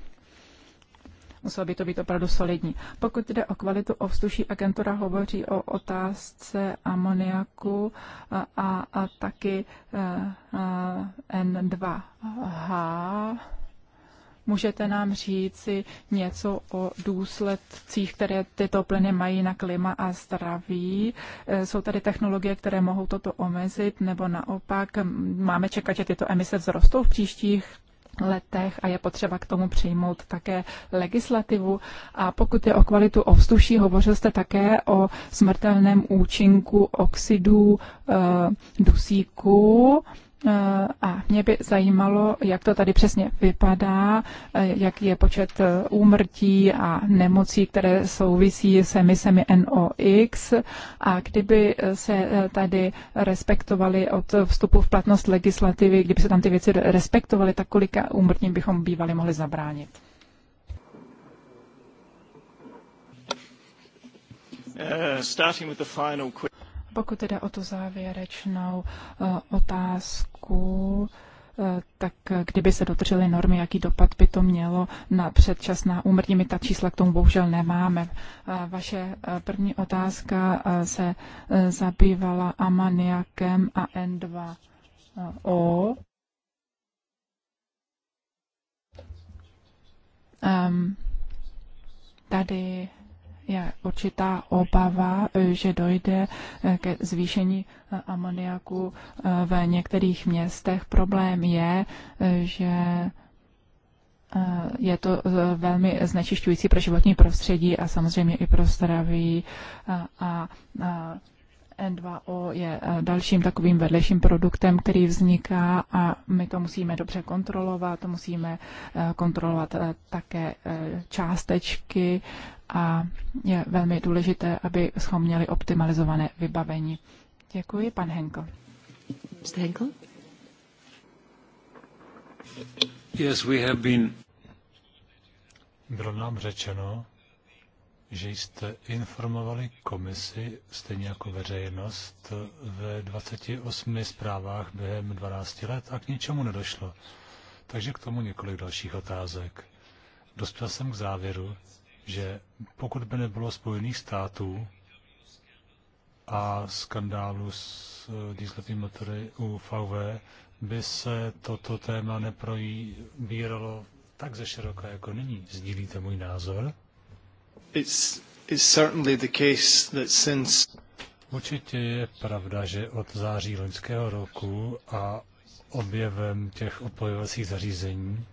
Muselo by to být opravdu solidní. Pokud jde o kvalitu ovzduší, agentura hovoří o otázce amoniaku a, a, a taky a, a N2H Můžete nám říci něco o důsledcích, které tyto plyny mají na klima a zdraví? Eh, jsou tady technologie, které mohou toto omezit, nebo naopak máme čekat, že tyto emise vzrostou v příštích letech a je potřeba k tomu přijmout také legislativu. A pokud je o kvalitu ovzduší, hovořil jste také o smrtelném účinku oxidů e, dusíku. A mě by zajímalo, jak to tady přesně vypadá, jaký je počet eh, úmrtí a nemocí, které souvisí s emisemi NOx a kdyby eh, se eh, tady respektovali od vstupu v platnost legislativy, kdyby se tam ty věci respektovaly, tak kolika úmrtím bychom bývali mohli zabránit. Uh, starting with the final question. Pokud jde o tu závěrečnou eh, otázku, eh, tak kdyby se dotržely normy, jaký dopad by to mělo na předčasná úmrtí. My ta čísla k tomu bohužel nemáme. Vaše eh, první otázka se zabývala amaniakem a N2O. Um, ehm, tady je určitá obava, e, že dojde e, ke zvýšení e, amoniaku v některých městech. Problém je, že je to velmi znečišťující pro životní prostředí a samozřejmě i pro zdraví a, a N2O je dalším takovým vedlejším produktem, který vzniká a my to musíme dobře kontrolovat, musíme kontrolovat také částečky a je velmi důležité, abychom měli optimalizované vybavení. Děkuji, pan Henkel. Mr. Henkel? Yes, we have been... Bylo nám řečeno, že jste informovali komisi, stejně jako veřejnost, ve 28 zprávách během 12 let a k ničemu nedošlo. Takže k tomu několik dalších otázek. Dostal jsem k závěru, že pokud by nebylo Spojených států a skandálu s eh, dýzlovými motory u VW, by se toto téma neprojíralo tak ze široka jako nyní. Sdílíte můj názor? It's, it's certainly the case that since... Určitě je pravda, že od září loňského roku a objevem těch opojovacích zařízení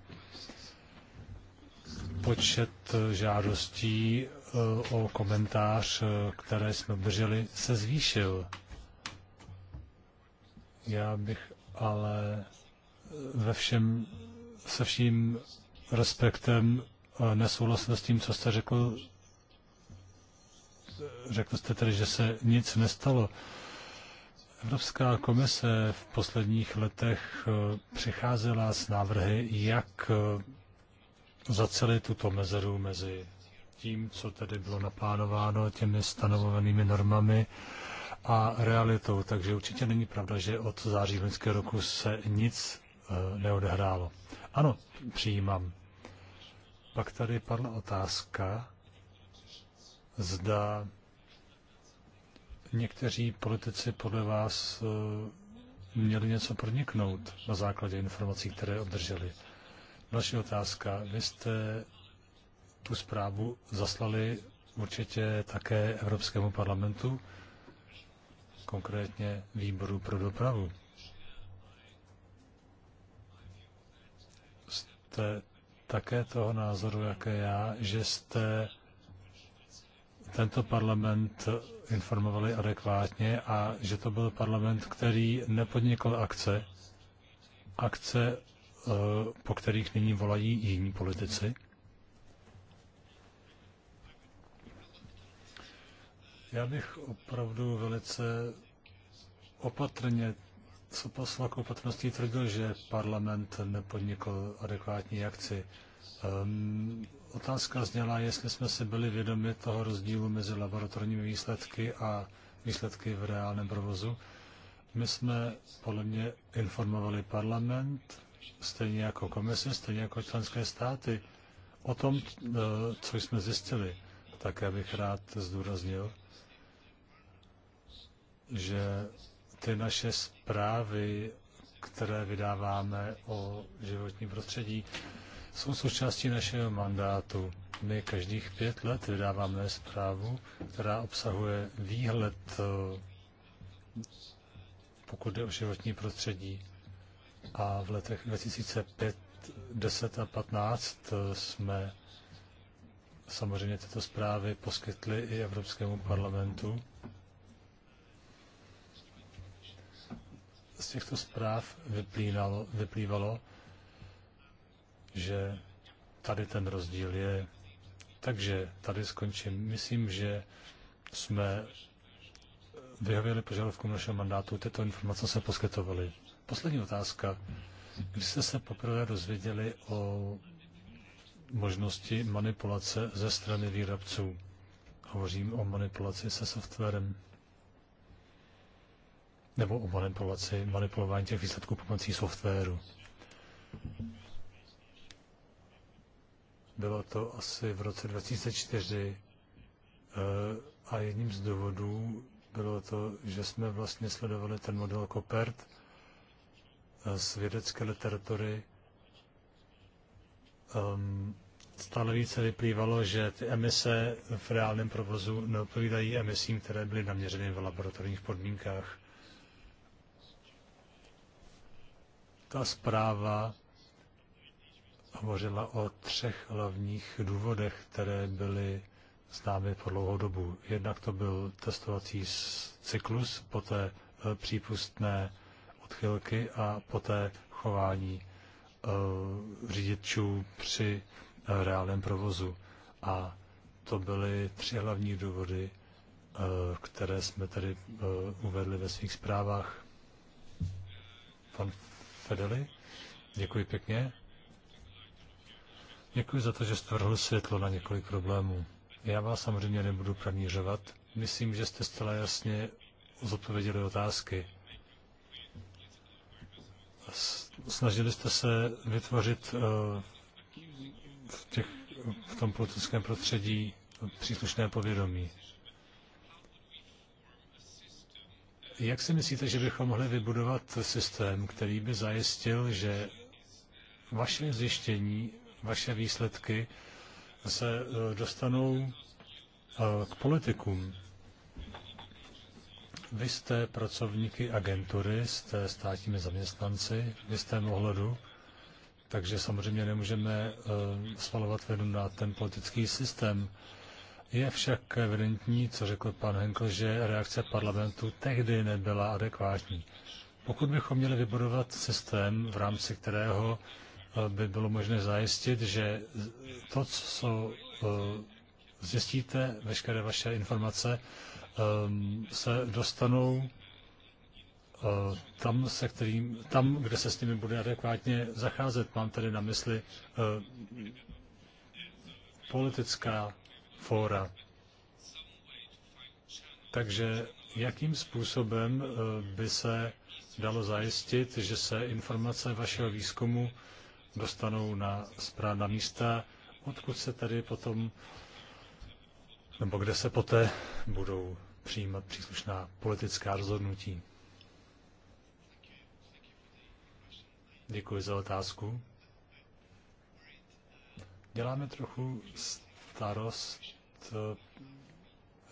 počet žádostí eh, o komentář, eh, které jsme obdrželi, se zvýšil. Já bych ale eh, ve všem, se vším respektem nesouhlasil s tím, co jste řekl. Řekl jste tedy, že se nic nestalo. Evropská komise v posledních letech přicházela s návrhy, jak za celé tuto mezeru mezi tím, co tedy bylo naplánováno těmi stanovenými normami a realitou. Takže určitě není pravda, že od září loňského roku se nic eh, neodehrálo. Ano, přijímám. Pak tady padla otázka, zda někteří politici podle vás eh, měli něco proniknout na základě informací, které obdrželi. Další otázka. Vy jste tu zprávu zaslali určitě také Evropskému parlamentu, konkrétně výboru pro dopravu. Jste také toho názoru, jaké já, že jste tento parlament informovali adekvátně a že to byl parlament, který nepodnikl akce, akce Eh, po kterých nyní volají jiní politici? Já bych opravdu velice opatrně, co poslal k opatrnosti tvrdil, že parlament nepodnikl adekvátní akci. Um, otázka zněla, jestli jsme si byli vědomi toho rozdílu mezi laboratorními výsledky a výsledky v reálném provozu. My jsme podle mě informovali parlament, stejně jako komise, stejně jako členské státy, o tom, e, co jsme zjistili. já bych rád zdůraznil, že ty naše zprávy, které vydáváme o životním prostředí, jsou součástí našeho mandátu. My každých pět let vydáváme zprávu, která obsahuje výhled, e, pokud jde o životní prostředí a v letech 2005, 10 a 15 eh, jsme samozřejmě tyto zprávy poskytli i Evropskému parlamentu. Z těchto zpráv vyplývalo, vyplývalo, že tady ten rozdíl je. Takže tady skončím. Myslím, že jsme vyhověli požadavkům našeho mandátu, tyto informace se poskytovaly poslední otázka. Když jste se poprvé dozvěděli o možnosti manipulace ze strany výrobců? Hovořím o manipulaci se softwarem. Nebo o manipulaci, manipulování těch výsledků pomocí softwaru. Bylo to asi v roce 2004 eh, a jedním z důvodů bylo to, že jsme vlastně sledovali ten model Copert, z eh, vědecké literatury um, ehm, stále více vyplývalo, že ty emise v reálném provozu neodpovídají emisím, které byly naměřeny v laboratorních podmínkách. Ta zpráva hovořila o třech hlavních důvodech, které byly známy po dlouhou dobu. Jednak to byl testovací cyklus, poté eh, přípustné odchylky a poté chování eh, řidičů při eh, reálném provozu. A to byly tři hlavní důvody, eh, které jsme tady uvedli ve svých zprávách. Pan Fedeli, děkuji pěkně. Děkuji za to, že jste vrhl světlo na několik problémů. Já vás samozřejmě nebudu pranířovat. Myslím, že jste zcela jasně zodpověděli otázky snažili jste se vytvořit eh, v, těch, v tom politickém prostředí příslušné povědomí. Jak si myslíte, že bychom mohli vybudovat systém, který by zajistil, že vaše zjištění, vaše výsledky se eh, dostanou eh, k politikům? Vy jste pracovníky agentury, jste státními zaměstnanci v jistém ohledu, takže samozřejmě nemůžeme eh, svalovat vinu na ten politický systém. Je však evidentní, co řekl pan Henkel, že reakce parlamentu tehdy nebyla adekvátní. Pokud bychom měli vybudovat systém, v rámci kterého eh, by bylo možné zajistit, že to, co eh, zjistíte, veškeré vaše informace ehm, se dostanou eh, tam, se kterým, tam, kde se s nimi bude adekvátně zacházet. Mám tedy na mysli eh, politická fóra. Takže jakým způsobem eh, by se dalo zajistit, že se informace vašeho výzkumu dostanou na správná místa, odkud se tedy potom nebo kde se poté budou přijímat příslušná politická rozhodnutí. Děkuji za otázku. Děláme trochu starost,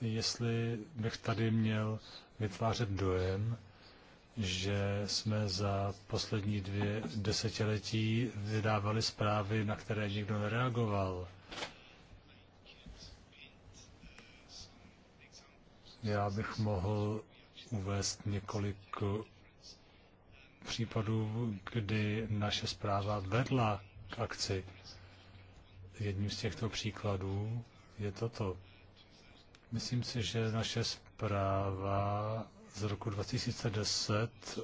jestli bych tady měl vytvářet dojem, že jsme za poslední dvě desetiletí vydávali zprávy, na které nikdo nereagoval. Já bych mohl uvést několik případů, kdy naše zpráva vedla k akci. Jedním z těchto příkladů je toto. Myslím si, že naše zpráva z roku 2010,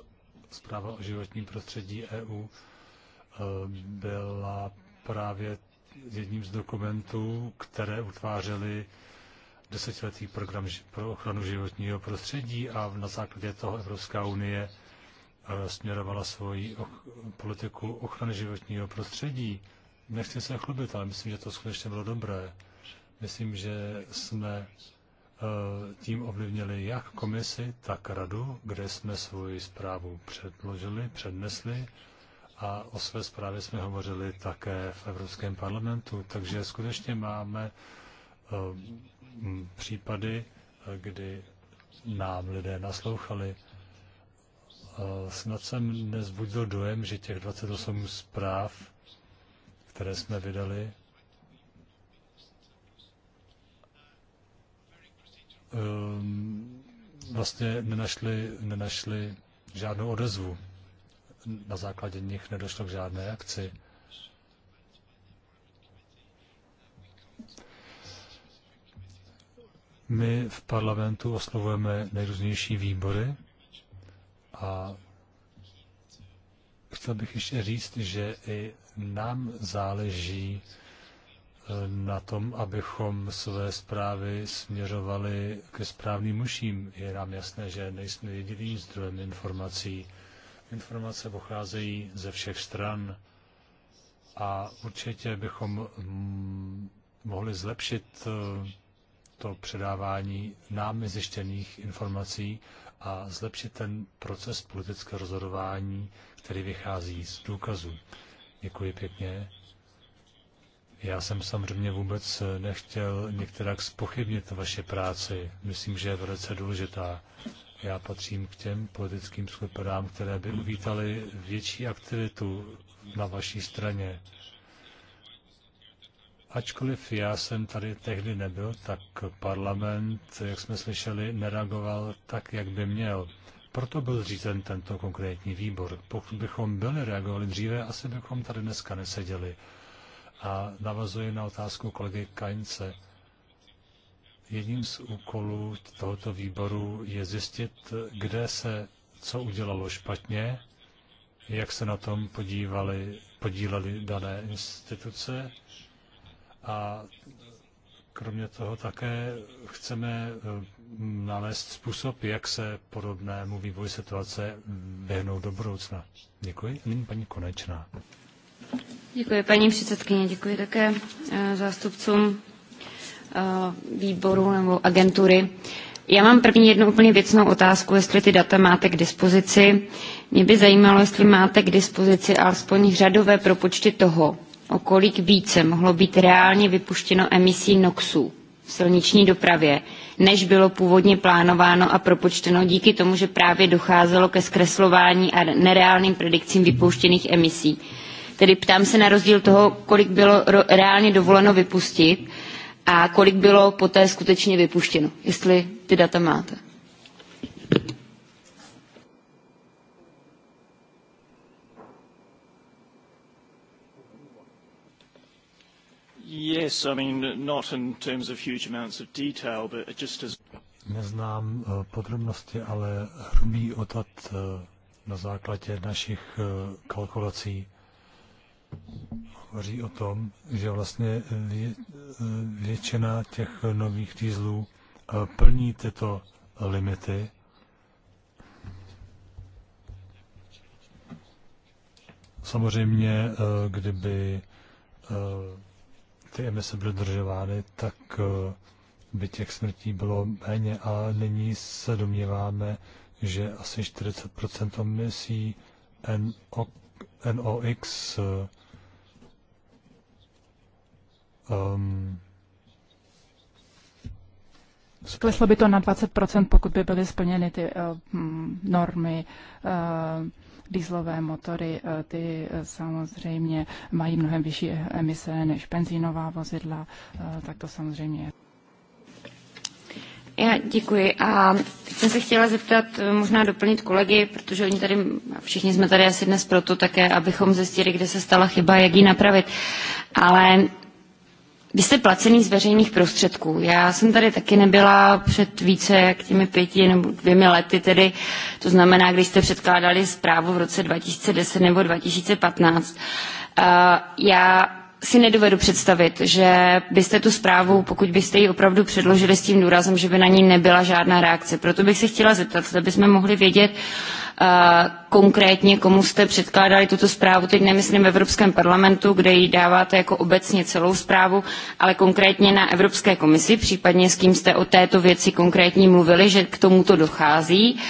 zpráva o životním prostředí EU, eh, byla právě jedním z dokumentů, které utvářely desetiletý program pro ochranu životního prostředí a na základě toho Evropská unie eh, směrovala svoji politiku ochrany životního prostředí. Nechci se chlubit, ale myslím, že to skutečně bylo dobré. Myslím, že jsme eh, tím ovlivnili jak komisi, tak radu, kde jsme svoji zprávu předložili, přednesli a o své zprávě jsme hovořili také v Evropském parlamentu. Takže skutečně máme eh, případy, kdy nám lidé naslouchali. Snad jsem nezbudil dojem, že těch 28 zpráv, které jsme vydali, ehm, vlastně nenašli, nenašli žádnou odezvu. Na základě nich nedošlo k žádné akci. My v parlamentu oslovujeme nejrůznější výbory a chtěl bych ještě říct, že i nám záleží eh, na tom, abychom své zprávy směřovali ke správným muším. Je nám jasné, že nejsme jediným zdrojem informací. Informace pocházejí ze všech stran a určitě bychom mm, mohli zlepšit eh, to předávání nám zjištěných informací a zlepšit ten proces politického rozhodování, který vychází z důkazů. Děkuji pěkně. Já jsem samozřejmě vůbec nechtěl některak spochybnit vaše práci. Myslím, že je velice důležitá. Já patřím k těm politickým skupinám, které by uvítali větší aktivitu na vaší straně. Ačkoliv já jsem tady tehdy nebyl, tak parlament, jak jsme slyšeli, nereagoval tak, jak by měl. Proto byl zřízen tento konkrétní výbor. Pokud bychom byli reagovali dříve, asi bychom tady dneska neseděli. A navazuji na otázku kolegy Kajnce. Jedním z úkolů tohoto výboru je zjistit, kde se co udělalo špatně, jak se na tom podívali, podíleli dané instituce, a kromě toho také chceme eh, nalézt způsob, jak se podobnému vývoji situace vyhnout do budoucna. Děkuji. Nyní paní Konečná. Děkuji paní předsedkyně, děkuji také eh, zástupcům eh, výboru nebo agentury. Já mám první jednu úplně věcnou otázku, jestli ty data máte k dispozici. Mě by zajímalo, jestli máte k dispozici alespoň řadové propočty toho, o kolik více mohlo být reálně vypuštěno emisí NOXů v silniční dopravě, než bylo původně plánováno a propočteno díky tomu, že právě docházelo ke zkreslování a nereálným predikcím vypouštěných emisí. Tedy ptám se na rozdíl toho, kolik bylo reálně dovoleno vypustit a kolik bylo poté skutečně vypuštěno, jestli ty data máte. Yes, I mean, not in terms of huge amounts of detail, but just as... Neznám eh, podrobnosti, ale hrubý odhad eh, na základě našich eh, kalkulací hovoří o tom, že vlastně vě, většina těch nových dýzlů plní tyto limity. Samozřejmě, kdyby ty emise byly dodržovány, tak eh, by těch smrtí bylo méně a nyní se domníváme, že asi 40 emisí NO, NOx um, eh, ehm, Kleslo by to na 20%, pokud by byly splněny ty uh, normy uh, Dieselové motory, eh, ty eh, samozřejmě mají mnohem vyšší emise než benzínová vozidla, eh, tak to samozřejmě je. Já děkuji a jsem se chtěla zeptat, možná doplnit kolegy, protože oni tady, všichni jsme tady asi dnes proto také, abychom zjistili, kde se stala chyba, jak ji napravit. Ale vy jste placený z veřejných prostředků. Já jsem tady taky nebyla před více jak těmi pěti nebo dvěmi lety, tedy to znamená, když jste předkládali zprávu v roce 2010 nebo 2015. Eh, já si nedovedu představit, že byste tu zprávu, pokud byste ji opravdu předložili s tím důrazem, že by na ní nebyla žádná reakce. Proto bych se chtěla zeptat, zda bychom mohli vědět, uh, Eh, konkrétně, komu jste předkládali tuto zprávu, teď nemyslím v Evropském parlamentu, kde ji dáváte jako obecně celou zprávu, ale konkrétně na Evropské komisi, případně s kým jste o této věci konkrétně mluvili, že k tomuto dochází. Uh,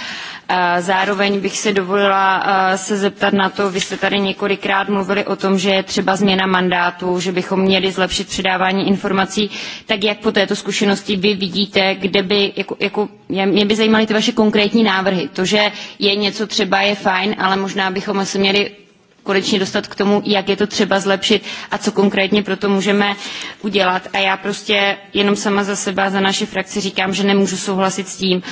Zároveň bych si dovolila se zeptat na to, vy jste tady několikrát mluvili o tom, že je třeba změna mandátu, že bychom měli zlepšit předávání informací, tak jak po této zkušenosti vy vidíte, kde by, jako, jako, mě by zajímaly ty vaše konkrétní návrhy. To, že je něco třeba, je fajn, ale možná bychom se měli konečně dostat k tomu, jak je to třeba zlepšit a co konkrétně pro to můžeme udělat. A já prostě jenom sama za sebe, za naši frakci říkám, že nemůžu souhlasit s tím,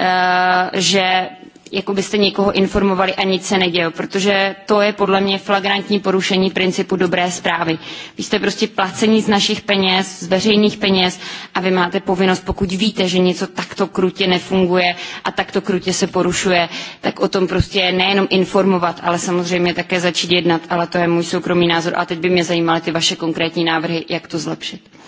e, že jako byste někoho informovali a nic se nedělo, protože to je podle mě flagrantní porušení principu dobré zprávy. Vy jste prostě placení z našich peněz, z veřejných peněz a vy máte povinnost, pokud víte, že něco takto krutě nefunguje a takto krutě se porušuje, tak o tom prostě nejenom informovat, ale samozřejmě také začít jednat, ale to je můj soukromý názor a teď by mě zajímaly ty vaše konkrétní návrhy, jak to zlepšit.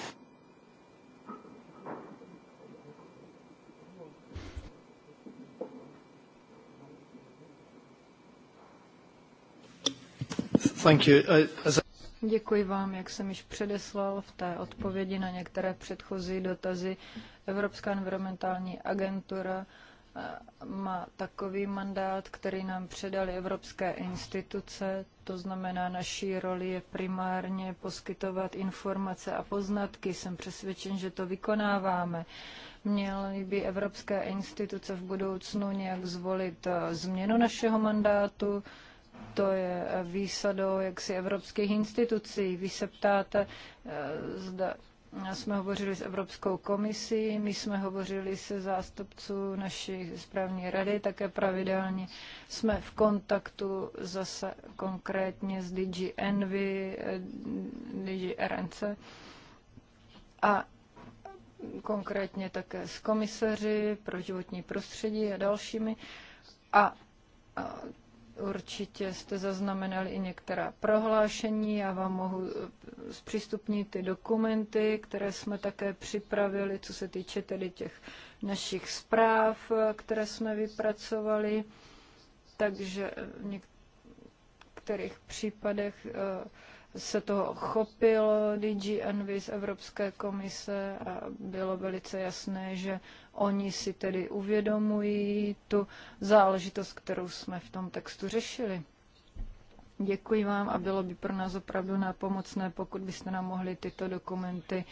Uh, Děkuji vám, jak jsem již předeslal v té odpovědi na některé předchozí dotazy. Evropská environmentální agentura eh, má takový mandát, který nám předali evropské instituce, to znamená naší roli je primárně poskytovat informace a poznatky. Jsem přesvědčen, že to vykonáváme. Měly by evropské instituce v budoucnu nějak zvolit eh, změnu našeho mandátu, to je výsadou jaksi evropských institucí. Vy se ptáte, eh, zda jsme hovořili s Evropskou komisí, my jsme hovořili se zástupců naší správní rady, také pravidelně jsme v kontaktu zase konkrétně s DG Envy, eh, DG RNC a konkrétně také s komisaři pro životní prostředí a dalšími. A Určitě jste zaznamenali i některá prohlášení. Já vám mohu eh, zpřístupnit ty dokumenty, které jsme také připravili, co se týče tedy těch našich zpráv, eh, které jsme vypracovali. Takže v některých případech eh, se toho chopilo DG Envy z Evropské komise a bylo velice jasné, že Oni si tedy uvědomují tu záležitost, kterou jsme v tom textu řešili. Děkuji vám a bylo by pro nás opravdu nápomocné, pokud byste nám mohli tyto dokumenty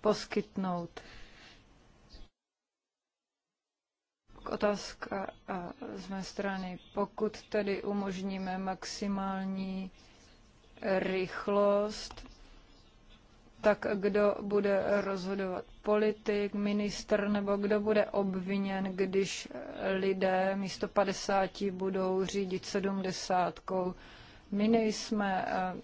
poskytnout. Otázka z mé strany. Pokud tedy umožníme maximální rychlost, tak kdo bude rozhodovat politik, minister nebo kdo bude obviněn, když lidé místo 50 budou řídit 70. My nejsme eh,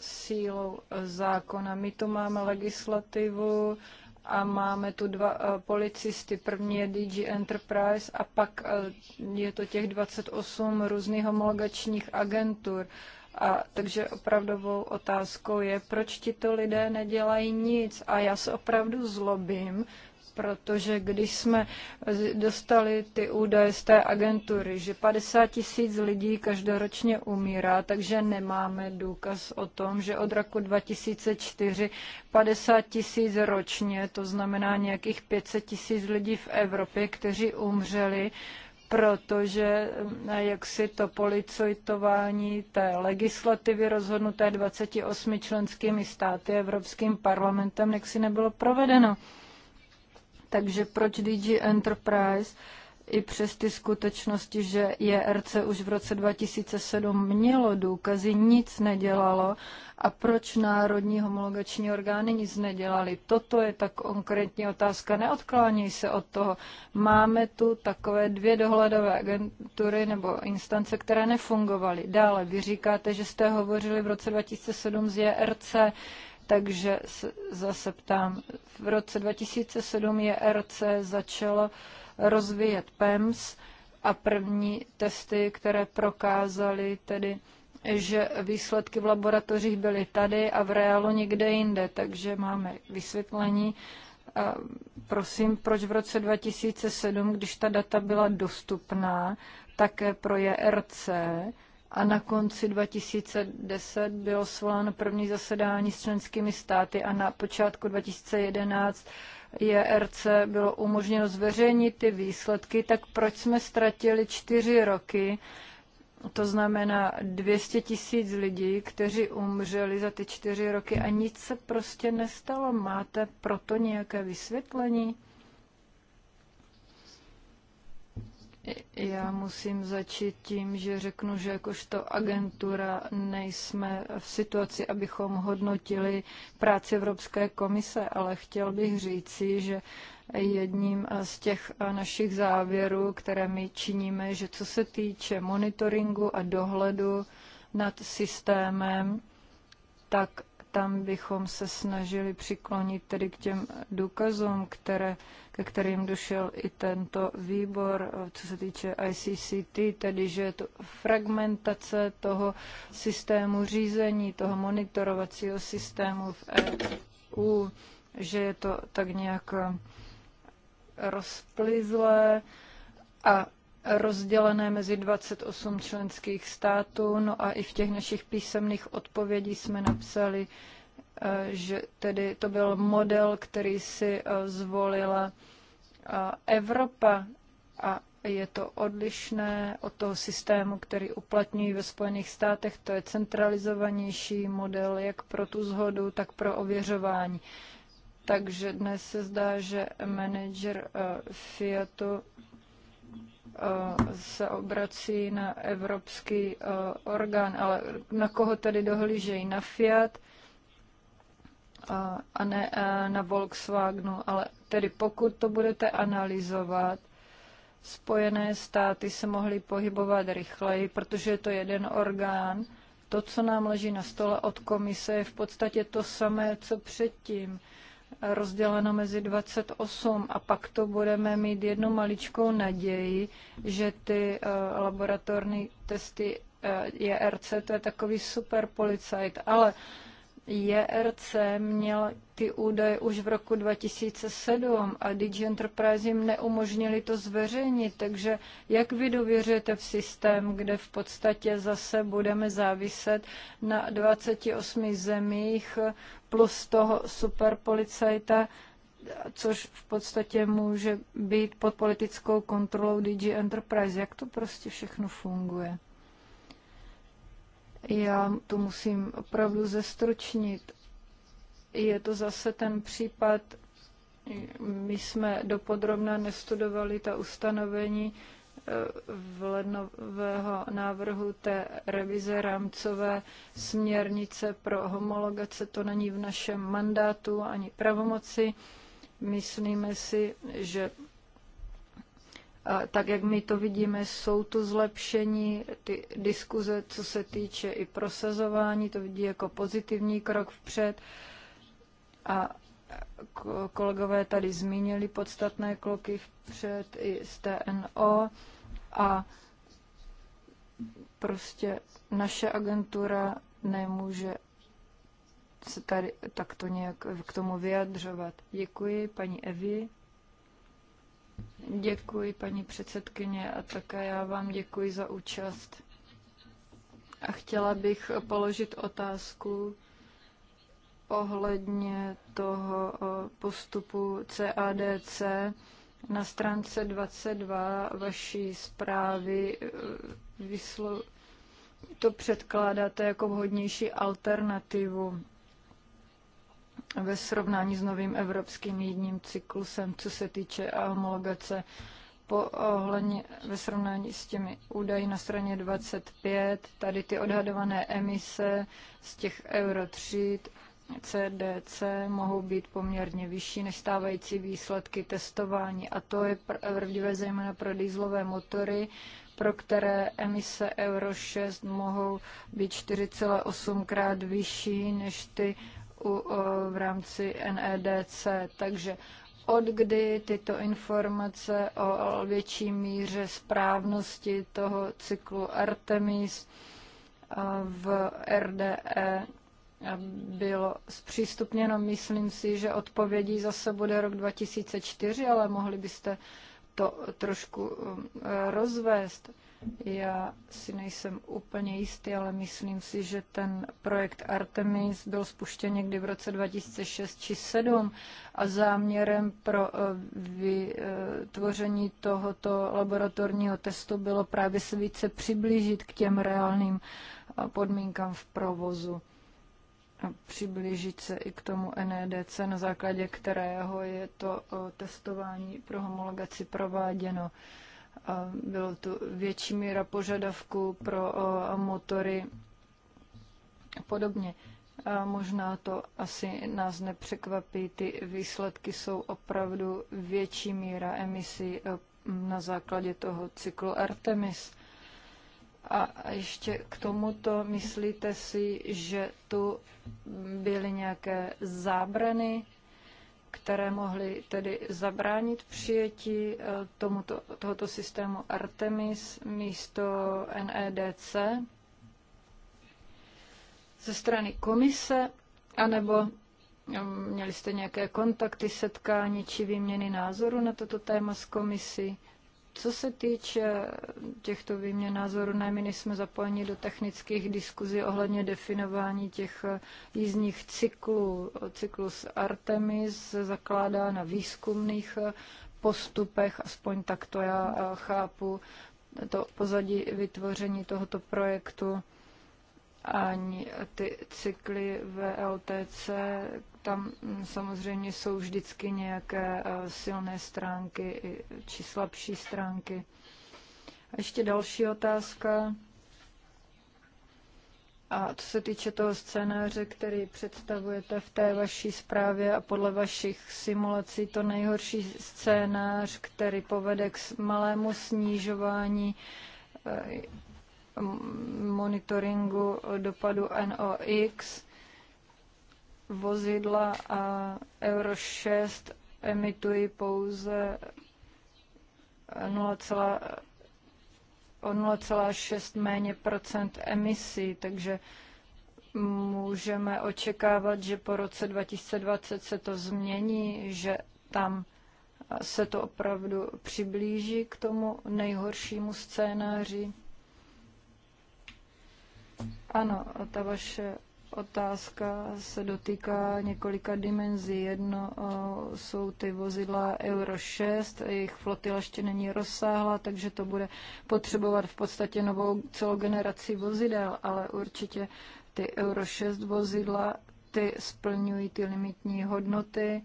sílou zákona. My tu máme legislativu a máme tu dva eh, policisty. První je DG Enterprise a pak eh, je to těch 28 různých homologačních agentur. A takže opravdovou otázkou je, proč ti to lidé nedělají nic. A já se opravdu zlobím, protože když jsme dostali ty údaje z té agentury, že 50 tisíc lidí každoročně umírá, takže nemáme důkaz o tom, že od roku 2004 50 tisíc ročně, to znamená nějakých 500 tisíc lidí v Evropě, kteří umřeli, protože eh, jak si to policojtování té legislativy rozhodnuté 28 členskými státy Evropským parlamentem jak si nebylo provedeno. Takže proč DG Enterprise i přes ty skutečnosti, že JRC už v roce 2007 mělo důkazy, nic nedělalo a proč národní homologační orgány nic nedělali. Toto je tak konkrétní otázka. Neodkláněj se od toho. Máme tu takové dvě dohledové agentury nebo instance, které nefungovaly. Dále, vy říkáte, že jste hovořili v roce 2007 z JRC. Takže se zase ptám, v roce 2007 JRC začalo rozvíjet PEMS a první testy, které prokázaly tedy že výsledky v laboratořích byly tady a v reálu někde jinde, takže máme vysvětlení. A prosím, proč v roce 2007, když ta data byla dostupná také pro JRC a na konci 2010 bylo svoláno první zasedání s členskými státy a na počátku 2011 JRC bylo umožněno zveřejnit ty výsledky, tak proč jsme ztratili čtyři roky, to znamená 200 tisíc lidí, kteří umřeli za ty čtyři roky a nic se prostě nestalo. Máte proto nějaké vysvětlení? Já musím začít tím, že řeknu, že jakožto agentura nejsme v situaci, abychom hodnotili práci Evropské komise, ale chtěl bych říci, že jedním z těch našich závěrů, které my činíme, že co se týče monitoringu a dohledu nad systémem, tak tam bychom se snažili přiklonit tedy k těm důkazům, které, ke kterým došel i tento výbor, eh, co se týče ICCT, tedy že je to fragmentace toho systému řízení, toho monitorovacího systému v EU, že je to tak nějak rozplizlé a rozdělené mezi 28 členských států. No a i v těch našich písemných odpovědí jsme napsali, eh, že tedy to byl model, který si eh, zvolila eh, Evropa a je to odlišné od toho systému, který uplatňují ve Spojených státech. To je centralizovanější model jak pro tu zhodu, tak pro ověřování. Takže dnes se zdá, že manager Fiatu Eh, se obrací na evropský eh, orgán, ale na koho tady dohlížejí? Na Fiat eh, a ne na Volkswagenu, ale tedy pokud to budete analyzovat, Spojené státy se mohly pohybovat rychleji, protože je to jeden orgán. To, co nám leží na stole od komise, je v podstatě to samé, co předtím rozdělena mezi 28 a pak to budeme mít jednu maličkou naději, že ty eh, laboratorní testy eh, JRC, to je takový super policajt, ale JRC měl ty údaje už v roku 2007 a Digi Enterprise jim neumožnili to zveřejnit, takže jak vy dověřujete v systém, kde v podstatě zase budeme záviset na 28 zemích plus toho superpolicajta, což v podstatě může být pod politickou kontrolou DG Enterprise. Jak to prostě všechno funguje? Já to musím opravdu zestročnit. Je to zase ten případ, my jsme dopodrobna nestudovali ta ustanovení eh, v lednového návrhu té revize rámcové směrnice pro homologace. To není v našem mandátu ani pravomoci. Myslíme si, že tak jak my to vidíme, jsou to zlepšení, ty diskuze, co se týče i prosazování, to vidí jako pozitivní krok vpřed. A kolegové tady zmínili podstatné kroky vpřed i z TNO a prostě naše agentura nemůže se tady takto nějak k tomu vyjadřovat. Děkuji paní Evi. Děkuji, paní předsedkyně, a také já vám děkuji za účast. A chtěla bych položit otázku ohledně toho postupu CADC. Na stránce 22 vaší zprávy vyslo- to předkládáte jako vhodnější alternativu ve srovnání s novým evropským jedním cyklusem, co se týče homologace po ohledně ve srovnání s těmi údaji na straně 25, tady ty odhadované emise z těch Euro 3 CDC mohou být poměrně vyšší než stávající výsledky testování. A to je pravdivé zejména pro dýzlové motory, pro které emise Euro 6 mohou být 4,8 krát vyšší než ty u, v rámci NEDC. Takže od kdy tyto informace o větší míře správnosti toho cyklu Artemis v RDE bylo zpřístupněno. Myslím si, že odpovědí zase bude rok 2004, ale mohli byste to trošku um, rozvést. Já si nejsem úplně jistý, ale myslím si, že ten projekt Artemis byl spuštěn někdy v roce 2006 či 2007 a záměrem pro eh, vytvoření eh, tohoto laboratorního testu bylo právě se více přiblížit k těm reálným eh, podmínkám v provozu a přiblížit se i k tomu NEDC, na základě kterého je to testování pro homologaci prováděno. Bylo tu větší míra požadavku pro motory a podobně. A možná to asi nás nepřekvapí, ty výsledky jsou opravdu větší míra emisí e, na základě toho cyklu Artemis. A ještě k tomuto, myslíte si, že tu byly nějaké zábrany které mohly tedy zabránit přijetí eh, tomuto, tohoto systému Artemis místo NEDC ze strany komise, anebo mm, měli jste nějaké kontakty, setkání či výměny názoru na toto téma s komisí? Co se týče těchto výměn názorů, ne, my jsme zapojeni do technických diskuzí ohledně definování těch jízdních cyklů. Cyklus Artemis zakládá na výzkumných postupech, aspoň tak to já chápu, to pozadí vytvoření tohoto projektu ani ty cykly v LTC, e tam mm, samozřejmě jsou vždycky nějaké e, silné stránky či slabší stránky. A ještě další otázka. A co se týče toho scénáře, který představujete v té vaší zprávě a podle vašich simulací, to nejhorší scénář, který povede k malému snižování e, monitoringu dopadu NOx, vozidla a Euro 6 emitují pouze 0, o 0,6 méně procent emisí, takže můžeme očekávat, že po roce 2020 se to změní, že tam se to opravdu přiblíží k tomu nejhoršímu scénáři. Ano, ta vaše otázka se dotýká několika dimenzí. Jedno jsou ty vozidla Euro 6, jejich flotila ještě není rozsáhla, takže to bude potřebovat v podstatě novou celou generaci vozidel, ale určitě ty Euro 6 vozidla, ty splňují ty limitní hodnoty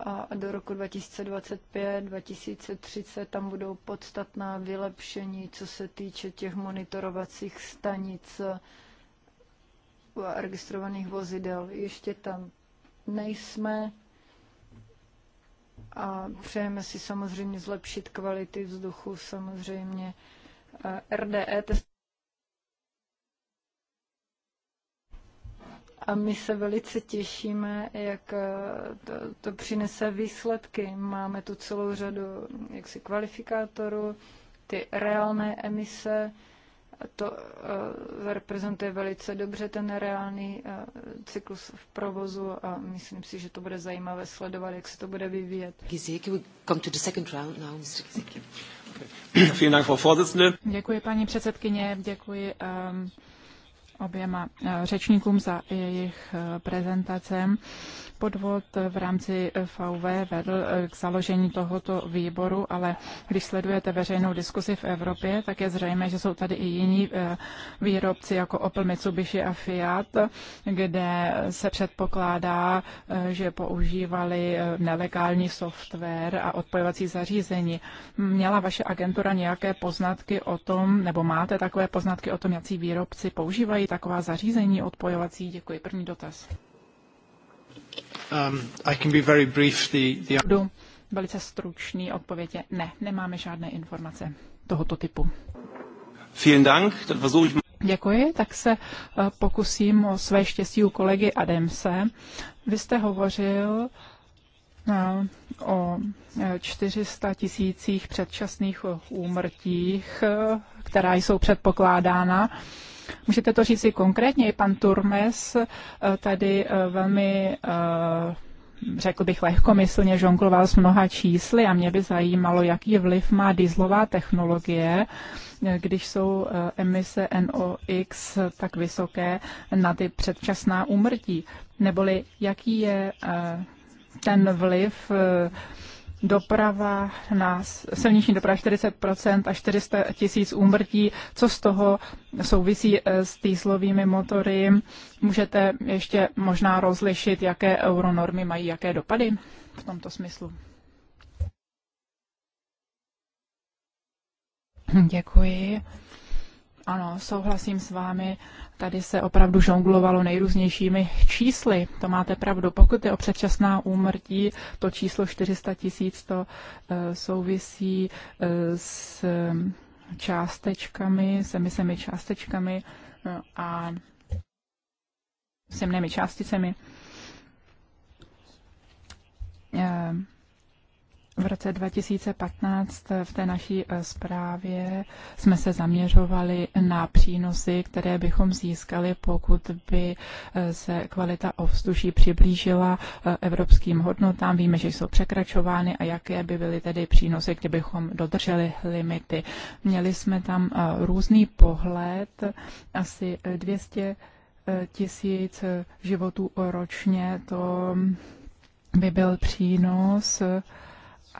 a do roku 2025-2030 tam budou podstatná vylepšení, co se týče těch monitorovacích stanic a registrovaných vozidel. Ještě tam nejsme a přejeme si samozřejmě zlepšit kvality vzduchu, samozřejmě eh, RDE testování a my se velice těšíme, jak eh, to, to přinese výsledky. Máme tu celou řadu jaksi kvalifikátorů, ty reálné emise, to eh, reprezentuje velice dobře ten reálný eh, cyklus v provozu a myslím si, že to bude zajímavé sledovat, jak se to bude vyvíjet. Děkuji, paní předsedkyně, děkuji ehm, oběma eh, řečníkům za jejich eh, prezentace. Podvod eh, v rámci VV vedl k založení tohoto výboru, ale když sledujete veřejnou diskusi v Evropě, tak je zřejmé, že jsou tady i jiní výrobci jako Opel, Mitsubishi a Fiat, kde se předpokládá, že používali nelegální software a odpojovací zařízení. Měla vaše agentura nějaké poznatky o tom, nebo máte takové poznatky o tom, jaký výrobci používají používají taková zařízení odpojovací? Děkuji. První dotaz. Um, I can be very brief. The, the... Budu velice stručný. Odpověď je ne, nemáme žádné informace tohoto typu. Děkuji, tak se uh, pokusím o své štěstí u kolegy Ademse. Vy jste hovořil uh, o 400 eh, tisících předčasných úmrtích, eh, která jsou předpokládána. Můžete to říct i konkrétně? Pan Turmes eh, tady eh, velmi eh, řekl bych lehkomyslně, žongloval s mnoha čísly a mě by zajímalo, jaký vliv má dýzlová technologie, když jsou emise NOx tak vysoké na ty předčasná úmrtí. Neboli jaký je ten vliv doprava na silniční doprava 40% a 400 tisíc úmrtí. Co z toho souvisí eh, s týzlovými motory? Můžete ještě možná rozlišit, jaké euronormy mají jaké dopady v tomto smyslu? Děkuji. Ano, souhlasím s vámi, Tady se opravdu žonglovalo nejrůznějšími čísly. To máte pravdu. Pokud je o předčasná úmrtí, to číslo 400 tisíc to eh, souvisí eh, s eh, částečkami, semi-semi částečkami a s jemnými částicemi. V roce 2015 v té naší eh, zprávě jsme se zaměřovali na přínosy, které bychom získali, pokud by eh, se kvalita ovzduší přiblížila eh, evropským hodnotám. Víme, že jsou překračovány a jaké by byly tedy přínosy, kdybychom dodrželi limity. Měli jsme tam různý pohled, asi 200 tisíc životů ročně, to mm, by byl přínos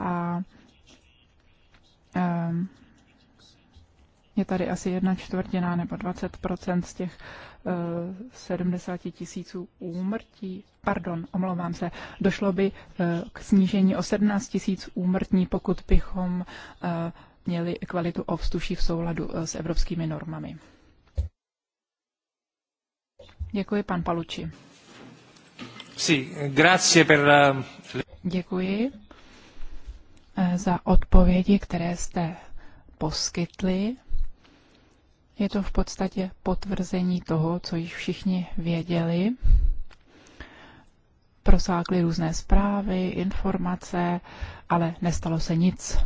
a je tady asi jedna čtvrtina nebo 20 z těch 70 eh, tisíců úmrtí, pardon, omlouvám se, došlo by eh, k snížení o 17 tisíc úmrtní, pokud bychom eh, měli kvalitu ovzduší v souladu s evropskými normami. Děkuji, pan Paluči. Sí, grazie per... Děkuji Eh, za odpovědi, které jste poskytli. Je to v podstatě potvrzení toho, co již všichni věděli. Prosákly různé zprávy, informace, ale nestalo se nic.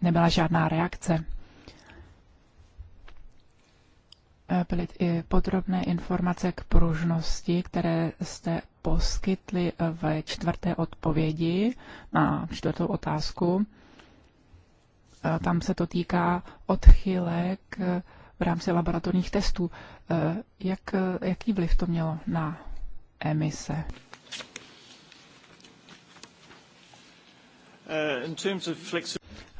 Nebyla žádná reakce. Eh, byly i podrobné informace k pružnosti, které jste poskytli ve čtvrté odpovědi na čtvrtou otázku. Eh, tam se to týká odchylek eh, v rámci laboratorních testů. Jak, jaký vliv to mělo na emise?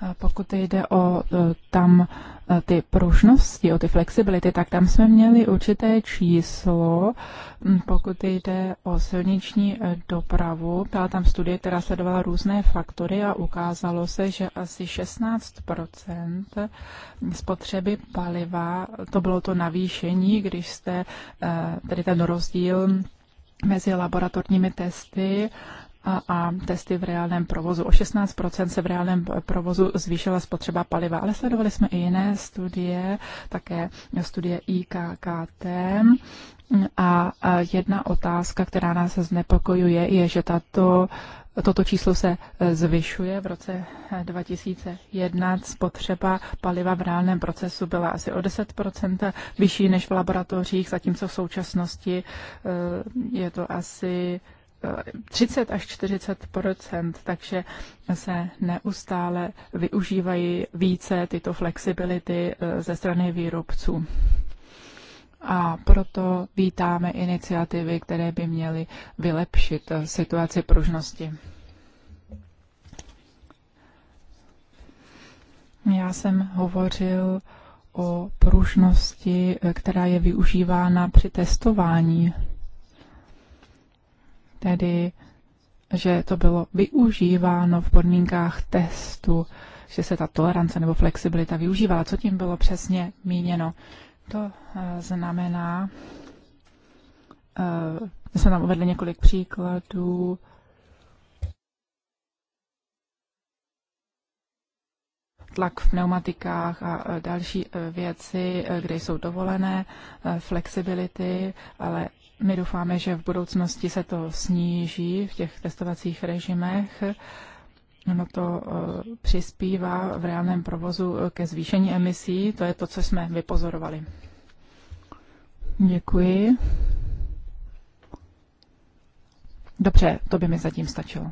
Eh, pokud jde o e, tam e, ty pružnosti, o ty flexibility, tak tam jsme měli určité číslo. Mm, pokud jde o silniční e, dopravu, byla tam studie, která sledovala různé faktory a ukázalo se, že asi 16 spotřeby paliva, to bylo to navýšení, když jste, tedy ten rozdíl mezi laboratorními testy a testy v reálném provozu. O 16 se v reálném provozu zvýšila spotřeba paliva, ale sledovali jsme i jiné studie, také studie IKKT. A jedna otázka, která nás znepokojuje, je, že tato Toto číslo se zvyšuje. V roce 2001 spotřeba paliva v reálném procesu byla asi o 10 vyšší než v laboratořích, zatímco v současnosti eh, je to asi 30 až 40 takže se neustále využívají více tyto flexibility eh, ze strany výrobců. A proto vítáme iniciativy, které by měly vylepšit eh, situaci pružnosti. Já jsem hovořil o pružnosti, eh, která je využívána při testování tedy že to bylo využíváno v podmínkách testu, že se ta tolerance nebo flexibilita využívala. Co tím bylo přesně míněno? To eh, znamená, eh, my jsme tam uvedli několik příkladů, tlak v pneumatikách a eh, další věci, kde jsou dovolené flexibility, ale my doufáme, že v budoucnosti se to sníží v těch testovacích režimech. No to eh, přispívá v reálném provozu eh, ke zvýšení emisí. To je to, co jsme vypozorovali. Děkuji. Dobře, to by mi zatím stačilo.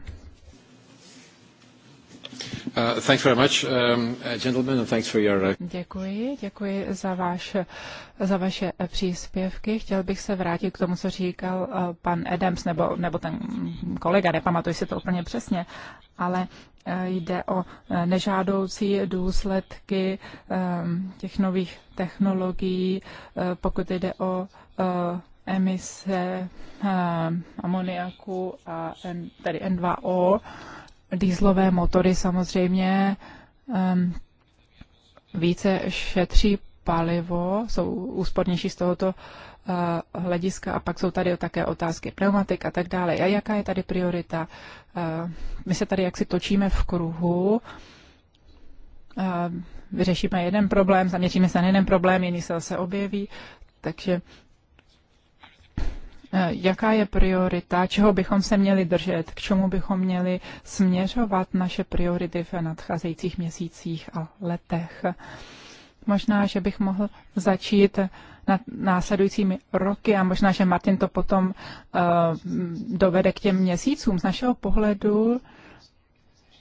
Děkuji, děkuji za, váš, za vaše příspěvky. Chtěl bych se vrátit k tomu, co říkal uh, pan Adams, nebo, nebo ten kolega, nepamatuji si to úplně přesně, ale uh, jde o uh, nežádoucí důsledky um, těch nových technologií, pokud jde o emise amoniaku a tedy N2O dýzlové motory samozřejmě um, více šetří palivo, jsou úspornější z tohoto uh, hlediska a pak jsou tady také otázky pneumatik a tak dále. A jaká je tady priorita? Uh, my se tady jaksi točíme v kruhu, eh, vyřešíme jeden problém, zaměříme se na jeden problém, jiný se zase objeví, takže Eh, jaká je priorita, čeho bychom se měli držet, k čemu bychom měli směřovat naše priority v nadcházejících měsících a letech. Možná, že bych mohl začít nad následujícími roky a možná, že Martin to potom uh, dovede k těm měsícům. Z našeho pohledu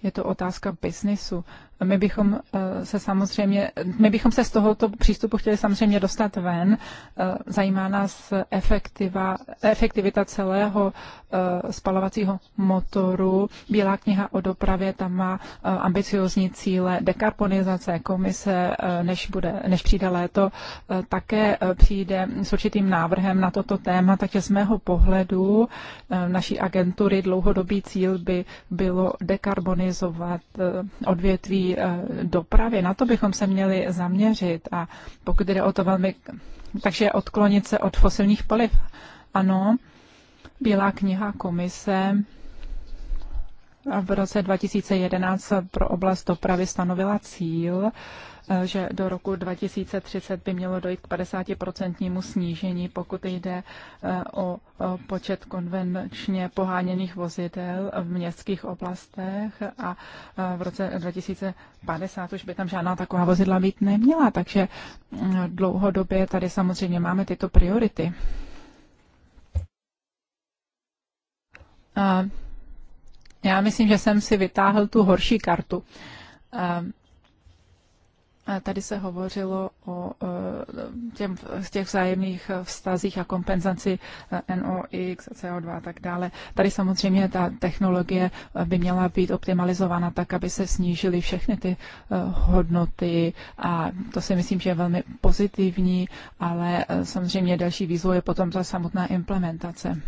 je to otázka biznisu. My bychom eh, se samozřejmě, my bychom se z tohoto přístupu chtěli samozřejmě dostat ven. Eh, zajímá nás efektiva, efektivita celého eh, spalovacího motoru. Bílá kniha o dopravě tam má ambiciozní cíle dekarbonizace komise, než, bude, než přijde léto, také přijde s určitým návrhem na toto téma, takže z mého pohledu naší agentury dlouhodobý cíl by bylo dekarbonizovat odvětví Eh, dopravě. dopravy. Na to bychom se měli zaměřit a pokud jde o to velmi, takže odklonit se od fosilních paliv. Ano, Bílá kniha komise v roce 2011 pro oblast dopravy stanovila cíl Eh, že do roku 2030 by mělo dojít k 50% snížení, pokud jde eh, o počet konvenčně poháněných vozidel v městských oblastech a eh, v roce 2050 už by tam žádná taková vozidla být neměla, takže mm, dlouhodobě tady samozřejmě máme tyto priority. Já myslím, že jsem si vytáhl tu horší kartu. Tady se hovořilo o e, těm, těch vzájemných vztazích a kompenzaci e, NOx, CO2 a tak dále. Tady samozřejmě ta technologie e, by měla být optimalizována tak, aby se snížily všechny ty hodnoty a to si myslím, že je velmi pozitivní, ale samozřejmě další výzvou je potom ta samotná implementace.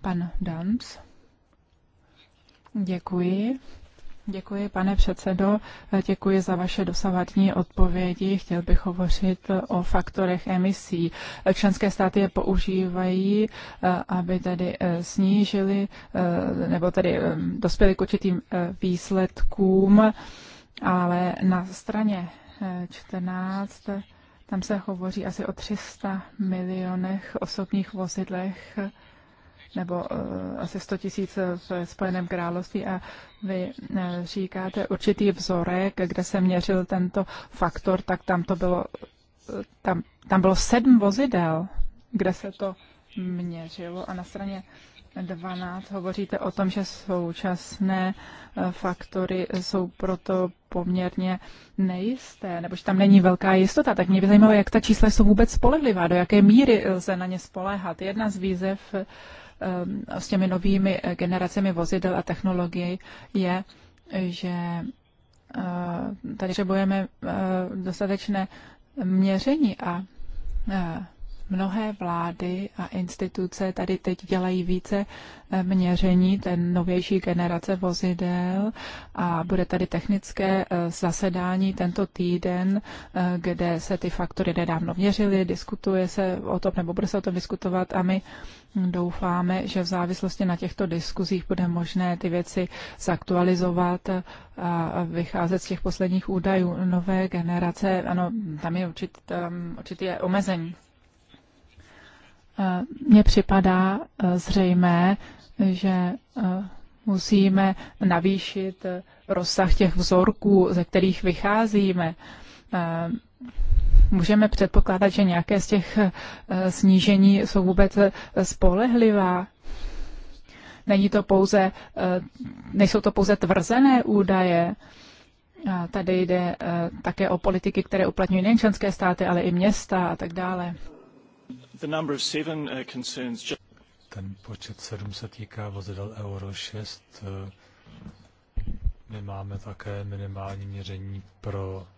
Pan Dams. Děkuji. Děkuji, pane předsedo. Děkuji za vaše dosavadní odpovědi. Chtěl bych hovořit o faktorech emisí. Členské státy je používají, eh, aby tedy eh, snížili eh, nebo tedy dospěli k určitým výsledkům, ale na straně 14 tam se hovoří asi o 300 milionech osobních vozidlech nebo eh, asi 100 tisíc v Spojeném království a vy eh, říkáte určitý vzorek, kde se měřil tento faktor, tak tam to bylo, eh, tam, tam bylo sedm vozidel, kde se to měřilo a na straně 12 hovoříte o tom, že současné faktory jsou proto poměrně nejisté, nebo že tam není velká jistota, tak mě by zajímalo, jak ta čísla jsou vůbec spolehlivá, do jaké míry lze na ně spoléhat. Jedna z výzev Eh, s těmi novými eh, generacemi vozidel a technologií je, že eh, tady potřebujeme dostatečné měření a mnohé vlády a instituce tady teď dělají více eh, měření ten novější generace vozidel a bude tady technické eh, zasedání tento týden, eh, kde se ty faktory nedávno měřily, diskutuje se o tom nebo bude se o tom diskutovat a my doufáme, že v závislosti na těchto diskuzích bude možné ty věci zaktualizovat a vycházet z těch posledních údajů nové generace. Ano, tam je určitý, um, omezení mně připadá eh, zřejmé, že eh, musíme navýšit eh, rozsah těch vzorků, ze kterých vycházíme. Můžeme předpokládat, že nějaké z těch snížení jsou vůbec spolehlivá. Není to pouze, nejsou to pouze tvrzené údaje. Tady jde také o politiky, které uplatňují nejen členské státy, ale i města a tak dále. Uh, Ten počet 7 se týká vozidel Euro 6. Eh, my máme také minimální měření pro eh,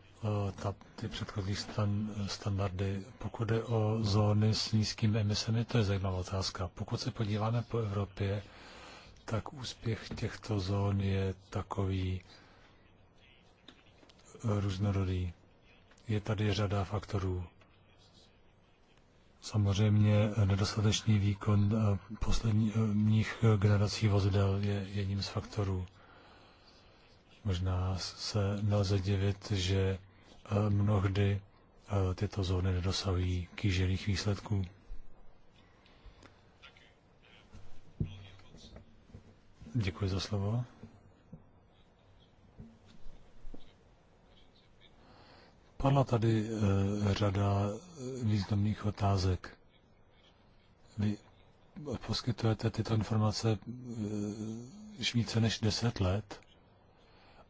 ta, ty předchozí stan, standardy. Pokud je o zóny s nízkými emisemi, to je zajímavá otázka. Pokud se podíváme po Evropě, tak úspěch těchto zón je takový eh, různorodý. Je tady řada faktorů. Samozřejmě nedostatečný výkon eh, posledních eh, generací vozidel je jedním z faktorů. Možná se nelze divit, že eh, mnohdy tyto zóny nedosahují kýžených výsledků. Děkuji za slovo. Padla tady eh, řada eh, významných otázek. Vy poskytujete tyto informace eh, již více než 10 let,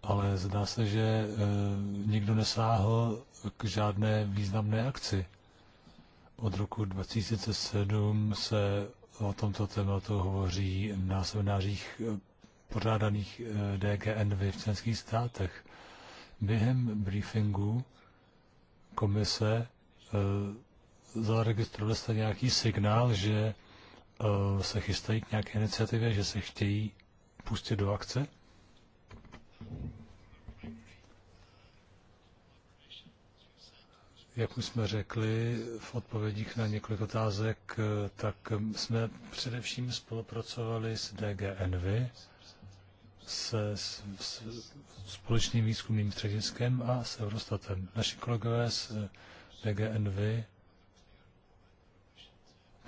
ale zdá se, že nikdo nesáhl k žádné významné akci. Od roku 2007 se o tomto tématu hovoří na seminářích pořádaných DGNV v členských státech. Během briefingu komise, eh, zaregistrovali jste nějaký signál, že eh, se chystají k nějaké iniciativě, že se chtějí pustit do akce? Jak už jsme řekli v odpovědích na několik otázek, eh, tak jsme především spolupracovali s DGNV, se s, s, společným výzkumným střediskem a s Eurostatem. Naši kolegové z eh, DGNV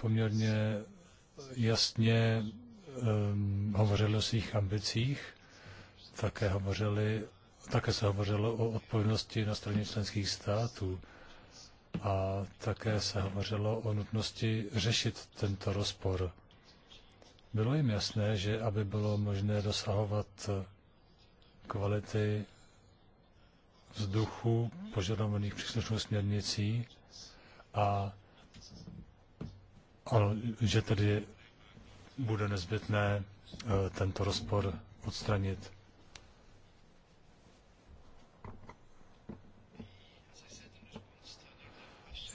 poměrně jasně um, hovořili o svých ambicích, také, hovořili, také se hovořilo o odpovědnosti na straně členských států a také se hovořilo o nutnosti řešit tento rozpor. Bylo jim jasné, že aby bylo možné dosahovat eh, kvality vzduchu požadovaných příslušnou směrnicí a, a že tedy bude nezbytné eh, tento rozpor odstranit.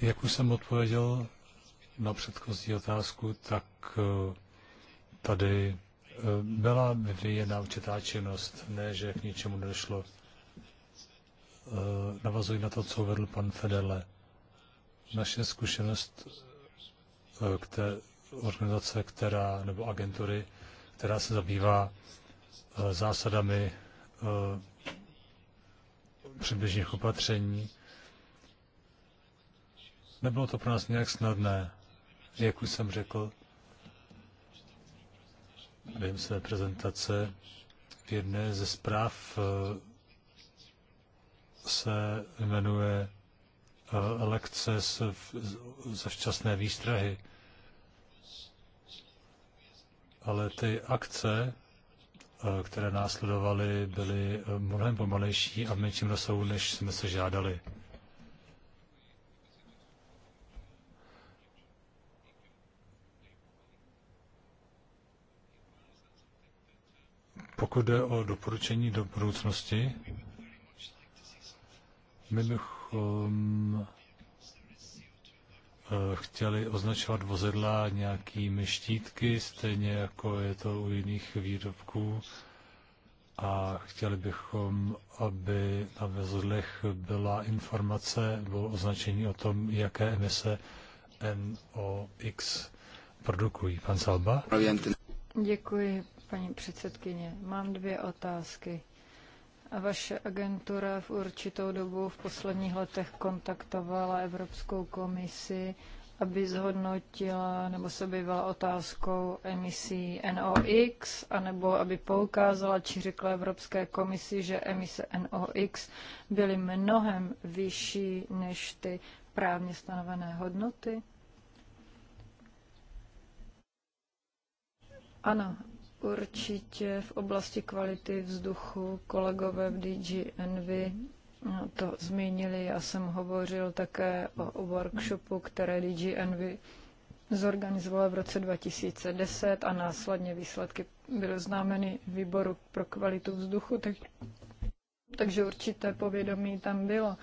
Jak už jsem odpověděl na předchozí otázku, tak eh, tady eh, byla vyvíjena určitá činnost, ne, že k ničemu došlo. Eh, navazuji na to, co vedl pan Fedele. Naše zkušenost eh, k té organizace, která, nebo agentury, která se zabývá zásadami přibližných opatření. Nebylo to pro nás nějak snadné, jak už jsem řekl, během své prezentace v jedné ze zpráv eh, se jmenuje eh, lekce ze včasné výstrahy. Ale ty akce, eh, které následovaly, byly mnohem pomalejší a v menším rozsahu, než jsme se žádali. Pokud jde o doporučení do budoucnosti, my bychom eh, chtěli označovat vozidla nějakými štítky, stejně jako je to u jiných výrobků. A chtěli bychom, aby na vozidlech byla informace bylo označení o tom, jaké emise NOx produkují. Pan Salba? Děkuji, paní předsedkyně. Mám dvě otázky. A vaše agentura v určitou dobu v posledních letech kontaktovala Evropskou komisi, aby zhodnotila nebo se bývala otázkou emisí NOx, anebo aby poukázala či řekla Evropské komisi, že emise NOx byly mnohem vyšší než ty právně stanovené hodnoty? Ano, Určitě v oblasti kvality vzduchu kolegové v DG Envy no, to zmínili. Já jsem hovořil také o workshopu, které DG Envy zorganizovala v roce 2010 a následně výsledky byly známeny výboru pro kvalitu vzduchu, tak, takže určité povědomí tam bylo.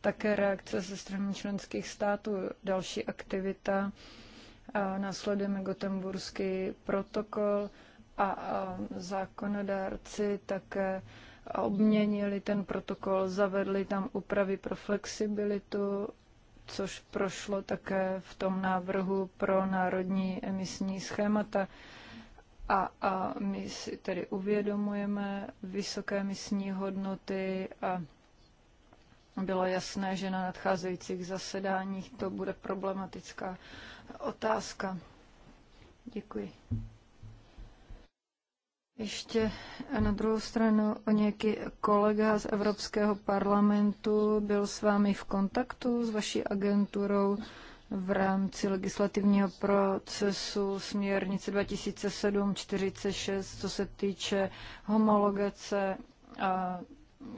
Také reakce ze strany členských států, další aktivita. A následujeme Gotemburský protokol, a zákonodárci také obměnili ten protokol, zavedli tam úpravy pro flexibilitu, což prošlo také v tom návrhu pro národní emisní schémata. A, a my si tedy uvědomujeme vysoké emisní hodnoty a bylo jasné, že na nadcházejících zasedáních to bude problematická otázka. Děkuji. Ještě na druhou stranu o nějaký kolega z Evropského parlamentu byl s vámi v kontaktu s vaší agenturou v rámci legislativního procesu směrnice 2007-46, co se týče homologace a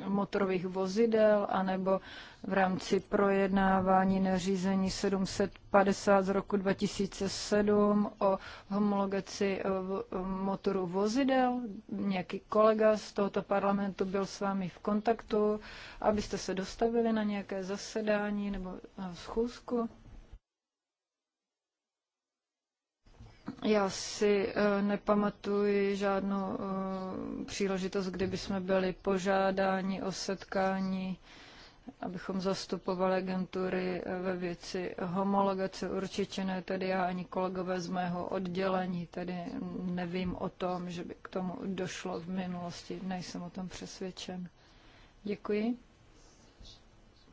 motorových vozidel, anebo v rámci projednávání nařízení 750 z roku 2007 o homologaci eh, eh, motoru vozidel. Nějaký kolega z tohoto parlamentu byl s vámi v kontaktu, abyste se dostavili na nějaké zasedání nebo schůzku. Já si eh, nepamatuji žádnou eh, příležitost, kdyby jsme byli požádáni o setkání, abychom zastupovali agentury eh, ve věci homologace. Určitě ne tedy já ani kolegové z mého oddělení, tedy nevím o tom, že by k tomu došlo v minulosti. Nejsem o tom přesvědčen. Děkuji.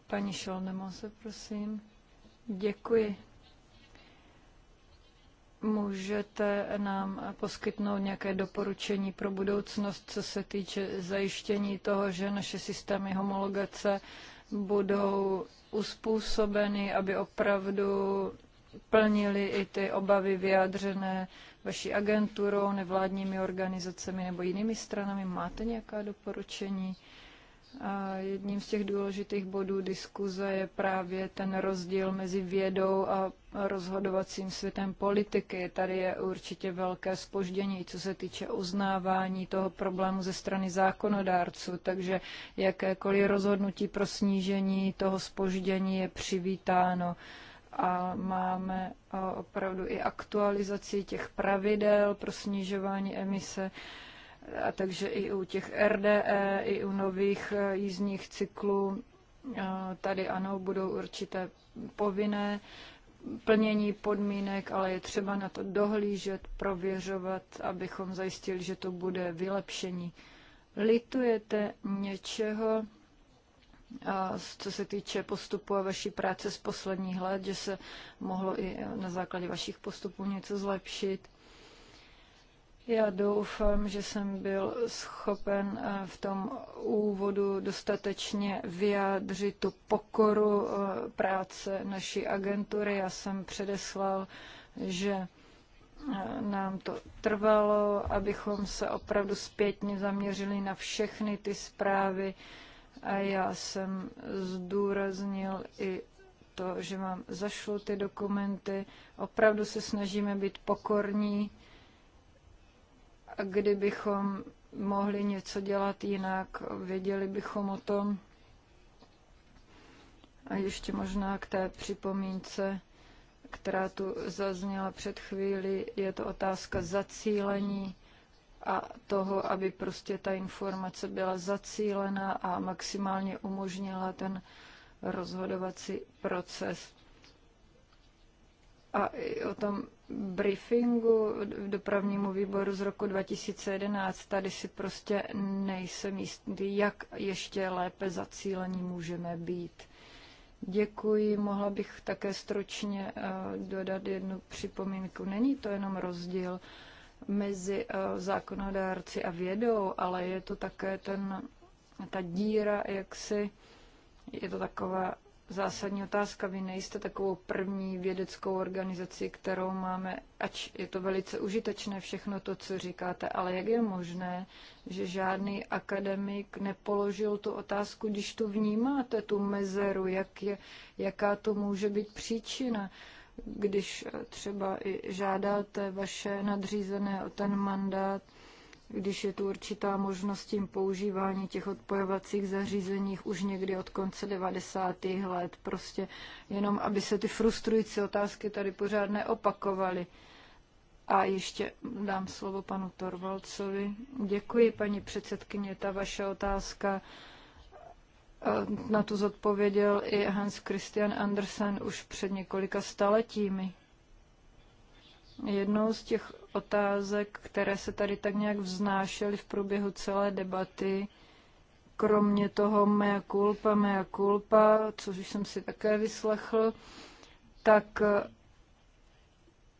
Paní Šolnemose, prosím. Děkuji. Můžete nám poskytnout nějaké doporučení pro budoucnost, co se týče zajištění toho, že naše systémy homologace budou uspůsobeny, aby opravdu plnili i ty obavy vyjádřené vaší agenturou, nevládními organizacemi nebo jinými stranami? Máte nějaká doporučení? Jedním z těch důležitých bodů diskuze je právě ten rozdíl mezi vědou a rozhodovacím světem politiky. Tady je určitě velké spoždění, co se týče uznávání toho problému ze strany zákonodárců, takže jakékoliv rozhodnutí pro snížení toho spoždění je přivítáno a máme opravdu i aktualizaci těch pravidel pro snižování emise a takže i u těch RDE, i u nových e, jízdních cyklů e, tady ano, budou určité povinné plnění podmínek, ale je třeba na to dohlížet, prověřovat, abychom zajistili, že to bude vylepšení. Litujete něčeho, e, co se týče postupu a vaší práce z posledních let, že se mohlo i na základě vašich postupů něco zlepšit? Já doufám, že jsem byl schopen eh, v tom úvodu dostatečně vyjádřit tu pokoru eh, práce naší agentury. Já jsem předeslal, že eh, nám to trvalo, abychom se opravdu zpětně zaměřili na všechny ty zprávy. A já jsem zdůraznil i to, že vám zašlo ty dokumenty. Opravdu se snažíme být pokorní kdybychom mohli něco dělat jinak, věděli bychom o tom. A ještě možná k té připomínce, která tu zazněla před chvíli, je to otázka zacílení a toho, aby prostě ta informace byla zacílená a maximálně umožnila ten rozhodovací proces a i o tom briefingu v dopravnímu výboru z roku 2011. Tady si prostě nejsem jistý, jak ještě lépe zacílení můžeme být. Děkuji. Mohla bych také stročně eh, dodat jednu připomínku. Není to jenom rozdíl mezi eh, zákonodárci a vědou, ale je to také ten, ta díra, jak si je to taková zásadní otázka. Vy nejste takovou první vědeckou organizací, kterou máme, ač je to velice užitečné všechno to, co říkáte, ale jak je možné, že žádný akademik nepoložil tu otázku, když tu vnímáte, tu mezeru, jak je, jaká to může být příčina, když třeba i žádáte vaše nadřízené o ten mandát, když je tu určitá možnost tím používání těch odpojovacích zařízeních už někdy od konce 90. let. Prostě jenom, aby se ty frustrující otázky tady pořád neopakovaly. A ještě dám slovo panu Torvalcovi. Děkuji, paní předsedkyně, ta vaše otázka. Eh, na tu zodpověděl i Hans Christian Andersen už před několika staletími. Jednou z těch otázek, které se tady tak nějak vznášely v průběhu celé debaty. Kromě toho mea culpa, mea culpa, což jsem si také vyslechl, tak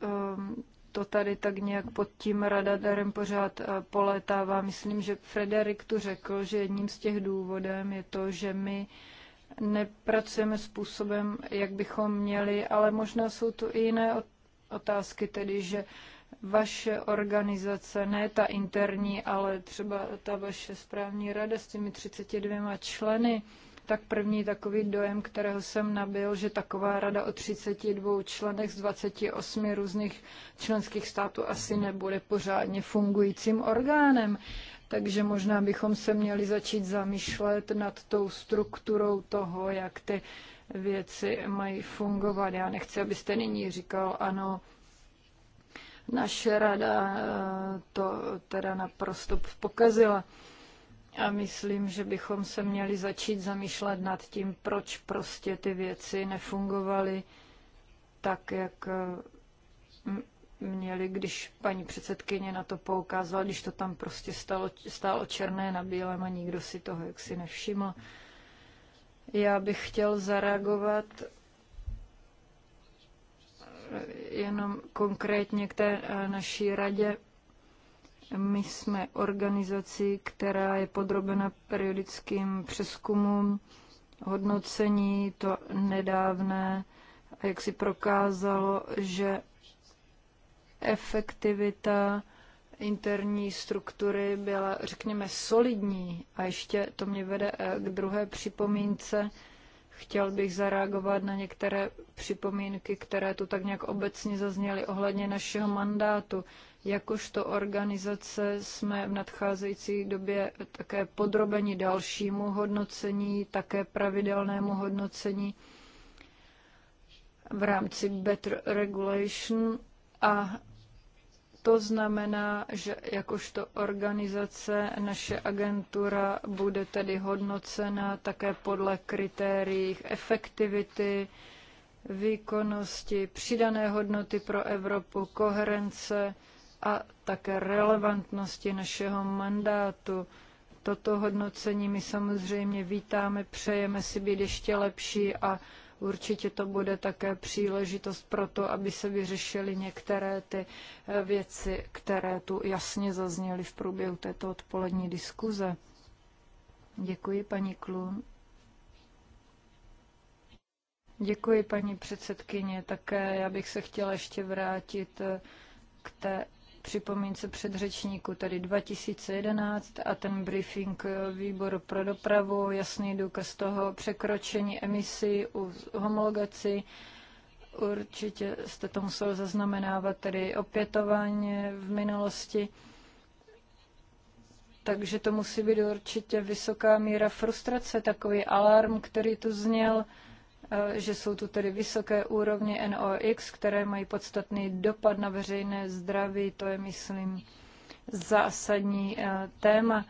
um, to tady tak nějak pod tím radarem pořád eh, polétává. Myslím, že Frederik tu řekl, že jedním z těch důvodem je to, že my nepracujeme způsobem, jak bychom měli, ale možná jsou tu i jiné otázky, tedy že vaše organizace, ne ta interní, ale třeba ta vaše správní rada s těmi 32 členy, tak první takový dojem, kterého jsem nabil, že taková rada o 32 členech z 28 různých členských států asi nebude pořádně fungujícím orgánem. Takže možná bychom se měli začít zamýšlet nad tou strukturou toho, jak ty věci mají fungovat. Já nechci, abyste nyní říkal, ano, naše rada eh, to teda naprosto pokazila. A myslím, že bychom se měli začít zamýšlet nad tím, proč prostě ty věci nefungovaly tak, jak eh, měli, když paní předsedkyně na to poukázala, když to tam prostě stalo, stálo černé na bílém a nikdo si toho jaksi nevšiml. Já bych chtěl zareagovat jenom konkrétně k té eh, naší radě. My jsme organizací, která je podrobena periodickým přeskumům, hodnocení, to nedávné, jak si prokázalo, že efektivita interní struktury byla, řekněme, solidní. A ještě to mě vede eh, k druhé připomínce, Chtěl bych zareagovat na některé připomínky, které tu tak nějak obecně zazněly ohledně našeho mandátu. Jakožto organizace jsme v nadcházející době také podrobeni dalšímu hodnocení, také pravidelnému hodnocení v rámci Better Regulation a to znamená, že jakožto organizace naše agentura bude tedy hodnocena také podle kritérií efektivity, výkonnosti, přidané hodnoty pro Evropu, koherence a také relevantnosti našeho mandátu. Toto hodnocení my samozřejmě vítáme, přejeme si být ještě lepší a Určitě to bude také příležitost pro to, aby se vyřešily některé ty eh, věci, které tu jasně zazněly v průběhu této odpolední diskuze. Děkuji, paní Klun. Děkuji, paní předsedkyně. Také já bych se chtěla ještě vrátit eh, k té připomínce předřečníku, tady 2011 a ten briefing eh, výboru pro dopravu, jasný důkaz toho překročení emisí u homologaci. Určitě jste to musel zaznamenávat tedy opětovaně v minulosti. Takže to musí být určitě vysoká míra frustrace, takový alarm, který tu zněl Eh, že jsou tu tedy vysoké úrovně NOx, které mají podstatný dopad na veřejné zdraví. To je, myslím, zásadní eh, téma.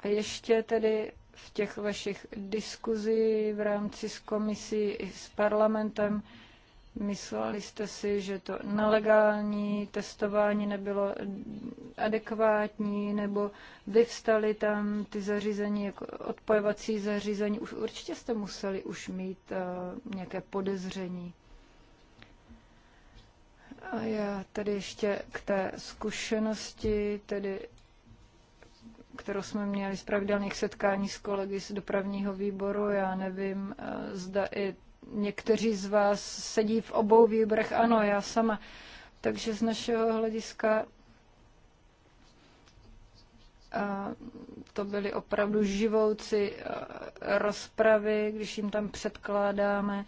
A ještě tedy v těch vašich diskuzí v rámci s komisí i s parlamentem, Mysleli jste si, že to nelegální testování nebylo adekvátní, nebo vyvstaly tam ty zařízení, jako odpojovací zařízení? Už určitě jste museli už mít uh, nějaké podezření. A já tady ještě k té zkušenosti, tedy kterou jsme měli z pravidelných setkání s kolegy z dopravního výboru. Já nevím, eh, zda i někteří z vás sedí v obou výbrech, ano, já sama. Takže z našeho hlediska a to byly opravdu živouci rozpravy, když jim tam předkládáme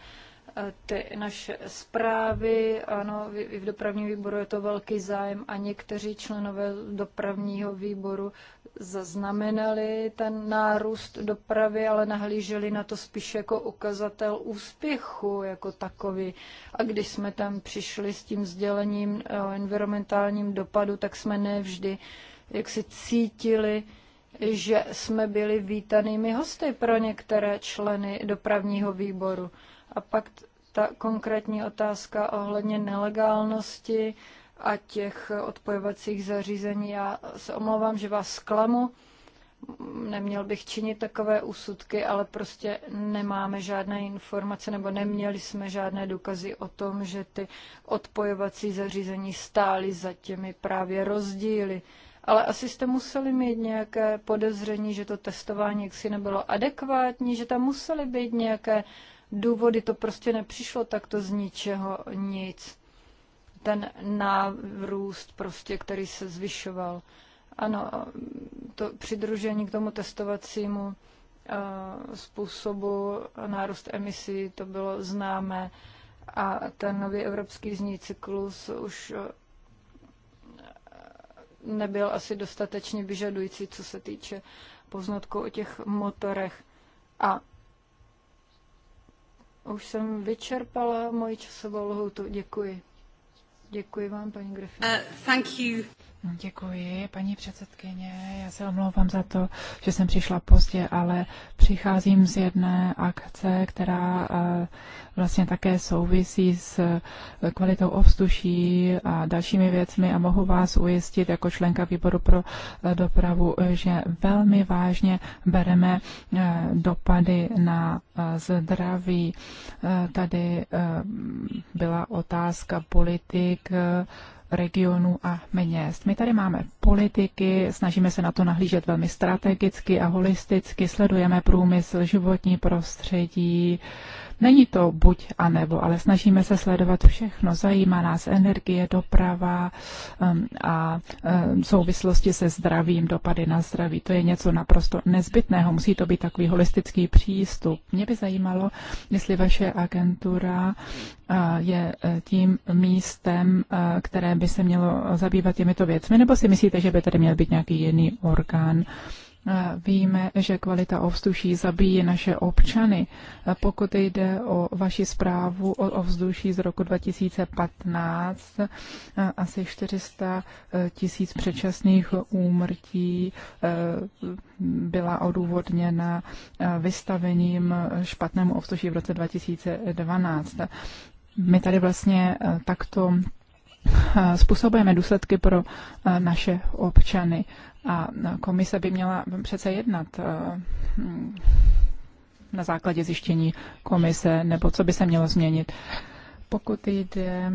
ty naše zprávy. Ano, i v dopravním výboru je to velký zájem a někteří členové dopravního výboru zaznamenali ten nárůst dopravy, ale nahlíželi na to spíš jako ukazatel úspěchu jako takový. A když jsme tam přišli s tím sdělením o environmentálním dopadu, tak jsme nevždy jak si cítili, že jsme byli vítanými hosty pro některé členy dopravního výboru. A pak ta konkrétní otázka ohledně nelegálnosti a těch odpojovacích zařízení. Já se omlouvám, že vás zklamu. Neměl bych činit takové úsudky, ale prostě nemáme žádné informace nebo neměli jsme žádné důkazy o tom, že ty odpojovací zařízení stály za těmi právě rozdíly. Ale asi jste museli mít nějaké podezření, že to testování jaksi nebylo adekvátní, že tam museli být nějaké uh, důvody. To prostě nepřišlo takto z ničeho nic. Ten nárůst, prostě, který se zvyšoval. Ano, to přidružení k tomu testovacímu eh, způsobu nárůst emisí, to bylo známé. A ten nový evropský zní cyklus už eh, nebyl asi dostatečně vyžadující, co se týče poznatků o těch motorech. A už jsem vyčerpala moji časovou lhoutu. Děkuji. Děkuji vám, paní Griffin. Uh, thank you. Děkuji, paní předsedkyně. Já se omlouvám za to, že jsem přišla pozdě, ale přicházím z jedné akce, která eh, vlastně také souvisí s eh, kvalitou ovzduší a dalšími věcmi a mohu vás ujistit jako členka výboru pro eh, dopravu, že velmi vážně bereme dopady na zdraví. Tady byla otázka politik, regionů a měst. My tady máme politiky, snažíme se na to nahlížet velmi strategicky a holisticky, sledujeme průmysl, životní prostředí, uh, Není to buď a nebo, ale snažíme se sledovat všechno. Zajímá nás energie, doprava um, a um, souvislosti se zdravím, dopady na zdraví. To je něco naprosto nezbytného. Musí to být takový holistický přístup. Mě by zajímalo, jestli vaše agentura uh, je eh, tím místem, eh, které by se mělo zabývat těmito věcmi, nebo si myslíte, že by tady měl být nějaký jiný orgán, Víme, že kvalita ovzduší zabíjí naše občany. Pokud jde o vaši zprávu o ovzduší z roku 2015, asi 400 e, tisíc předčasných úmrtí e, byla odůvodněna e, vystavením špatnému ovzduší v roce 2012. My tady vlastně takto způsobujeme důsledky pro naše občany. A komise by měla přece jednat eh, hm, na základě zjištění komise, nebo co by se mělo změnit. Pokud jde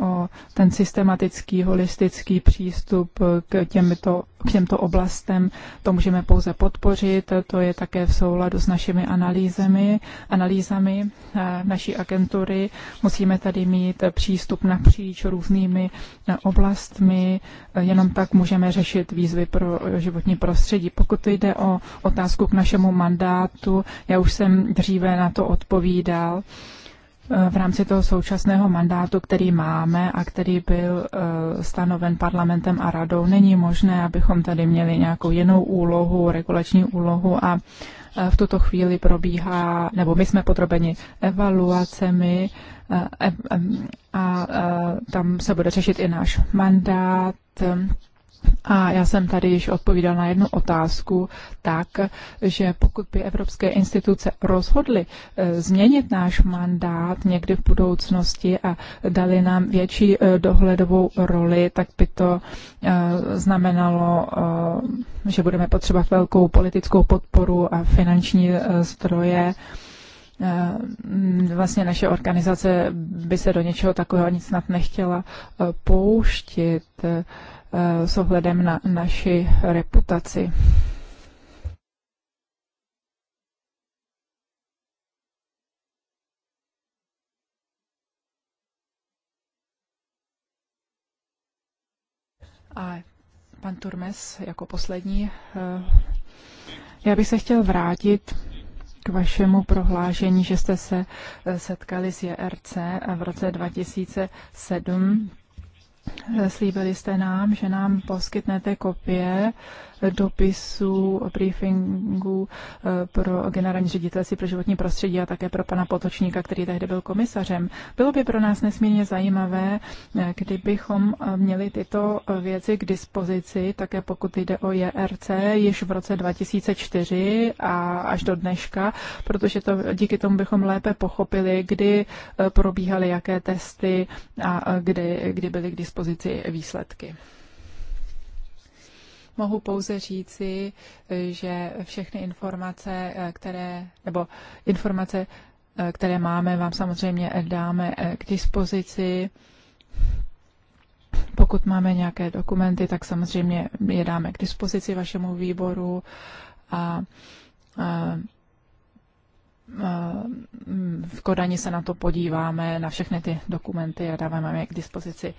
o ten systematický, holistický přístup k těmto, k těmto oblastem. To můžeme pouze podpořit, to je také v souladu s našimi analýzemi, analýzami eh, naší agentury. Musíme tady mít přístup napříč různými eh, oblastmi, jenom tak můžeme řešit výzvy pro životní prostředí. Pokud jde o otázku k našemu mandátu, já už jsem dříve na to odpovídal v rámci toho současného mandátu, který máme a který byl eh, stanoven parlamentem a radou, není možné, abychom tady měli nějakou jinou úlohu, regulační úlohu a eh, v tuto chvíli probíhá, nebo my jsme podrobeni evaluacemi eh, a, tam se bude řešit i náš mandát a já jsem tady již odpovídal na jednu otázku tak, že pokud by evropské instituce rozhodly eh, změnit náš mandát někdy v budoucnosti a dali nám větší eh, dohledovou roli, tak by to eh, znamenalo, že budeme potřebovat velkou politickou podporu a finanční zdroje vlastně naše organizace by se do něčeho takového nic snad nechtěla pouštit. Eh, s ohledem na naši reputaci. A pan Turmes jako poslední. Eh, já bych se chtěl vrátit k vašemu prohlášení, že jste se eh, setkali s JRC v roce 2007 Slíbili jste nám, že nám poskytnete kopie dopisů, briefingů eh, pro generální ředitelství pro životní prostředí a také pro pana Potočníka, který tehdy byl komisařem. Bylo by pro nás nesmírně zajímavé, eh, kdybychom eh, měli tyto věci k dispozici, také pokud jde o JRC, již v roce 2004 a až do dneška, protože to, díky tomu bychom lépe pochopili, kdy probíhaly jaké testy a kdy, kdy byly k dispozici výsledky. Mohu pouze říci, že všechny informace, eh, které, nebo informace, eh, které máme, vám samozřejmě dáme eh, k dispozici. Pokud máme nějaké dokumenty, tak samozřejmě je dáme k dispozici vašemu výboru a, a v Kodani se na to podíváme, na všechny ty dokumenty a dáváme je k dispozici.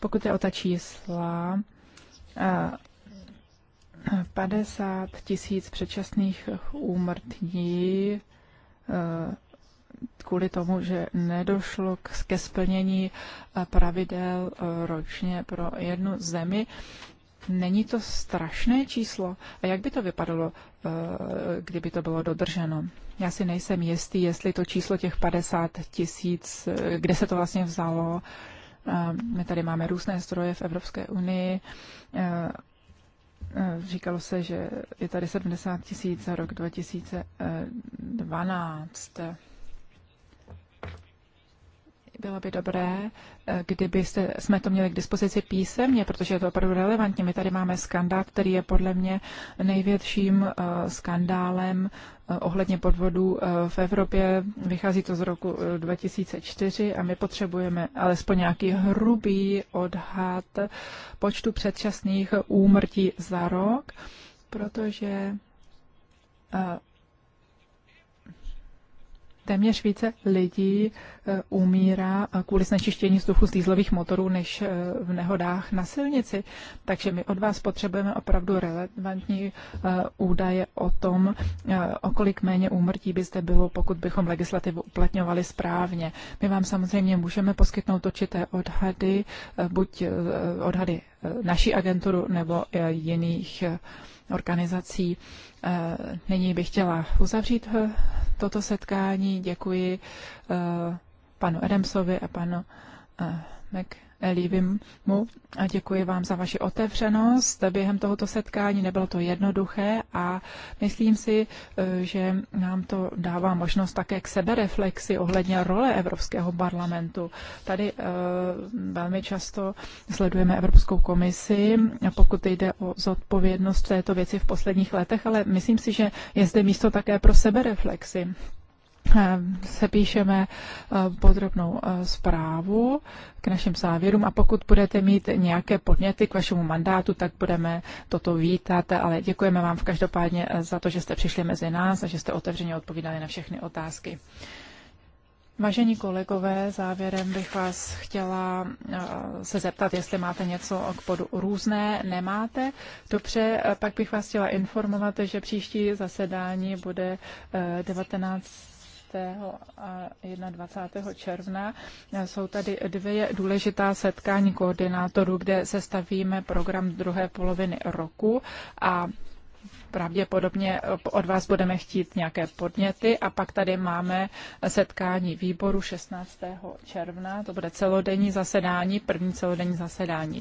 Pokud je o ta čísla, 50 tisíc předčasných úmrtí eh, kvůli tomu, že nedošlo k, ke splnění eh, pravidel eh, ročně pro jednu zemi. Není to strašné číslo? A jak by to vypadalo, kdyby to bylo dodrženo? Já si nejsem jistý, jestli to číslo těch 50 tisíc, kde se to vlastně vzalo. My tady máme různé stroje v Evropské unii Eh, říkalo se, že je tady 70 tisíc za rok 2012. Bylo by dobré, eh, kdyby se, jsme to měli k dispozici písemně, protože je to opravdu relevantní. My tady máme skandál, který je podle mě největším eh, skandálem eh, ohledně podvodů v Evropě. Vychází to z roku 2004 a my potřebujeme alespoň nějaký hrubý odhad počtu předčasných úmrtí za rok, protože téměř více lidí eh, umírá kvůli znečištění vzduchu z dýzlových motorů než eh, v nehodách na silnici. Takže my od vás potřebujeme opravdu relevantní eh, údaje o tom, o kolik méně úmrtí by zde bylo, pokud bychom legislativu uplatňovali správně. My vám samozřejmě můžeme poskytnout určité odhady, buď odhady naší agenturu nebo jiných organizací. Eh, nyní bych chtěla uzavřít eh, toto setkání. Děkuji eh, panu Edemsovi a panu Mac mu. A děkuji vám za vaši otevřenost. Během tohoto setkání nebylo to jednoduché a myslím si, eh, že nám to dává možnost také k sebereflexi ohledně role Evropského parlamentu. Tady eh, velmi často sledujeme Evropskou komisi, pokud jde o zodpovědnost této věci v posledních letech, ale myslím si, že je zde místo také pro sebereflexi. Eh, se píšeme eh, podrobnou eh, zprávu k našim závěrům a pokud budete mít nějaké podněty k vašemu mandátu, tak budeme toto vítat, ale děkujeme vám v každopádně za to, že jste přišli mezi nás a že jste otevřeně odpovídali na všechny otázky. Vážení kolegové, závěrem bych vás chtěla se zeptat, jestli máte něco k podu různé. Nemáte? Dobře, pak bych vás chtěla informovat, že příští zasedání bude 19 a 21. června. Jsou tady dvě důležitá setkání koordinátorů, kde se stavíme program druhé poloviny roku a pravděpodobně od vás budeme chtít nějaké podněty a pak tady máme setkání výboru 16. června, to bude celodenní zasedání, první celodenní zasedání